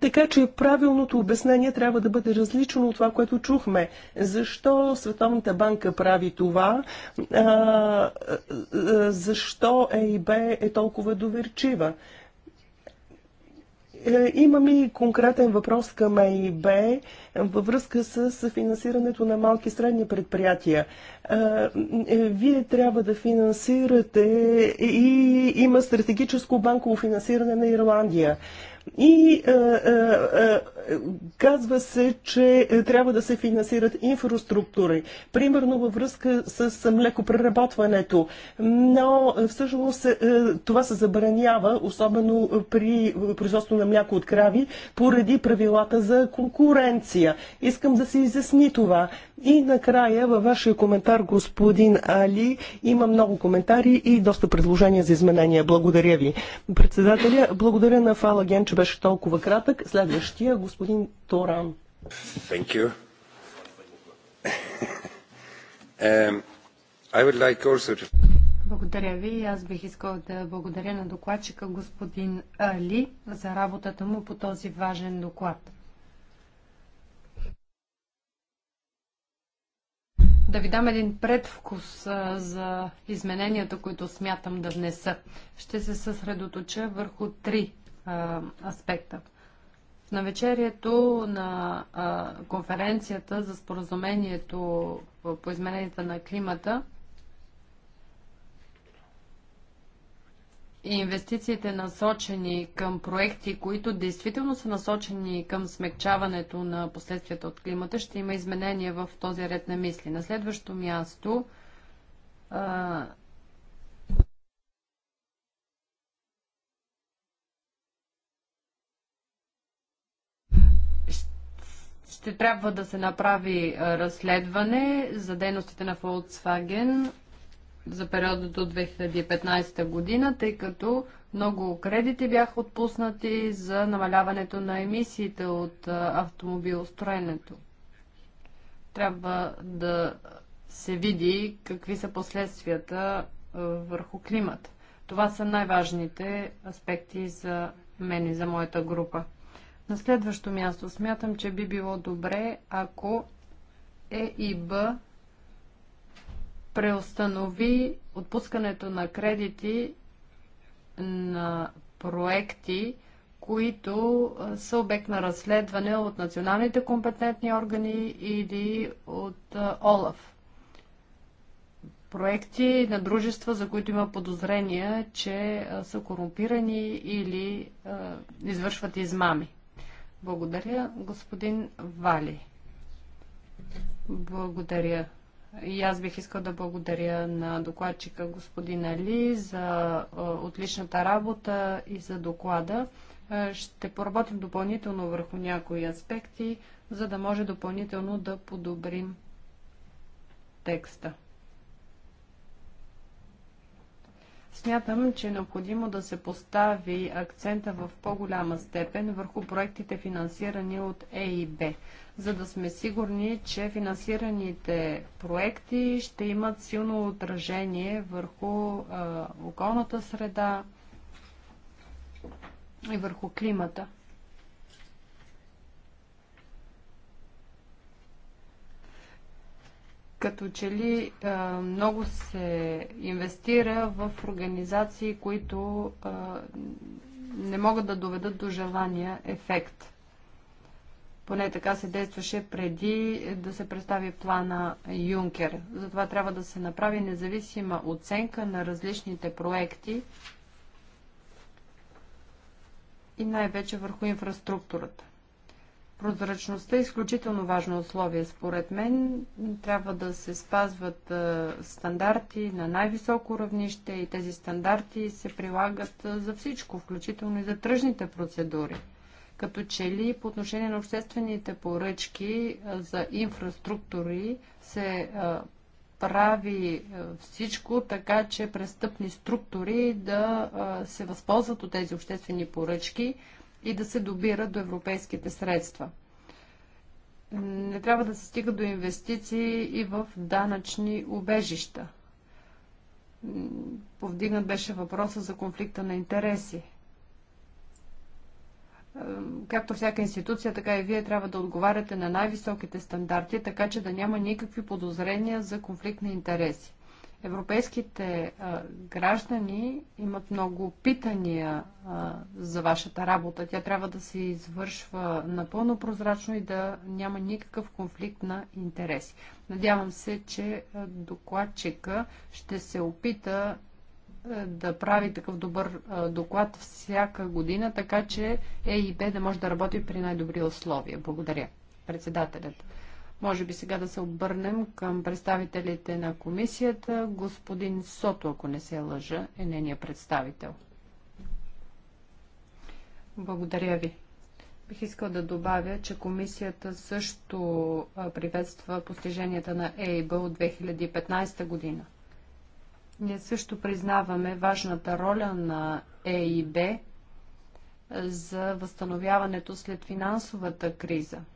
Така че правилното обяснение трябва да бъде различно от това, което чухме. Защо Световната банка прави това? А, защо ЕИБ е толкова доверчива? Е, имам и конкретен въпрос към ЕИБ във връзка с финансирането на малки и средни предприятия. Е, е, вие трябва да финансирате и има стратегическо банково финансиране на Ирландия и а, а, а, казва се, че е, трябва да се финансират инфраструктури, примерно във връзка с е, млекопреработването. Но е, всъщност това се забранява, особено при производство на мляко от крави, поради правилата за конкуренция. Искам да се изясни това. И накрая във вашия коментар, господин Али, има много коментари и доста предложения за изменения. Благодаря ви. Председателя, благодаря на Фала Генче беше толкова кратък. Следващия, господин Торан. Thank you. um, I would like also to... Благодаря ви. Аз бих искал да благодаря на докладчика господин Али за работата му по този важен доклад. да ви дам един предвкус а, за измененията, които смятам да внеса. Ще се съсредоточа върху три аспекта. В навечерието на конференцията за споразумението по измененията на климата и инвестициите насочени към проекти, които действително са насочени към смягчаването на последствията от климата, ще има изменения в този ред на мисли. На следващо място ще трябва да се направи разследване за дейностите на Volkswagen за периода до 2015 година, тъй като много кредити бяха отпуснати за намаляването на емисиите от автомобилостроенето. Трябва да се види какви са последствията върху климата. Това са най-важните аспекти за мен и за моята група. На следващо място смятам, че би било добре, ако е Б преустанови отпускането на кредити на проекти, които са обект на разследване от националните компетентни органи или от ОЛАФ. Проекти на дружества, за които има подозрения, че са корумпирани или извършват измами. Благодаря, господин Вали. Благодаря. И аз бих искал да благодаря на докладчика господин Али за отличната работа и за доклада. Ще поработим допълнително върху някои аспекти, за да може допълнително да подобрим текста. Смятам, че е необходимо да се постави акцента в по-голяма степен върху проектите финансирани от Е и Б, за да сме сигурни, че финансираните проекти ще имат силно отражение върху а, околната среда и върху климата. като че ли много се инвестира в организации, които не могат да доведат до желания ефект. Поне така се действаше преди да се представи плана Юнкер. Затова трябва да се направи независима оценка на различните проекти и най-вече върху инфраструктурата. Прозрачността е изключително важно условие. Според мен трябва да се спазват стандарти на най-високо равнище и тези стандарти се прилагат за всичко, включително и за тръжните процедури. Като че ли по отношение на обществените поръчки за инфраструктури се прави всичко така, че престъпни структури да се възползват от тези обществени поръчки, и да се добира до европейските средства. Не трябва да се стига до инвестиции и в данъчни убежища. Повдигнат беше въпроса за конфликта на интереси. Както всяка институция, така и вие трябва да отговаряте на най-високите стандарти, така че да няма никакви подозрения за конфликт на интереси. Европейските а, граждани имат много питания а, за вашата работа. Тя трябва да се извършва напълно прозрачно и да няма никакъв конфликт на интереси. Надявам се, че докладчика ще се опита да прави такъв добър доклад всяка година, така че ЕИБ да може да работи при най-добри условия. Благодаря. Председателят. Може би сега да се обърнем към представителите на комисията. Господин Сото, ако не се лъжа, е нения представител. Благодаря ви. Бих искал да добавя, че комисията също приветства постиженията на ЕИБ от 2015 година. Ние също признаваме важната роля на ЕИБ за възстановяването след финансовата криза –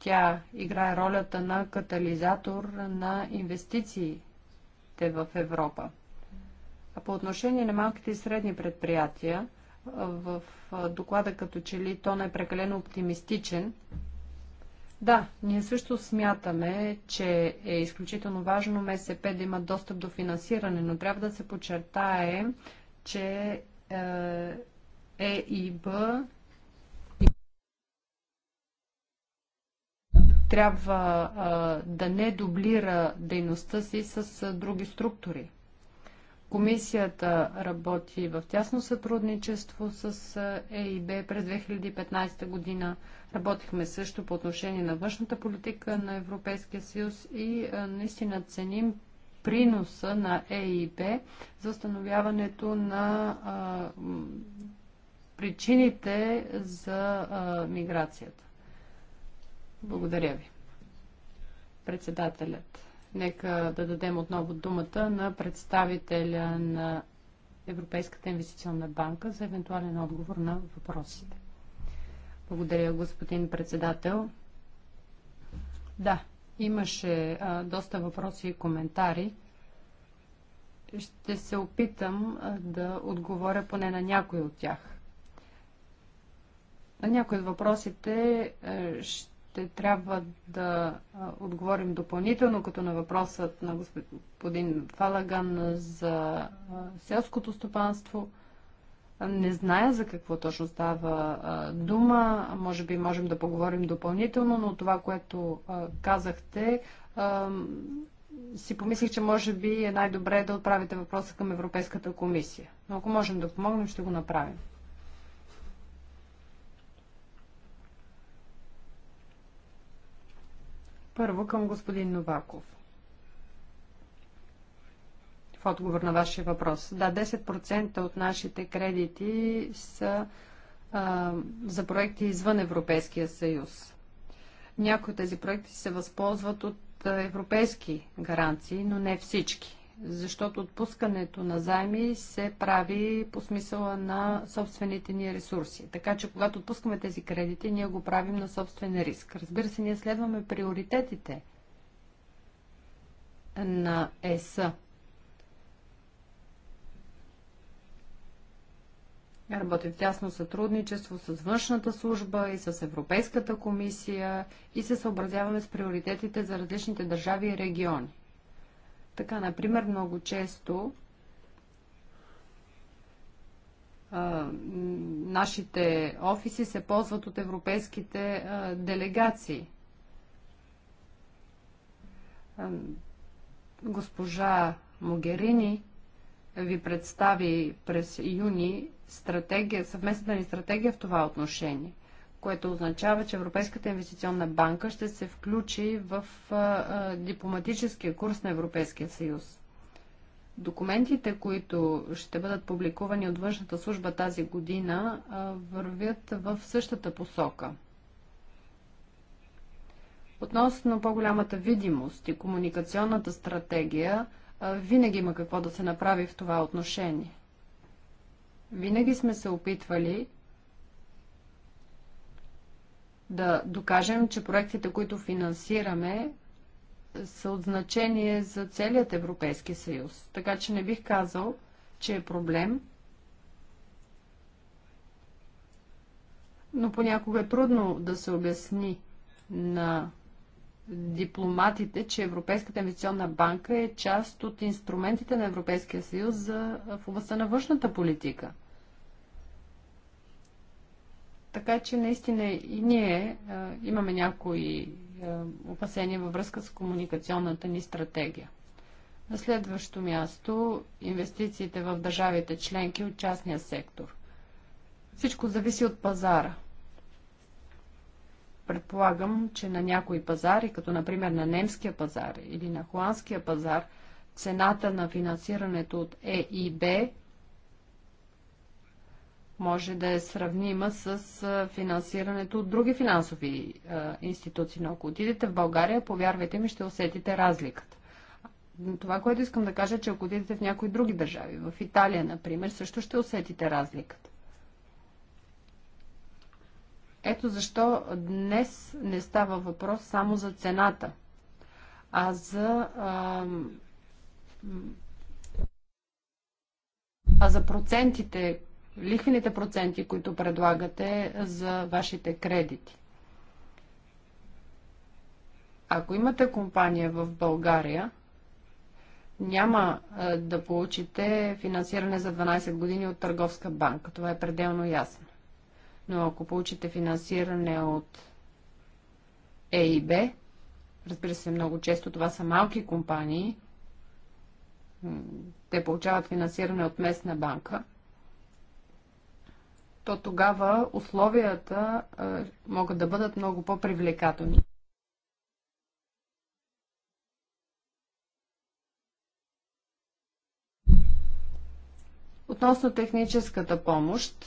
тя играе ролята на катализатор на инвестициите в Европа. А по отношение на малките и средни предприятия, в доклада като че ли тон е прекалено оптимистичен. Да, ние също смятаме, че е изключително важно МСП да има достъп до финансиране, но трябва да се подчертае, че ЕИБ е трябва а, да не дублира дейността си с а, други структури. Комисията работи в тясно сътрудничество с ЕИБ през 2015 година. Работихме също по отношение на външната политика на Европейския съюз и наистина ценим приноса на ЕИБ за установяването на а, причините за а, миграцията. Благодаря ви. Председателят. Нека да дадем отново думата на представителя на Европейската инвестиционна банка за евентуален отговор на въпросите. Благодаря, господин председател. Да, имаше а, доста въпроси и коментари. Ще се опитам а, да отговоря поне на някой от тях. На някои от въпросите а, ще ще трябва да отговорим допълнително, като на въпросът на господин Фалаган за селското стопанство. Не зная за какво точно става дума. Може би можем да поговорим допълнително, но това, което казахте, си помислих, че може би е най-добре да отправите въпроса към Европейската комисия. Но ако можем да помогнем, ще го направим. Първо към господин Новаков. В отговор на вашия въпрос. Да, 10% от нашите кредити са а, за проекти извън Европейския съюз. Някои от тези проекти се възползват от европейски гаранции, но не всички защото отпускането на заеми се прави по смисъла на собствените ни ресурси. Така че, когато отпускаме тези кредити, ние го правим на собствен риск. Разбира се, ние следваме приоритетите на ЕС. Работим в тясно сътрудничество с външната служба и с Европейската комисия и се съобразяваме с приоритетите за различните държави и региони. Така, например, много често а, нашите офиси се ползват от европейските а, делегации. А, госпожа Могерини ви представи през юни стратегия, съвместната ни стратегия в това отношение – което означава, че Европейската инвестиционна банка ще се включи в дипломатическия курс на Европейския съюз. Документите, които ще бъдат публикувани от външната служба тази година, вървят в същата посока. Относно по-голямата видимост и комуникационната стратегия, винаги има какво да се направи в това отношение. Винаги сме се опитвали да докажем, че проектите, които финансираме, са от значение за целият Европейски съюз. Така че не бих казал, че е проблем, но понякога е трудно да се обясни на дипломатите, че Европейската инвестиционна банка е част от инструментите на Европейския съюз за, в областта на външната политика – така че наистина и ние а, имаме някои а, опасения във връзка с комуникационната ни стратегия. На следващо място инвестициите в държавите членки от частния сектор. Всичко зависи от пазара. Предполагам, че на някои пазари, като например на немския пазар или на холандския пазар, цената на финансирането от ЕИБ може да е сравнима с финансирането от други финансови институции. Но ако отидете в България, повярвайте ми, ще усетите разликата. Това, което искам да кажа, е, че ако отидете в някои други държави, в Италия, например, също ще усетите разликата. Ето защо днес не става въпрос само за цената, а за, а, а за процентите, лихвените проценти, които предлагате за вашите кредити. Ако имате компания в България, няма да получите финансиране за 12 години от Търговска банка. Това е пределно ясно. Но ако получите финансиране от ЕИБ, разбира се, много често това са малки компании, те получават финансиране от местна банка – то тогава условията а, могат да бъдат много по-привлекателни. Относно техническата помощ,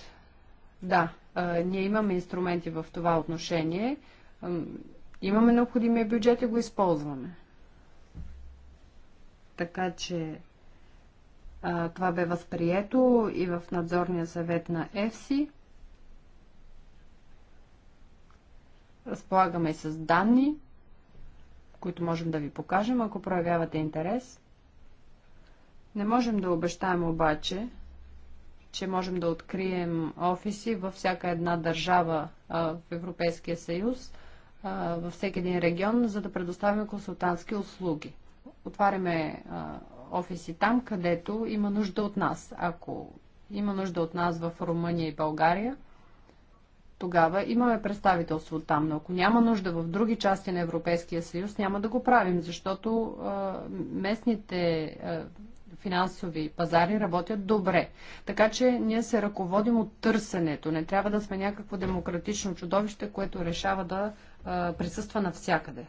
да, а, ние имаме инструменти в това отношение. А, имаме необходимия бюджет и го използваме. Така че това бе възприето и в надзорния съвет на ЕФСИ. Разполагаме и с данни, които можем да ви покажем, ако проявявате интерес. Не можем да обещаем обаче, че можем да открием офиси във всяка една държава а, в Европейския съюз, а, във всеки един регион, за да предоставим консултантски услуги. Отваряме а, офиси там, където има нужда от нас. Ако има нужда от нас в Румъния и България, тогава имаме представителство там. Но ако няма нужда в други части на Европейския съюз, няма да го правим, защото а, местните а, финансови пазари работят добре. Така че ние се ръководим от търсенето. Не трябва да сме някакво демократично чудовище, което решава да а, присъства навсякъде.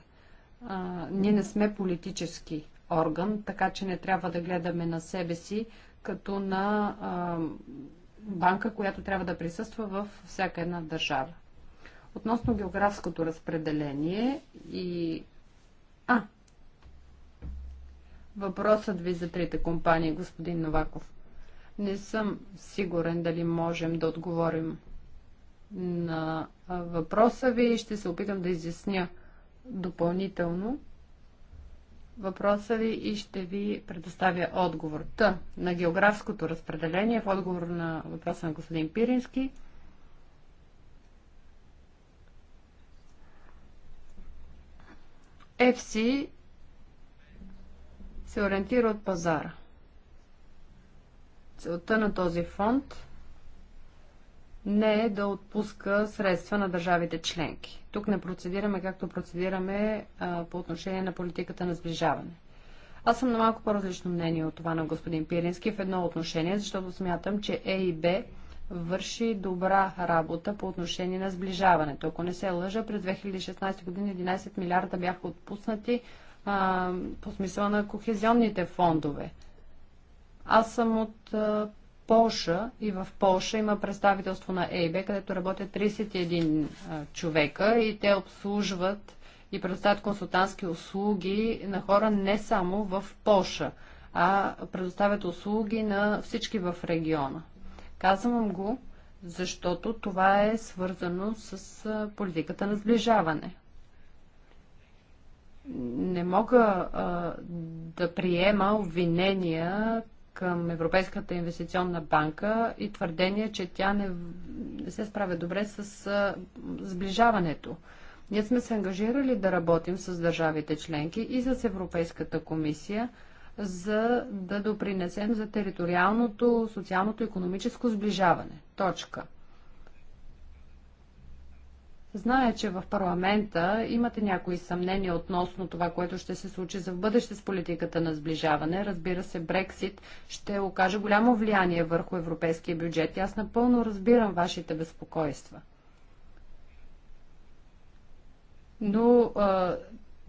А, ние не сме политически орган, така че не трябва да гледаме на себе си като на а, банка, която трябва да присъства във всяка една държава. Относно географското разпределение и... А! Въпросът ви за трите компании, господин Новаков. Не съм сигурен дали можем да отговорим на въпроса ви и ще се опитам да изясня допълнително въпроса ви и ще ви предоставя отговор. Та, на географското разпределение в отговор на въпроса на господин Пирински. FC се ориентира от пазара. Целта на този фонд – не е да отпуска средства на държавите членки. Тук не процедираме както процедираме а, по отношение на политиката на сближаване. Аз съм на малко по-различно мнение от това на господин Пирински в едно отношение, защото смятам, че Е и Б върши добра работа по отношение на сближаването. Ако не се лъжа, през 2016 година 11 милиарда бяха отпуснати а, по смисъла на кохезионните фондове. Аз съм от а, Польша и в Польша има представителство на ЕИБ, където работят 31 човека и те обслужват и предоставят консултантски услуги на хора не само в Польша, а предоставят услуги на всички в региона. Казвам го, защото това е свързано с политиката на сближаване. Не мога а, да приема обвинения, към Европейската инвестиционна банка и твърдение, че тя не, не се справя добре с а, сближаването. Ние сме се ангажирали да работим с държавите членки и с Европейската комисия, за да допринесем за териториалното, социалното и економическо сближаване. Точка. Зная, че в парламента имате някои съмнения относно това, което ще се случи за в бъдеще с политиката на сближаване. Разбира се, Брексит ще окаже голямо влияние върху европейския бюджет. И аз напълно разбирам вашите безпокойства. Но а,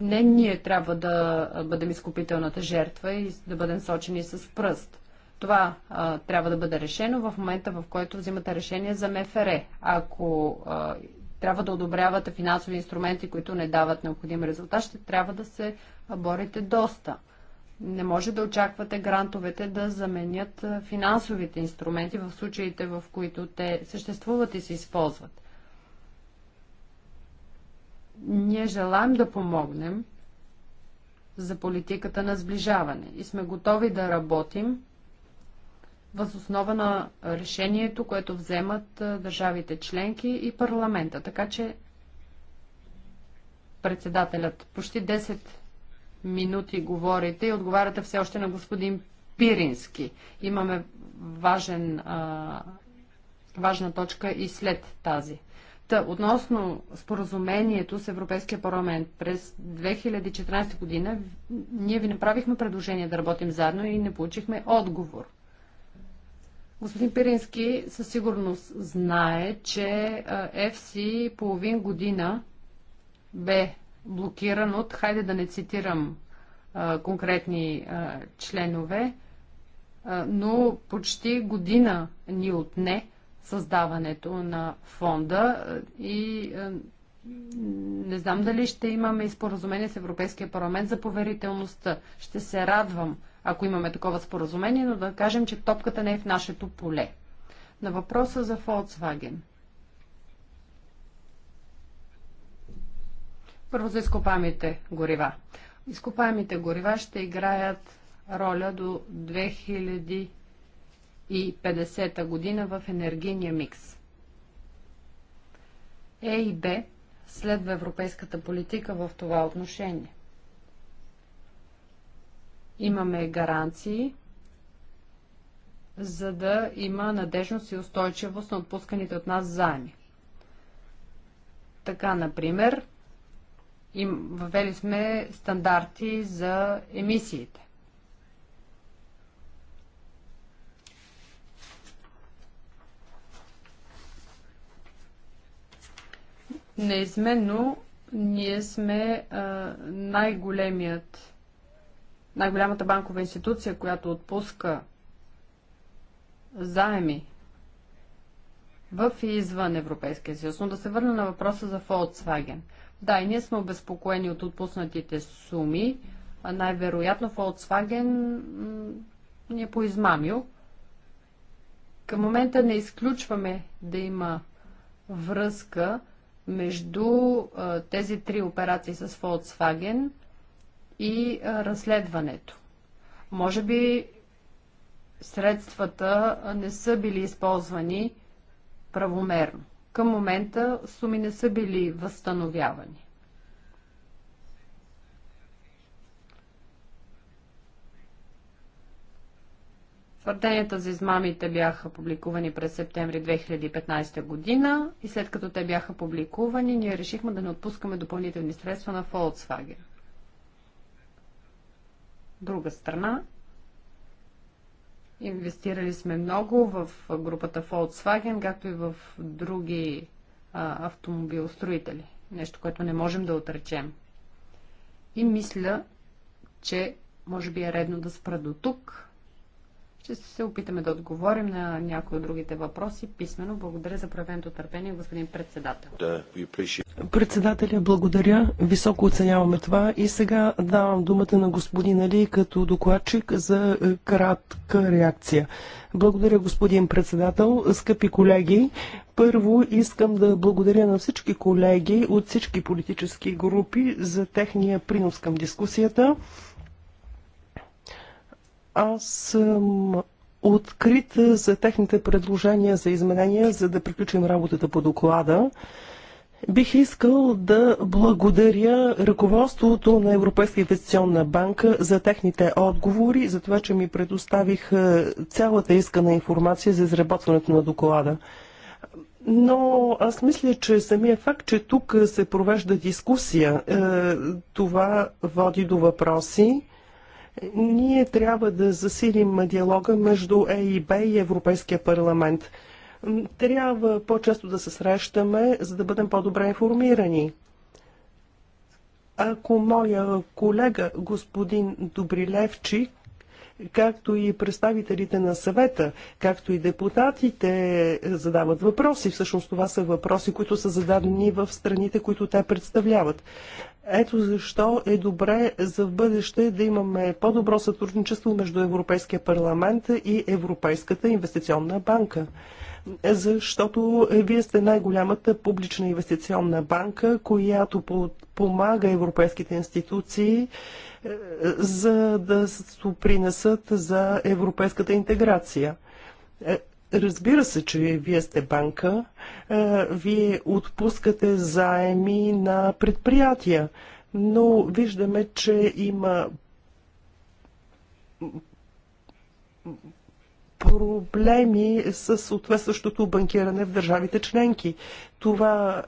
не ние трябва да бъдем изкупителната жертва и да бъдем сочени с пръст. Това а, трябва да бъде решено в момента, в който взимате решение за МФР. Ако а, трябва да одобрявате финансови инструменти, които не дават необходим резултат, ще трябва да се борите доста. Не може да очаквате грантовете да заменят финансовите инструменти в случаите, в които те съществуват и се използват. Ние желаем да помогнем за политиката на сближаване и сме готови да работим възоснова на решението, което вземат държавите членки и парламента. Така че председателят, почти 10 минути говорите и отговаряте все още на господин Пирински. Имаме важен, а, важна точка и след тази. Та, относно споразумението с Европейския парламент през 2014 година, ние ви направихме предложение да работим заедно и не получихме отговор. Господин Пирински със сигурност знае, че FC половин година бе блокиран от, хайде да не цитирам конкретни членове, но почти година ни отне създаването на фонда и не знам дали ще имаме и споразумение с Европейския парламент за поверителността. Ще се радвам ако имаме такова споразумение, но да кажем, че топката не е в нашето поле. На въпроса за Volkswagen. Първо за изкопаемите горива. Изкопаемите горива ще играят роля до 2050 година в енергийния микс. Е и Б следва европейската политика в това отношение имаме гаранции, за да има надежност и устойчивост на отпусканите от нас заеми. Така, например, им въвели сме стандарти за емисиите. Неизменно ние сме най-големият най-голямата банкова институция, която отпуска заеми в и извън Европейския съюз. Но да се върна на въпроса за Volkswagen. Да, и ние сме обезпокоени от отпуснатите суми. Най-вероятно Volkswagen ни е поизмамил. Към момента не изключваме да има връзка между тези три операции с Volkswagen – и разследването. Може би средствата не са били използвани правомерно. Към момента суми не са били възстановявани. Твърденията за измамите бяха публикувани през септември 2015 година и след като те бяха публикувани, ние решихме да не отпускаме допълнителни средства на Volkswagen друга страна, инвестирали сме много в групата Volkswagen, както и в други автомобилостроители. Нещо, което не можем да отречем. И мисля, че може би е редно да спра до тук. Ще се опитаме да отговорим на някои от другите въпроси писменно. Благодаря за проявеното търпение, господин председател. Да, Председателя, благодаря. Високо оценяваме това. И сега давам думата на господин Али като докладчик за е, кратка реакция. Благодаря, господин председател. Скъпи колеги, първо искам да благодаря на всички колеги от всички политически групи за техния принос към дискусията. Аз съм открита за техните предложения за изменения, за да приключим работата по доклада. Бих искал да благодаря ръководството на Европейска инвестиционна банка за техните отговори, за това, че ми предоставих цялата искана информация за изработването на доклада. Но аз мисля, че самия факт, че тук се провежда дискусия, това води до въпроси. Ние трябва да засилим диалога между ЕИБ и Европейския парламент. Трябва по-често да се срещаме, за да бъдем по-добре информирани. Ако моя колега, господин Добрилевчи, както и представителите на съвета, както и депутатите задават въпроси. Всъщност това са въпроси, които са зададени в страните, които те представляват. Ето защо е добре за в бъдеще да имаме по-добро сътрудничество между Европейския парламент и Европейската инвестиционна банка защото вие сте най-голямата публична инвестиционна банка, която помага европейските институции е, за да се принесат за европейската интеграция. Е, Разбира се, че вие сте банка, е, вие отпускате заеми на предприятия, но виждаме, че има проблеми с съответстващото банкиране в държавите членки. Това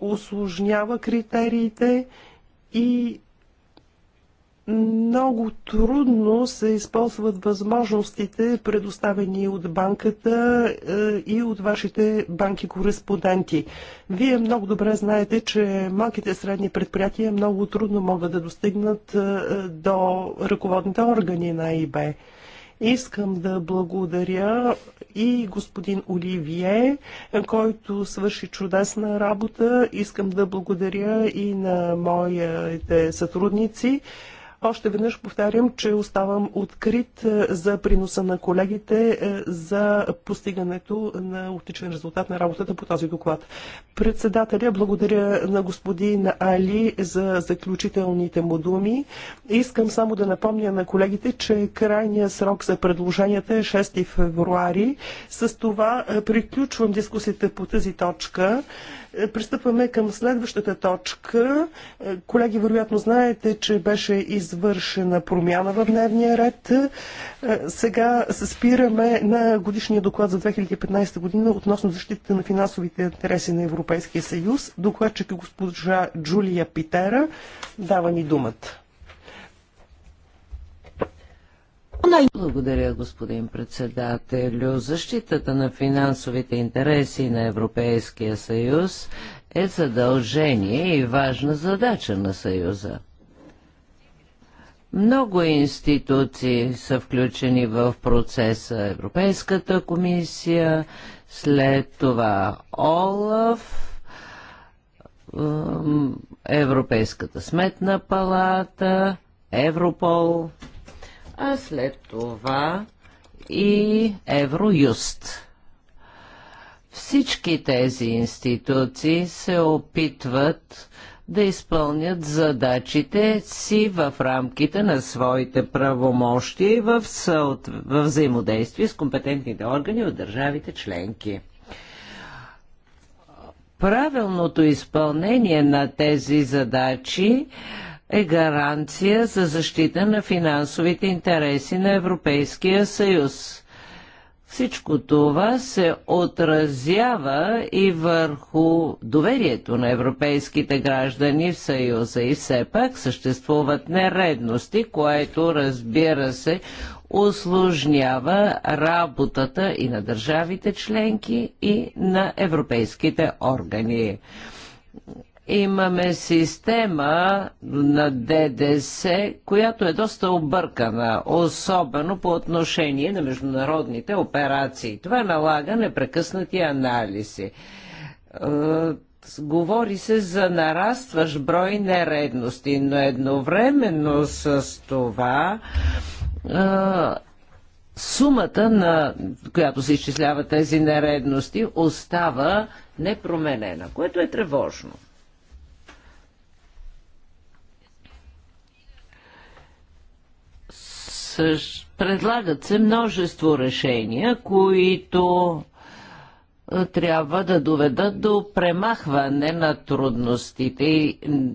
осложнява критериите и много трудно се използват възможностите, предоставени от банката е, и от вашите банки-кореспонденти. Вие много добре знаете, че малките средни предприятия много трудно могат да достигнат е, до ръководните органи на ИБ. Искам да благодаря и господин Оливие, който свърши чудесна работа. Искам да благодаря и на моите сътрудници. Още веднъж повтарям, че оставам открит е, за приноса на колегите е, за постигането на отличен резултат на работата по този доклад. Председателя, благодаря на господин Али за заключителните му думи. Искам само да напомня на колегите, че крайният срок за предложенията е 6 февруари. С това е, приключвам дискусията по тази точка. Пристъпваме към следващата точка. Колеги, вероятно знаете, че беше извършена промяна в дневния ред. Сега се спираме на годишния доклад за 2015 година относно защитата на финансовите интереси на Европейския съюз. Докладчик е госпожа Джулия Питера. Дава ни думата. Благодаря, господин председателю. Защитата на финансовите интереси на Европейския съюз е задължение и важна задача на съюза. Много институции са включени в процеса. Европейската комисия, след това ОЛАФ, Европейската сметна палата, Европол, а след това и Евроюст. Всички тези институции се опитват да изпълнят задачите си в рамките на своите правомощи и в, съот... в взаимодействие с компетентните органи от държавите членки. Правилното изпълнение на тези задачи е гаранция за защита на финансовите интереси на Европейския съюз. Всичко това се отразява и върху доверието на европейските граждани в Съюза. И все пак съществуват нередности, което разбира се осложнява работата и на държавите членки и на европейските органи. Имаме система на ДДС, която е доста объркана, особено по отношение на международните операции. Това налага непрекъснати анализи е, говори се за нарастващ брой нередности, но едновременно с това е, сумата, на която се изчислява тези нередности, остава непроменена, което е тревожно. обсъж... Предлагат се множество решения, които е, трябва да доведат до премахване на трудностите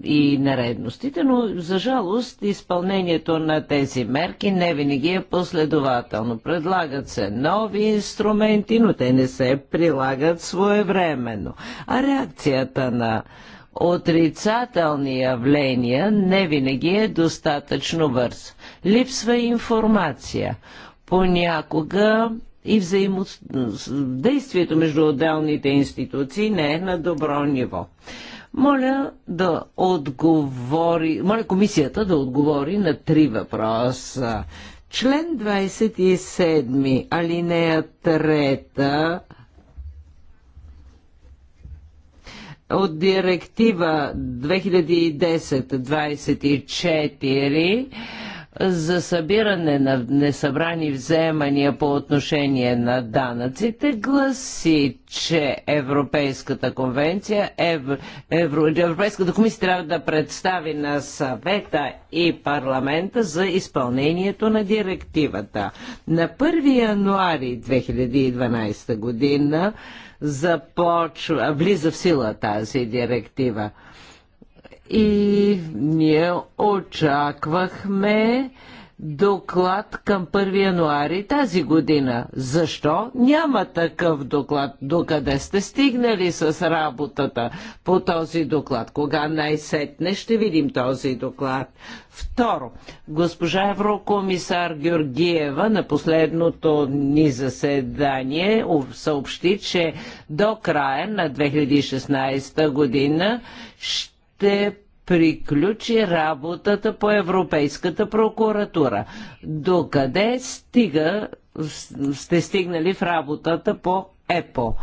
и нередностите, но за жалост изпълнението на тези мерки не винаги е последователно. Предлагат се нови инструменти, но те не се прилагат своевременно. А реакцията на отрицателни явления не винаги е достатъчно бърз. Липсва информация. Понякога и взаимодействието между отделните институции не е на добро ниво. Моля да отговори, моля комисията да отговори на три въпроса. Член 27, алинея 3 от директива 2010-24 за събиране на несъбрани вземания по отношение на данъците гласи, че Европейската конвенция, Евро, Европейската комисия трябва да представи на съвета и парламента за изпълнението на директивата. На 1 януари 2012 година започва, влиза в сила тази директива. И ние очаквахме доклад към 1 януари тази година. Защо няма такъв доклад? Докъде сте стигнали с работата по този доклад? Кога най-сетне ще видим този доклад? Второ, госпожа еврокомисар Георгиева на последното ни заседание съобщи, че до края на 2016 година ще приключи работата по Европейската прокуратура. Докъде стига, сте стигнали в работата по ЕПО?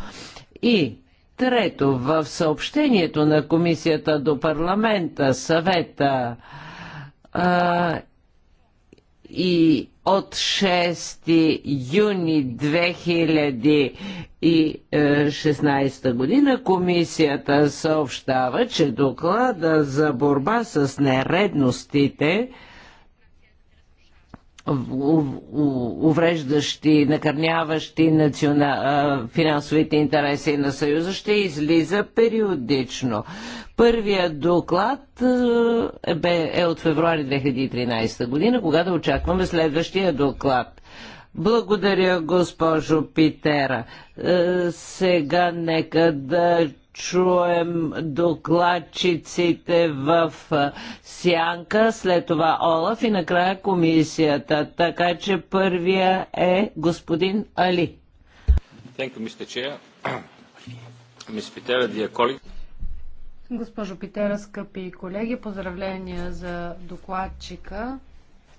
И трето, в съобщението на комисията до парламента, съвета и от 6 юни 2016 година комисията съобщава, че доклада за борба с нередностите – увреждащи, накърняващи национа... финансовите интереси на Съюза, ще излиза периодично. Първият доклад е, е от февруари 2013 година, когато очакваме следващия доклад. Благодаря, госпожо Питера. Е, сега нека да чуем докладчиците в Сянка, след това Олаф и накрая комисията. Така че първия е господин Али. (clears throat) Госпожо Питера, скъпи колеги, поздравления за докладчика,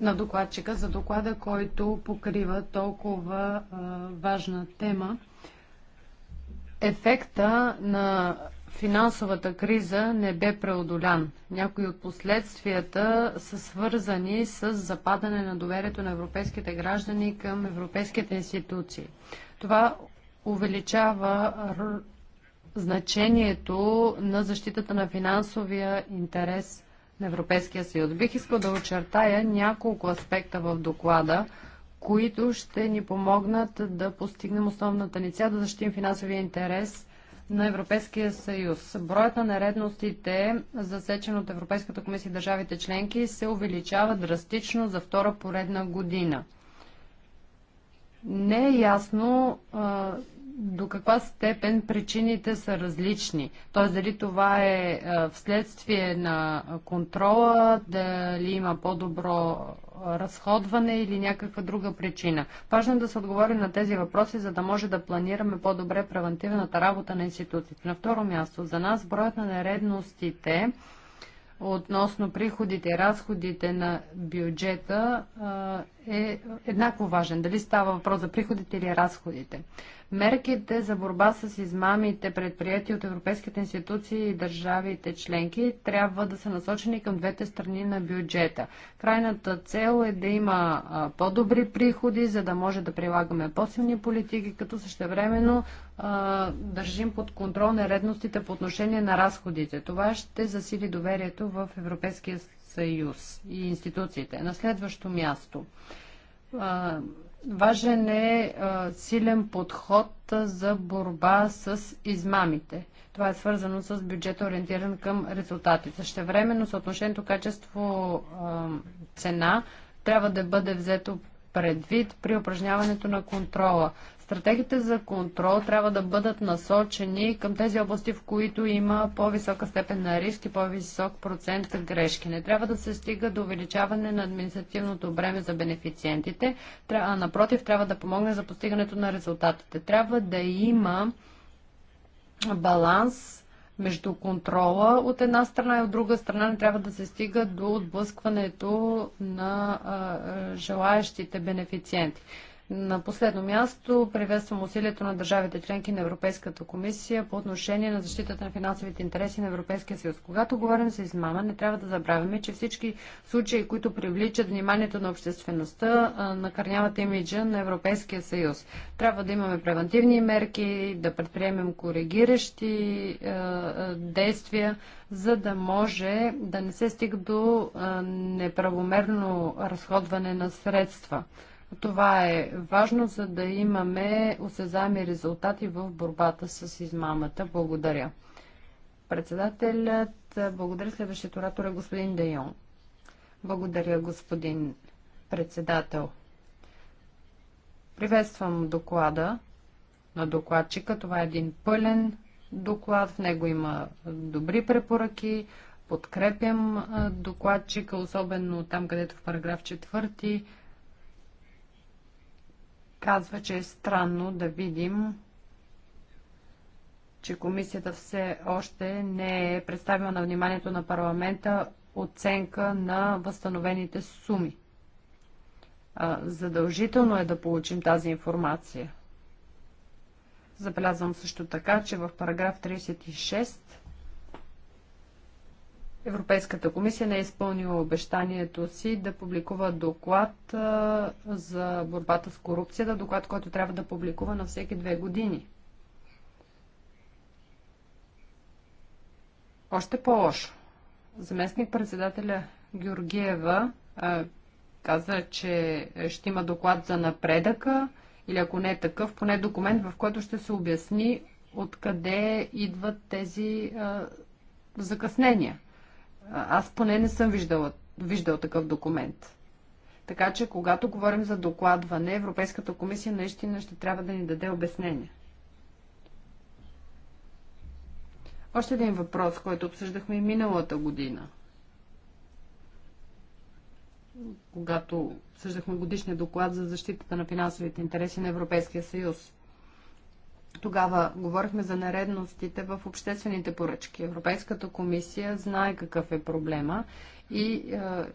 на докладчика за доклада, който покрива толкова а, важна тема. Ефекта на финансовата криза не бе преодолян. Някои от последствията са свързани с западане на доверието на европейските граждани към европейските институции. Това увеличава значението на защитата на финансовия интерес на Европейския съюз. Бих искал да очертая няколко аспекта в доклада, които ще ни помогнат да постигнем основната ни цел да защитим финансовия интерес на Европейския съюз. Броят на нередностите, засечен от Европейската комисия и държавите членки, се увеличава драстично за втора поредна година. Не е ясно а, до каква степен причините са различни. Т.е. дали това е вследствие на контрола, дали има по-добро разходване или някаква друга причина. Важно е да се отговори на тези въпроси, за да може да планираме по-добре превентивната работа на институциите. На второ място, за нас броят на нередностите относно приходите и разходите на бюджета е еднакво важен. Дали става въпрос за приходите или разходите. Мерките за борба с измамите, предприяти от европейските институции и държавите членки, трябва да са насочени към двете страни на бюджета. Крайната цел е да има по-добри приходи, за да може да прилагаме по-силни политики, като същевременно държим под контрол нередностите по отношение на разходите. Това ще засили доверието в Европейския съюз и институциите. На следващо място. Важен е силен подход за борба с измамите. Това е свързано с бюджета, ориентиран към резултатите. Същевременно съотношението качество-цена трябва да бъде взето предвид при упражняването на контрола. Стратегиите за контрол трябва да бъдат насочени към тези области, в които има по-висока степен на риск и по-висок процент грешки. Не трябва да се стига до увеличаване на административното бреме за бенефициентите, а напротив трябва да помогне за постигането на резултатите. Трябва да има баланс между контрола от една страна и от друга страна не трябва да се стига до отблъскването на а, желаящите бенефициенти. На последно място приветствам усилието на държавите членки на Европейската комисия по отношение на защитата на финансовите интереси на Европейския съюз. Когато говорим за измама, не трябва да забравяме, че всички случаи, които привличат вниманието на обществеността, накърняват имиджа на Европейския съюз. Трябва да имаме превентивни мерки, да предприемем коригиращи действия, за да може да не се стига до неправомерно разходване на средства. Това е важно, за да имаме осезаеми резултати в борбата с измамата. Благодаря. Председателят, благодаря следващия оратор е господин Дайон. Благодаря, господин председател. Приветствам доклада на докладчика. Това е един пълен доклад. В него има добри препоръки. Подкрепям докладчика, особено там, където в параграф 4 казва, че е странно да видим, че комисията все още не е представила на вниманието на парламента оценка на възстановените суми. Задължително е да получим тази информация. Забелязвам също така, че в параграф 36 Европейската комисия не е изпълнила обещанието си да публикува доклад за борбата с корупцията, доклад, който трябва да публикува на всеки две години. Още по-лошо. Заместник председателя Георгиева а, каза, че ще има доклад за напредъка или ако не е такъв, поне документ, в който ще се обясни откъде идват тези а, закъснения. Аз поне не съм виждала, виждала такъв документ. Така че, когато говорим за докладване, Европейската комисия наистина ще трябва да ни даде обяснение. Още един въпрос, който обсъждахме и миналата година. Когато обсъждахме годишния доклад за защитата на финансовите интереси на Европейския съюз. Тогава говорихме за нередностите в обществените поръчки. Европейската комисия знае какъв е проблема и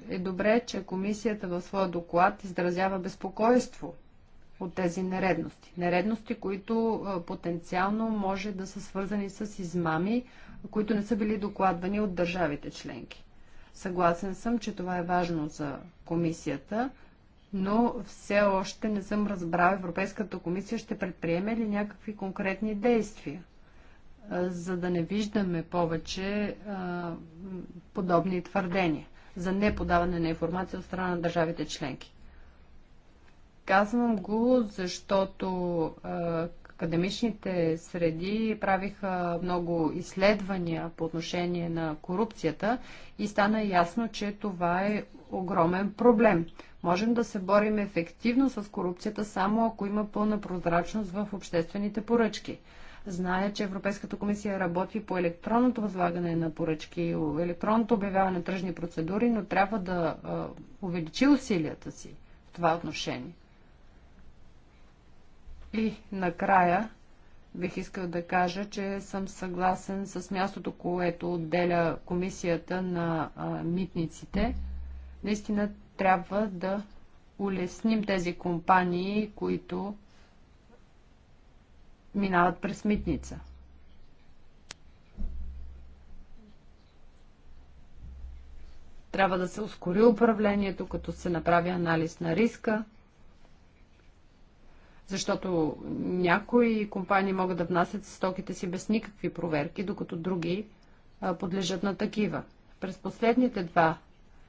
е, е добре, че комисията в своя доклад изразява безпокойство от тези нередности. Нередности, които е, потенциално може да са свързани с измами, които не са били докладвани от държавите членки. Съгласен съм, че това е важно за комисията но все още не съм разбрал Европейската комисия ще предприеме ли някакви конкретни действия, за да не виждаме повече подобни твърдения за неподаване на информация от страна на държавите членки. Казвам го, защото академичните среди правиха много изследвания по отношение на корупцията и стана ясно, че това е огромен проблем. Можем да се борим ефективно с корупцията само ако има пълна прозрачност в обществените поръчки. Зная, че Европейската комисия работи по електронното възлагане на поръчки, електронното обявяване на тръжни процедури, но трябва да увеличи усилията си в това отношение. И накрая бих искал да кажа, че съм съгласен с мястото, което отделя комисията на а, митниците. Наистина трябва да улесним тези компании, които минават през митница. Трябва да се ускори управлението, като се направи анализ на риска, защото някои компании могат да внасят стоките си без никакви проверки, докато други подлежат на такива. През последните два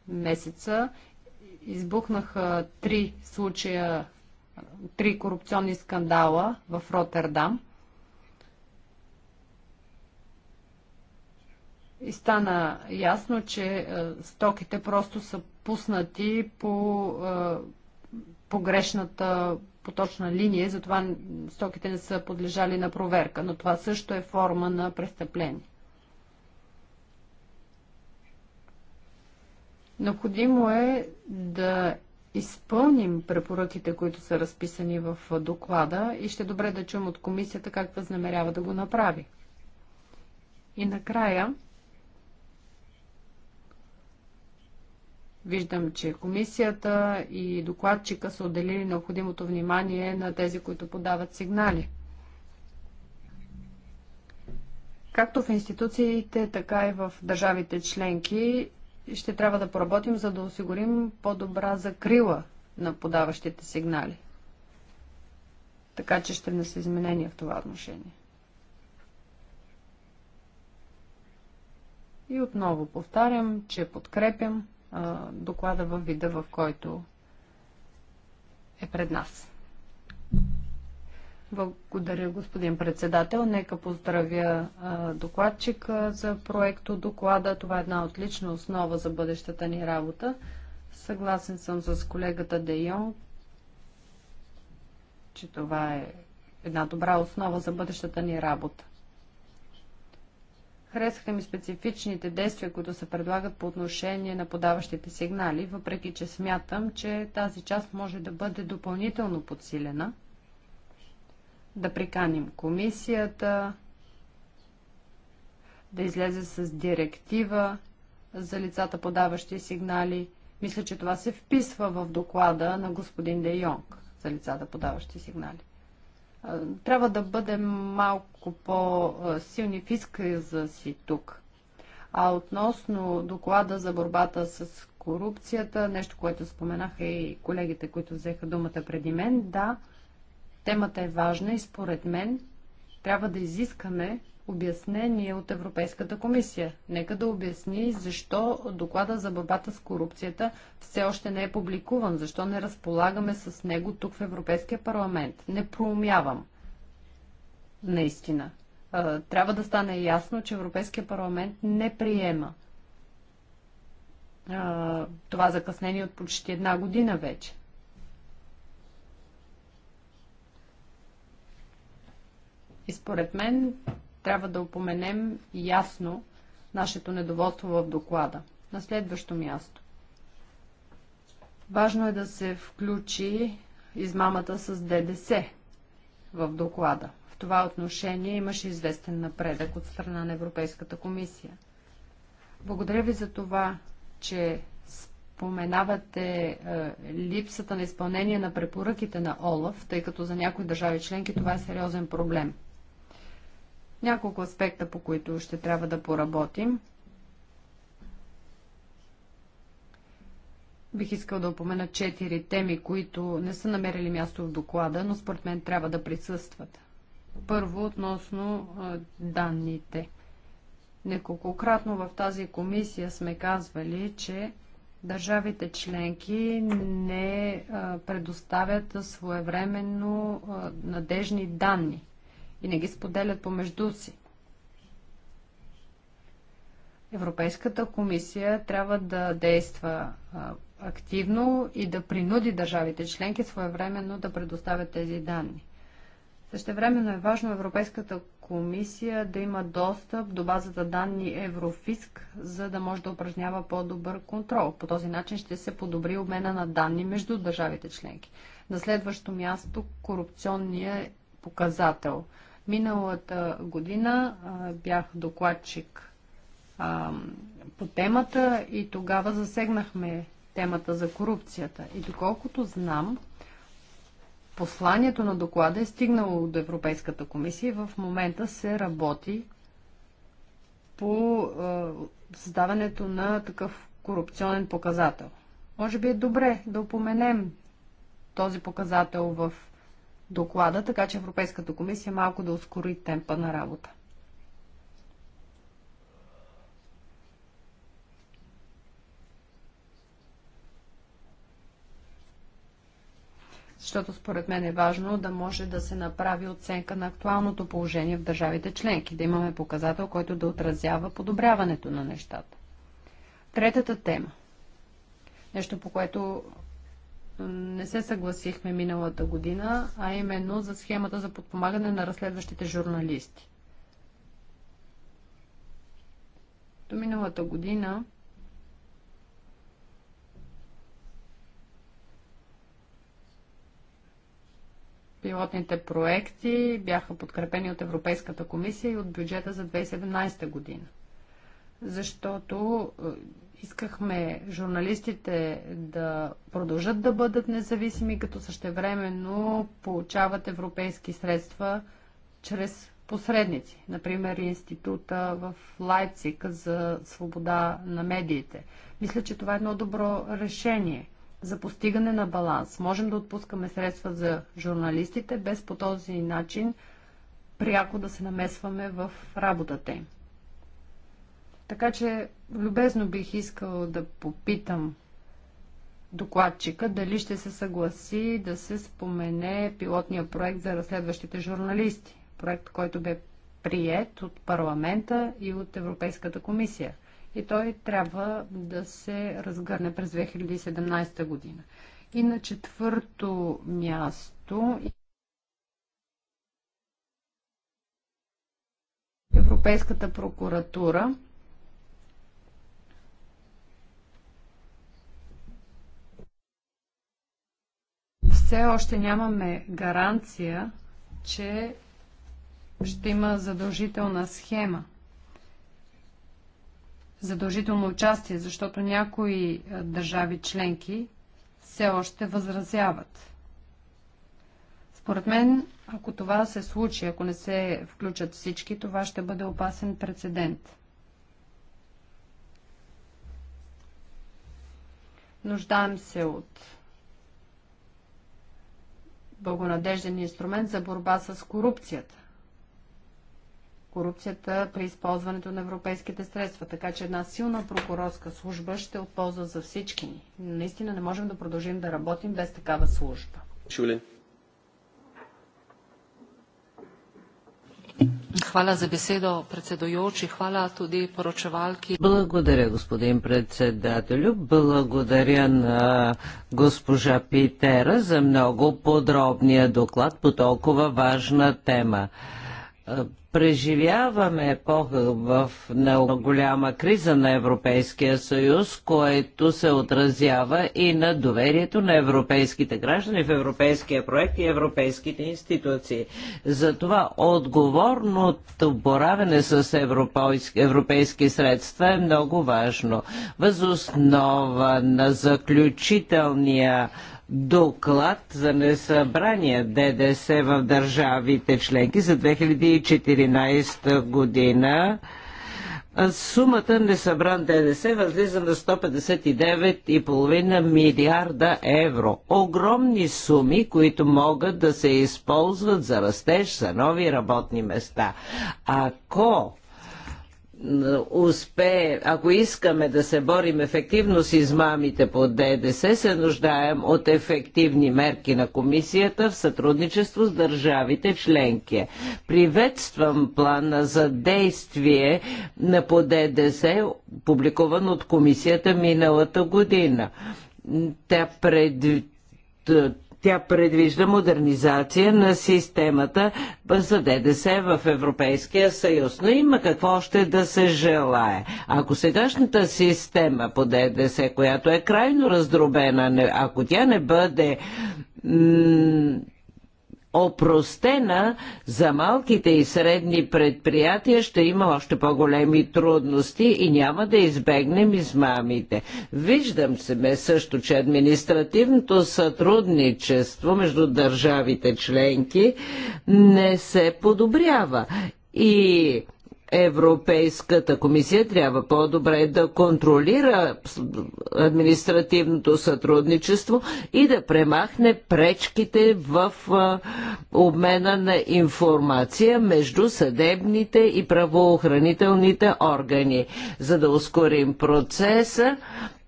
месеца избухнаха три случая, три корупционни скандала в Роттердам. И стана ясно, че е, стоките просто са пуснати по е, погрешната поточна линия, затова стоките не са подлежали на проверка, но това също е форма на престъпление. Необходимо е да изпълним препоръките, които са разписани в доклада и ще е добре да чуем от комисията как възнамерява да го направи. И накрая виждам, че комисията и докладчика са отделили необходимото внимание на тези, които подават сигнали. Както в институциите, така и в държавите членки ще трябва да поработим, за да осигурим по-добра закрила на подаващите сигнали. Така че ще внесе изменения в това отношение. И отново повтарям, че подкрепям а, доклада във вида, в който е пред нас. Благодаря, господин председател. Нека поздравя докладчика за проекто доклада. Това е една отлична основа за бъдещата ни работа. Съгласен съм с колегата Дейон. че това е една добра основа за бъдещата ни работа. Харесаха ми специфичните действия, които се предлагат по отношение на подаващите сигнали, въпреки че смятам, че тази част може да бъде допълнително подсилена – да приканим комисията да излезе с директива за лицата подаващи сигнали. Мисля, че това се вписва в доклада на господин Де Йонг за лицата подаващи сигнали. Трябва да бъдем малко по-силни в изказа си тук. А относно доклада за борбата с корупцията, нещо, което споменаха и колегите, които взеха думата преди мен, да, Темата е важна и според мен трябва да изискаме обяснение от Европейската комисия. Нека да обясни защо доклада за борбата с корупцията все още не е публикуван, защо не разполагаме с него тук в Европейския парламент. Не проумявам. Наистина. Трябва да стане ясно, че Европейския парламент не приема това закъснение от почти една година вече. И според мен трябва да упоменем ясно нашето недоволство в доклада. На следващо място. Важно е да се включи измамата с ДДС в доклада. В това отношение имаше известен напредък от страна на Европейската комисия. Благодаря ви за това, че споменавате е, липсата на изпълнение на препоръките на ОЛАФ, тъй като за някои държави членки това е сериозен проблем. Няколко аспекта, по които ще трябва да поработим. Бих искал да упомена четири теми, които не са намерили място в доклада, но според мен трябва да присъстват. Първо, относно данните. Неколкократно в тази комисия сме казвали, че държавите членки не предоставят своевременно надежни данни и не ги споделят помежду си. Европейската комисия трябва да действа активно и да принуди държавите членки своевременно да предоставят тези данни. Същевременно е важно Европейската комисия да има достъп до базата данни Еврофиск, за да може да упражнява по-добър контрол. По този начин ще се подобри обмена на данни между държавите членки. На следващо място корупционния показател – Миналата година а, бях докладчик а, по темата и тогава засегнахме темата за корупцията. И доколкото знам, посланието на доклада е стигнало до Европейската комисия и в момента се работи по а, създаването на такъв корупционен показател. Може би е добре да упоменем този показател в доклада, така че Европейската комисия малко да ускори темпа на работа. защото според мен е важно да може да се направи оценка на актуалното положение в държавите членки, да имаме показател, който да отразява подобряването на нещата. Третата тема. Нещо, по което не се съгласихме миналата година, а именно за схемата за подпомагане на разследващите журналисти. До миналата година пилотните проекти бяха подкрепени от Европейската комисия и от бюджета за 2017 година защото е, искахме журналистите да продължат да бъдат независими, като същевременно получават европейски средства чрез посредници. Например, института в Лайпциг за свобода на медиите. Мисля, че това е едно добро решение за постигане на баланс. Можем да отпускаме средства за журналистите, без по този начин пряко да се намесваме в работата им. Така че любезно бих искала да попитам докладчика дали ще се съгласи да се спомене пилотния проект за разследващите журналисти. Проект, който бе прият от парламента и от Европейската комисия. И той трябва да се разгърне през 2017 година. И на четвърто място Европейската прокуратура – все още нямаме гаранция, че ще има задължителна схема. Задължително участие, защото някои е, държави членки все още възразяват. Според мен, ако това се случи, ако не се включат всички, това ще бъде опасен прецедент. Нуждаем се от благонадежден инструмент за борба с корупцията. Корупцията при използването на европейските средства. Така че една силна прокурорска служба ще отползва за всички ни. Наистина не можем да продължим да работим без такава служба. Шулин. Hvala za besedo, predsedujoči. Hvala tudi poročevalki. Благодаря, господин председателю. Благодаря на госпожа Питера за много подробния доклад по толкова важна тема преживяваме епоха в голяма криза на Европейския съюз, което се отразява и на доверието на европейските граждани в европейския проект и европейските институции. Затова отговорното боравене с европейски, европейски средства е много важно. Възоснова на заключителния доклад за несъбрания ДДС в държавите членки за 2014 година. Сумата несъбран ДДС възлиза на 159,5 милиарда евро. Огромни суми, които могат да се използват за растеж, за нови работни места. Ако успее, ако искаме да се борим ефективно с измамите по ДДС, се нуждаем от ефективни мерки на комисията в сътрудничество с държавите членки. Приветствам плана за действие на по ДДС, публикуван от комисията миналата година. Тя пред тя предвижда модернизация на системата за ДДС в Европейския съюз. Но има какво още да се желае. Ако сегашната система по ДДС, която е крайно раздробена, ако тя не бъде опростена за малките и средни предприятия ще има още по-големи трудности и няма да избегнем измамите. Виждам се ме също, че административното сътрудничество между държавите членки не се подобрява. И Европейската комисия трябва по-добре да контролира административното сътрудничество и да премахне пречките в обмена на информация между съдебните и правоохранителните органи. За да ускорим процеса,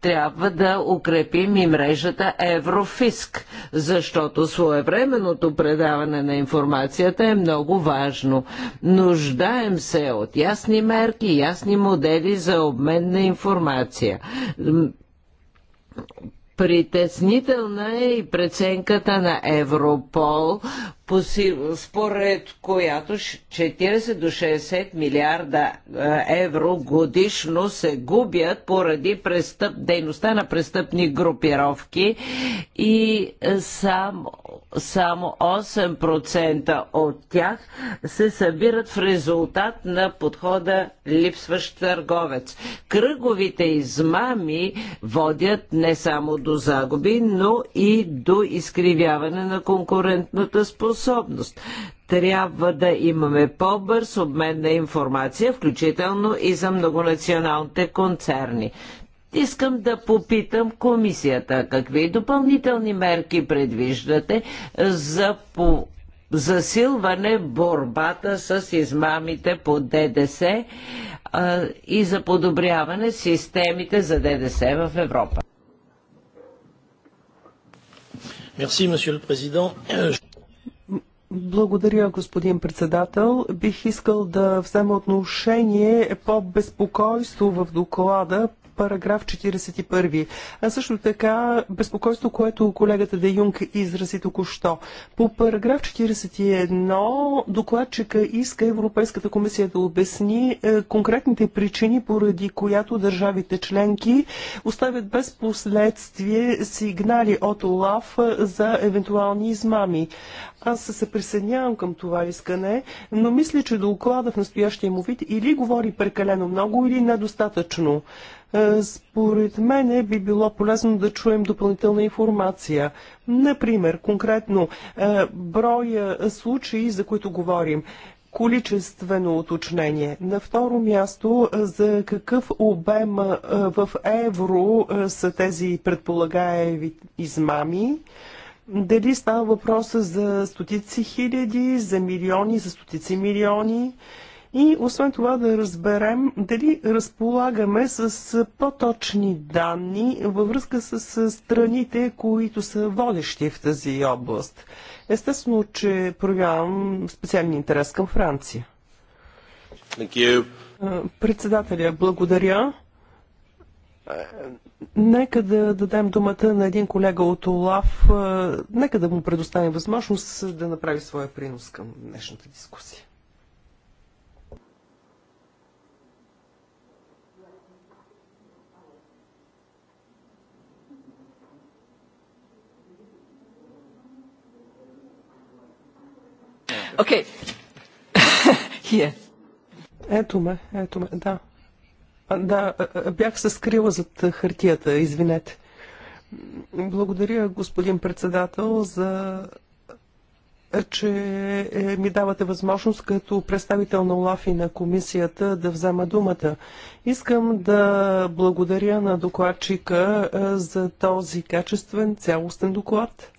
трябва да укрепим и мрежата Еврофиск, защото своевременното предаване на информацията е много важно. Нуждаем се от ясни мерки, ясни модели за обмен на информация. Притеснителна е и преценката на Европол според която 40 до 60 милиарда е, евро годишно се губят поради престъп, дейността на престъпни групировки и е, само, само 8% от тях се събират в резултат на подхода липсващ търговец. Кръговите измами водят не само до загуби, но и до изкривяване на конкурентната способност способност. Трябва да имаме по-бърз обмен на информация, включително и за многонационалните концерни. Искам да попитам комисията какви допълнителни мерки предвиждате за по засилване борбата с измамите по ДДС а, и за подобряване системите за ДДС в Европа. Merci, благодаря, господин председател. Бих искал да взема отношение по безпокойство в доклада параграф 41. А също така безпокойство, което колегата Де Юнг изрази току-що. По параграф 41 докладчика иска Европейската комисия да обясни е, конкретните причини, поради която държавите членки оставят без последствие сигнали от ОЛАВ е, за евентуални измами. Аз се присъединявам към това искане, но мисля, че доклада в настоящия му вид или говори прекалено много, или недостатъчно. Е, според мен би било полезно да чуем допълнителна информация. Например, конкретно е, броя случаи, за които говорим количествено уточнение. На второ място, е, за какъв обем в евро са тези предполагаеви измами? Дали става въпроса за стотици хиляди, за милиони, за стотици милиони? И освен това да разберем дали разполагаме с по-точни данни във връзка с страните, които са водещи в тази област. Естествено, че проявявам специален интерес към Франция. Председателя, благодаря. Нека да дадем думата на един колега от ОЛАФ. Е, нека да му предоставим възможност да направи своя принос към днешната дискусия. Окей. Okay. (laughs) Ето ме, ето ме, да. Да, бях се скрила зад хартията, извинете. Благодаря, господин председател, за че е, ми давате възможност като представител на ОЛАФ и на комисията да взема думата. Искам да благодаря на докладчика е, за този качествен, цялостен доклад.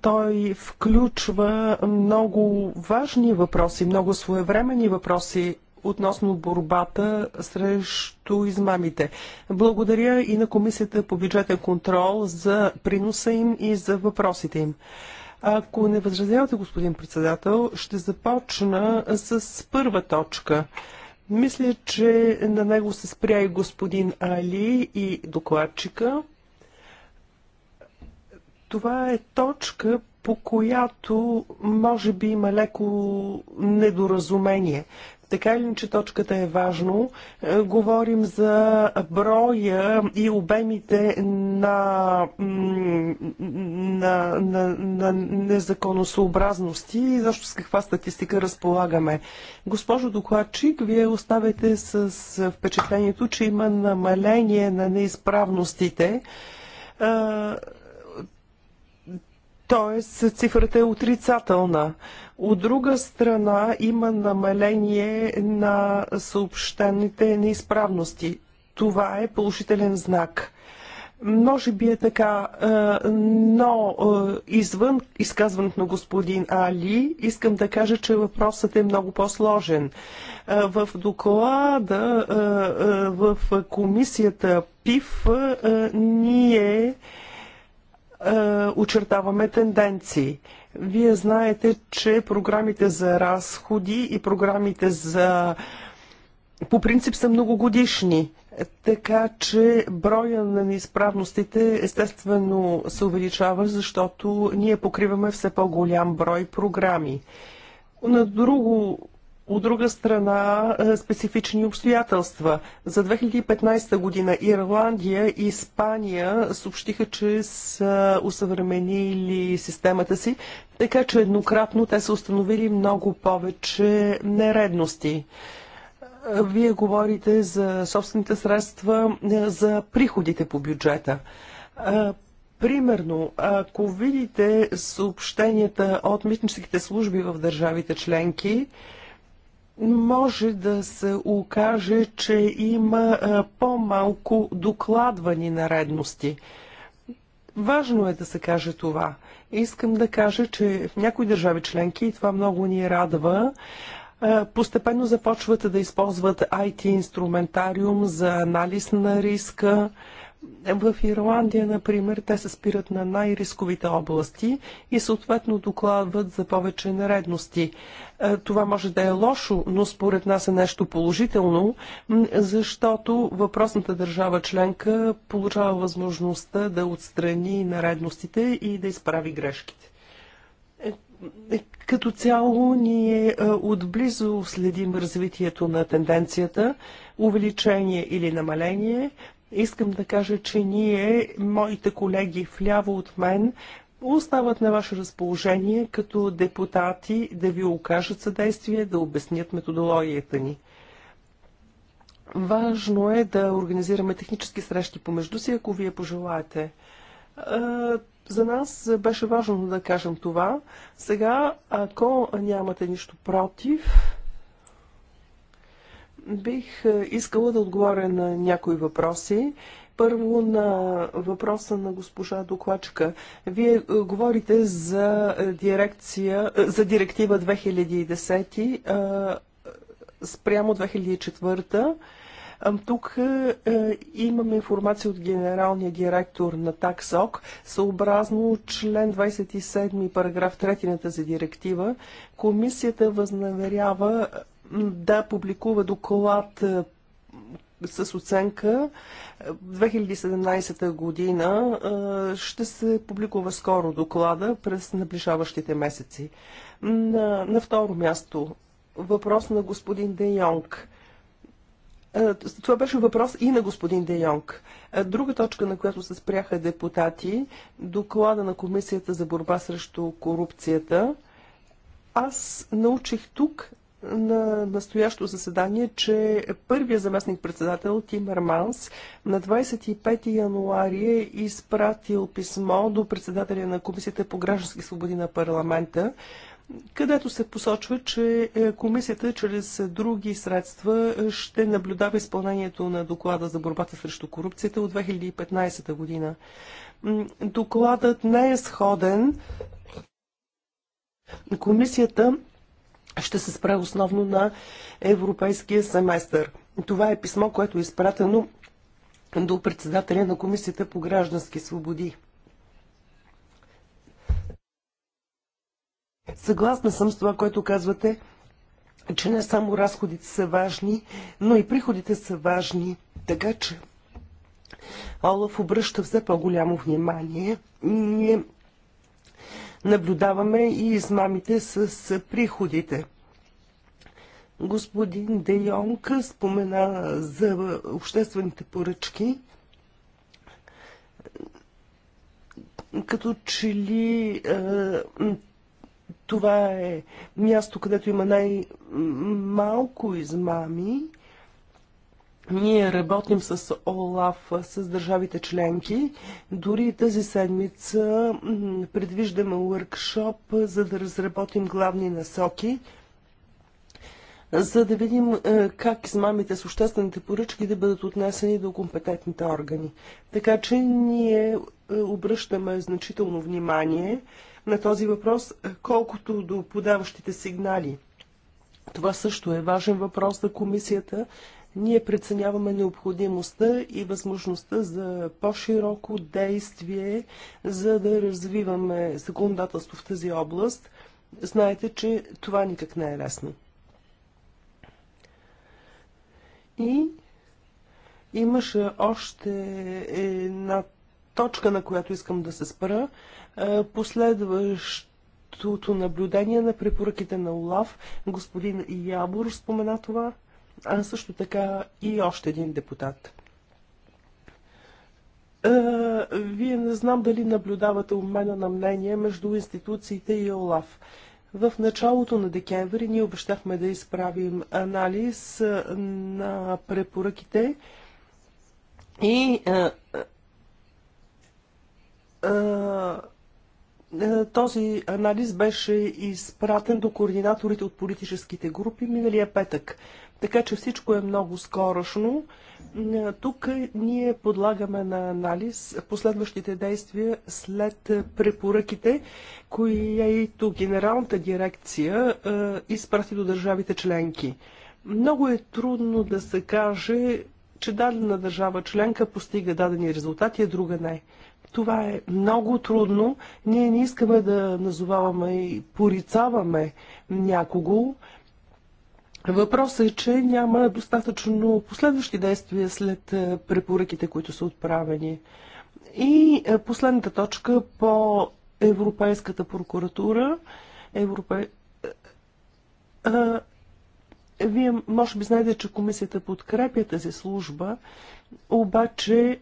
Той включва много важни въпроси, много своевремени въпроси, относно борбата срещу измамите. Благодаря и на Комисията по бюджетен контрол за приноса им и за въпросите им. Ако не възразявате, господин председател, ще започна с първа точка. Мисля, че на него се спря и господин Али и докладчика. Това е точка, по която може би има леко недоразумение. Така или че точката е важно. Е, говорим за броя и обемите на, на, на, на незаконосообразности и защо с каква статистика разполагаме. Госпожо докладчик, вие оставяте с впечатлението, че има намаление на неизправностите. Е, тоест, цифрата е отрицателна. От друга страна има намаление на съобщените неизправности. Това е положителен знак. Може би е така, е, но е, извън изказването на господин Али, искам да кажа, че въпросът е много по-сложен. Е, в доклада в комисията ПИФ ние очертаваме тенденции. Вие знаете, че програмите за разходи и програмите за по принцип са многогодишни, така че броя на неизправностите естествено се увеличава, защото ние покриваме все по-голям брой програми. На друго от друга страна, е, специфични обстоятелства. За 2015 година Ирландия и Испания съобщиха, че са усъвременили системата си, така че еднократно те са установили много повече нередности. Е, вие говорите за собствените средства, е, за приходите по бюджета. Примерно, ако видите съобщенията от митническите служби в държавите членки, може да се окаже, че има по-малко докладвани наредности. Важно е да се каже това. Искам да кажа, че в някои държави членки, и това много ни радва, постепенно започват да използват IT инструментариум за анализ на риска, в Ирландия, например, те се спират на най-рисковите области и съответно докладват за повече нередности. Е, това може да е лошо, но според нас е нещо положително, защото въпросната държава членка получава възможността да отстрани нередностите и да изправи грешките. Е, е, като цяло ние отблизо следим развитието на тенденцията, увеличение или намаление, Искам да кажа, че ние, моите колеги вляво от мен, остават на ваше разположение като депутати да ви окажат съдействие, да обяснят методологията ни. Важно е да организираме технически срещи помежду си, ако вие пожелаете. За нас беше важно да кажем това. Сега, ако нямате нищо против, Бих е, искала да отговоря на някои въпроси. Първо на въпроса на госпожа докладчика. Вие е, говорите за, е, дирекция, за директива 2010 спрямо 2004 тук имаме имам информация от генералния директор на ТАКСОК, съобразно член 27, параграф 3 на тази директива. Комисията възнаверява да публикува доклад е, с оценка 2017 година е, ще се публикува скоро доклада през наближаващите месеци. На, на второ място въпрос на господин Де Йонг. Е, това беше въпрос и на господин Де Йонг. Друга точка, на която се спряха депутати, доклада на Комисията за борба срещу корупцията. Аз научих тук, на настоящо заседание, че първият заместник председател Тимер Манс на 25 януари е изпратил писмо до председателя на Комисията по граждански свободи на парламента, където се посочва, че е, комисията чрез други средства ще наблюдава изпълнението на доклада за борбата срещу корупцията от 2015 година. Докладът не е сходен. Комисията ще се спре основно на европейския семестър. Това е писмо, което е изпратено до председателя на Комисията по граждански свободи. Съгласна съм с това, което казвате, че не само разходите са важни, но и приходите са важни. Така че Олаф обръща все по-голямо внимание. Ние наблюдаваме и измамите с приходите. Господин Де Йонг спомена за обществените поръчки. Като че ли е, това е място, където има най-малко измами ние работим с ОЛАФ, с държавите членки. Дори тази седмица предвиждаме workshop, за да разработим главни насоки, за да видим е, как измамите с обществените поръчки да бъдат отнесени до компетентните органи. Така че ние е, обръщаме значително внимание на този въпрос, е, колкото до подаващите сигнали. Това също е важен въпрос за комисията, ние преценяваме необходимостта и възможността за по-широко действие, за да развиваме законодателство в тази област. Знаете, че това никак не е лесно. И имаше още една точка, на която искам да се спра. Е, последващото наблюдение на препоръките на ОЛАВ. Господин Ябор спомена това а също така и още един депутат. Вие не знам дали наблюдавате обмена на мнение между институциите и ОЛАФ. В началото на декември ние обещахме да изправим анализ на препоръките и а, а, а, този анализ беше изпратен до координаторите от политическите групи миналия петък. А, така че всичко е много скорошно. Тук ние подлагаме на анализ последващите действия след препоръките, които Генералната дирекция изпрати до държавите членки. Много е трудно да се каже, че дадена държава членка постига дадени резултати, а друга не. Това е много трудно. Ние не искаме да назоваваме и порицаваме някого. Въпросът е, че няма достатъчно последващи действия след е, препоръките, които са отправени. И е, последната точка по Европейската прокуратура. Европе... Е, вие може би знаете, че комисията подкрепя тази служба, обаче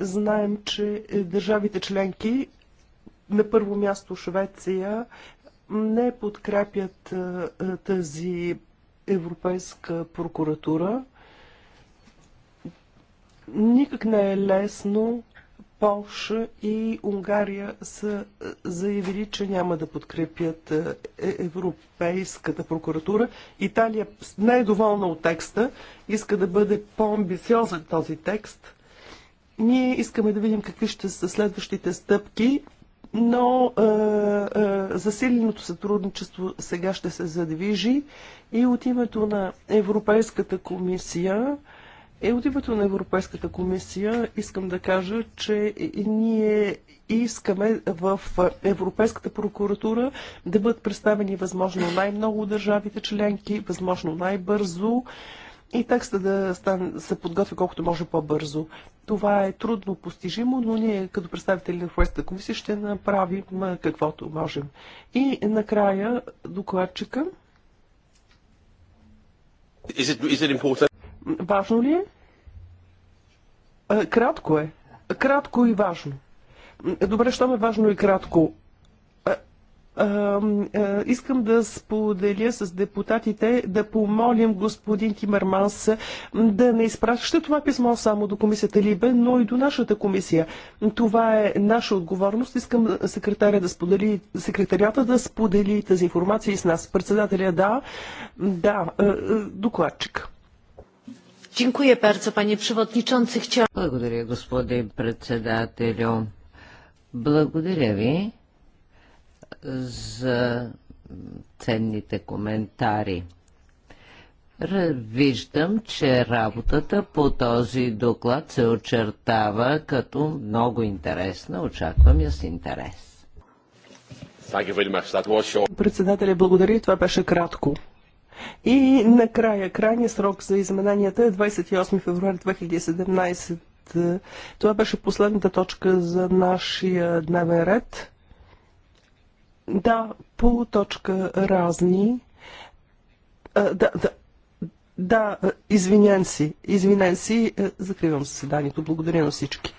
знаем, че държавите членки на първо място Швеция не подкрепят е, е, тази Европейска прокуратура. Никак не е лесно. Полша и Унгария са е, заявили, че няма да подкрепят Европейската прокуратура. Италия не е доволна от текста, иска да бъде по-амбициозен този текст. Ние искаме да видим какви ще са следващите стъпки но е, е, засиленото сътрудничество сега ще се задвижи и от името на Европейската комисия е от името на Европейската комисия искам да кажа, че ние искаме в Европейската прокуратура да бъдат представени възможно най-много държавите членки, възможно най-бързо и текста да стан, се подготви колкото може по-бързо. Това е трудно постижимо, но ние като представители на Хуеста комисия ще направим каквото можем. И накрая докладчика. Is it, is it важно ли е? Кратко е. Кратко и важно. Добре, що е важно и кратко? искам да споделя с депутатите да помолим господин Тимерманс да не изпраща това писмо само до комисията Либе, но и до нашата комисия. Това е наша отговорност. Искам секретаря да сподели, секретарията да сподели тази информация и с нас. Председателя да, да, докладчик. Благодаря, господин председателю. Благодаря ви за ценните коментари. Виждам, че работата по този доклад се очертава като много интересна. Очаквам я с интерес. Председателя, благодаря. Това беше кратко. И накрая, крайният срок за измененията е 28 февруари 2017. Това беше последната точка за нашия дневен ред. Да, по точка разни. А, да, да, да, извинен си. Извинен си. Закривам заседанието. Благодаря на всички.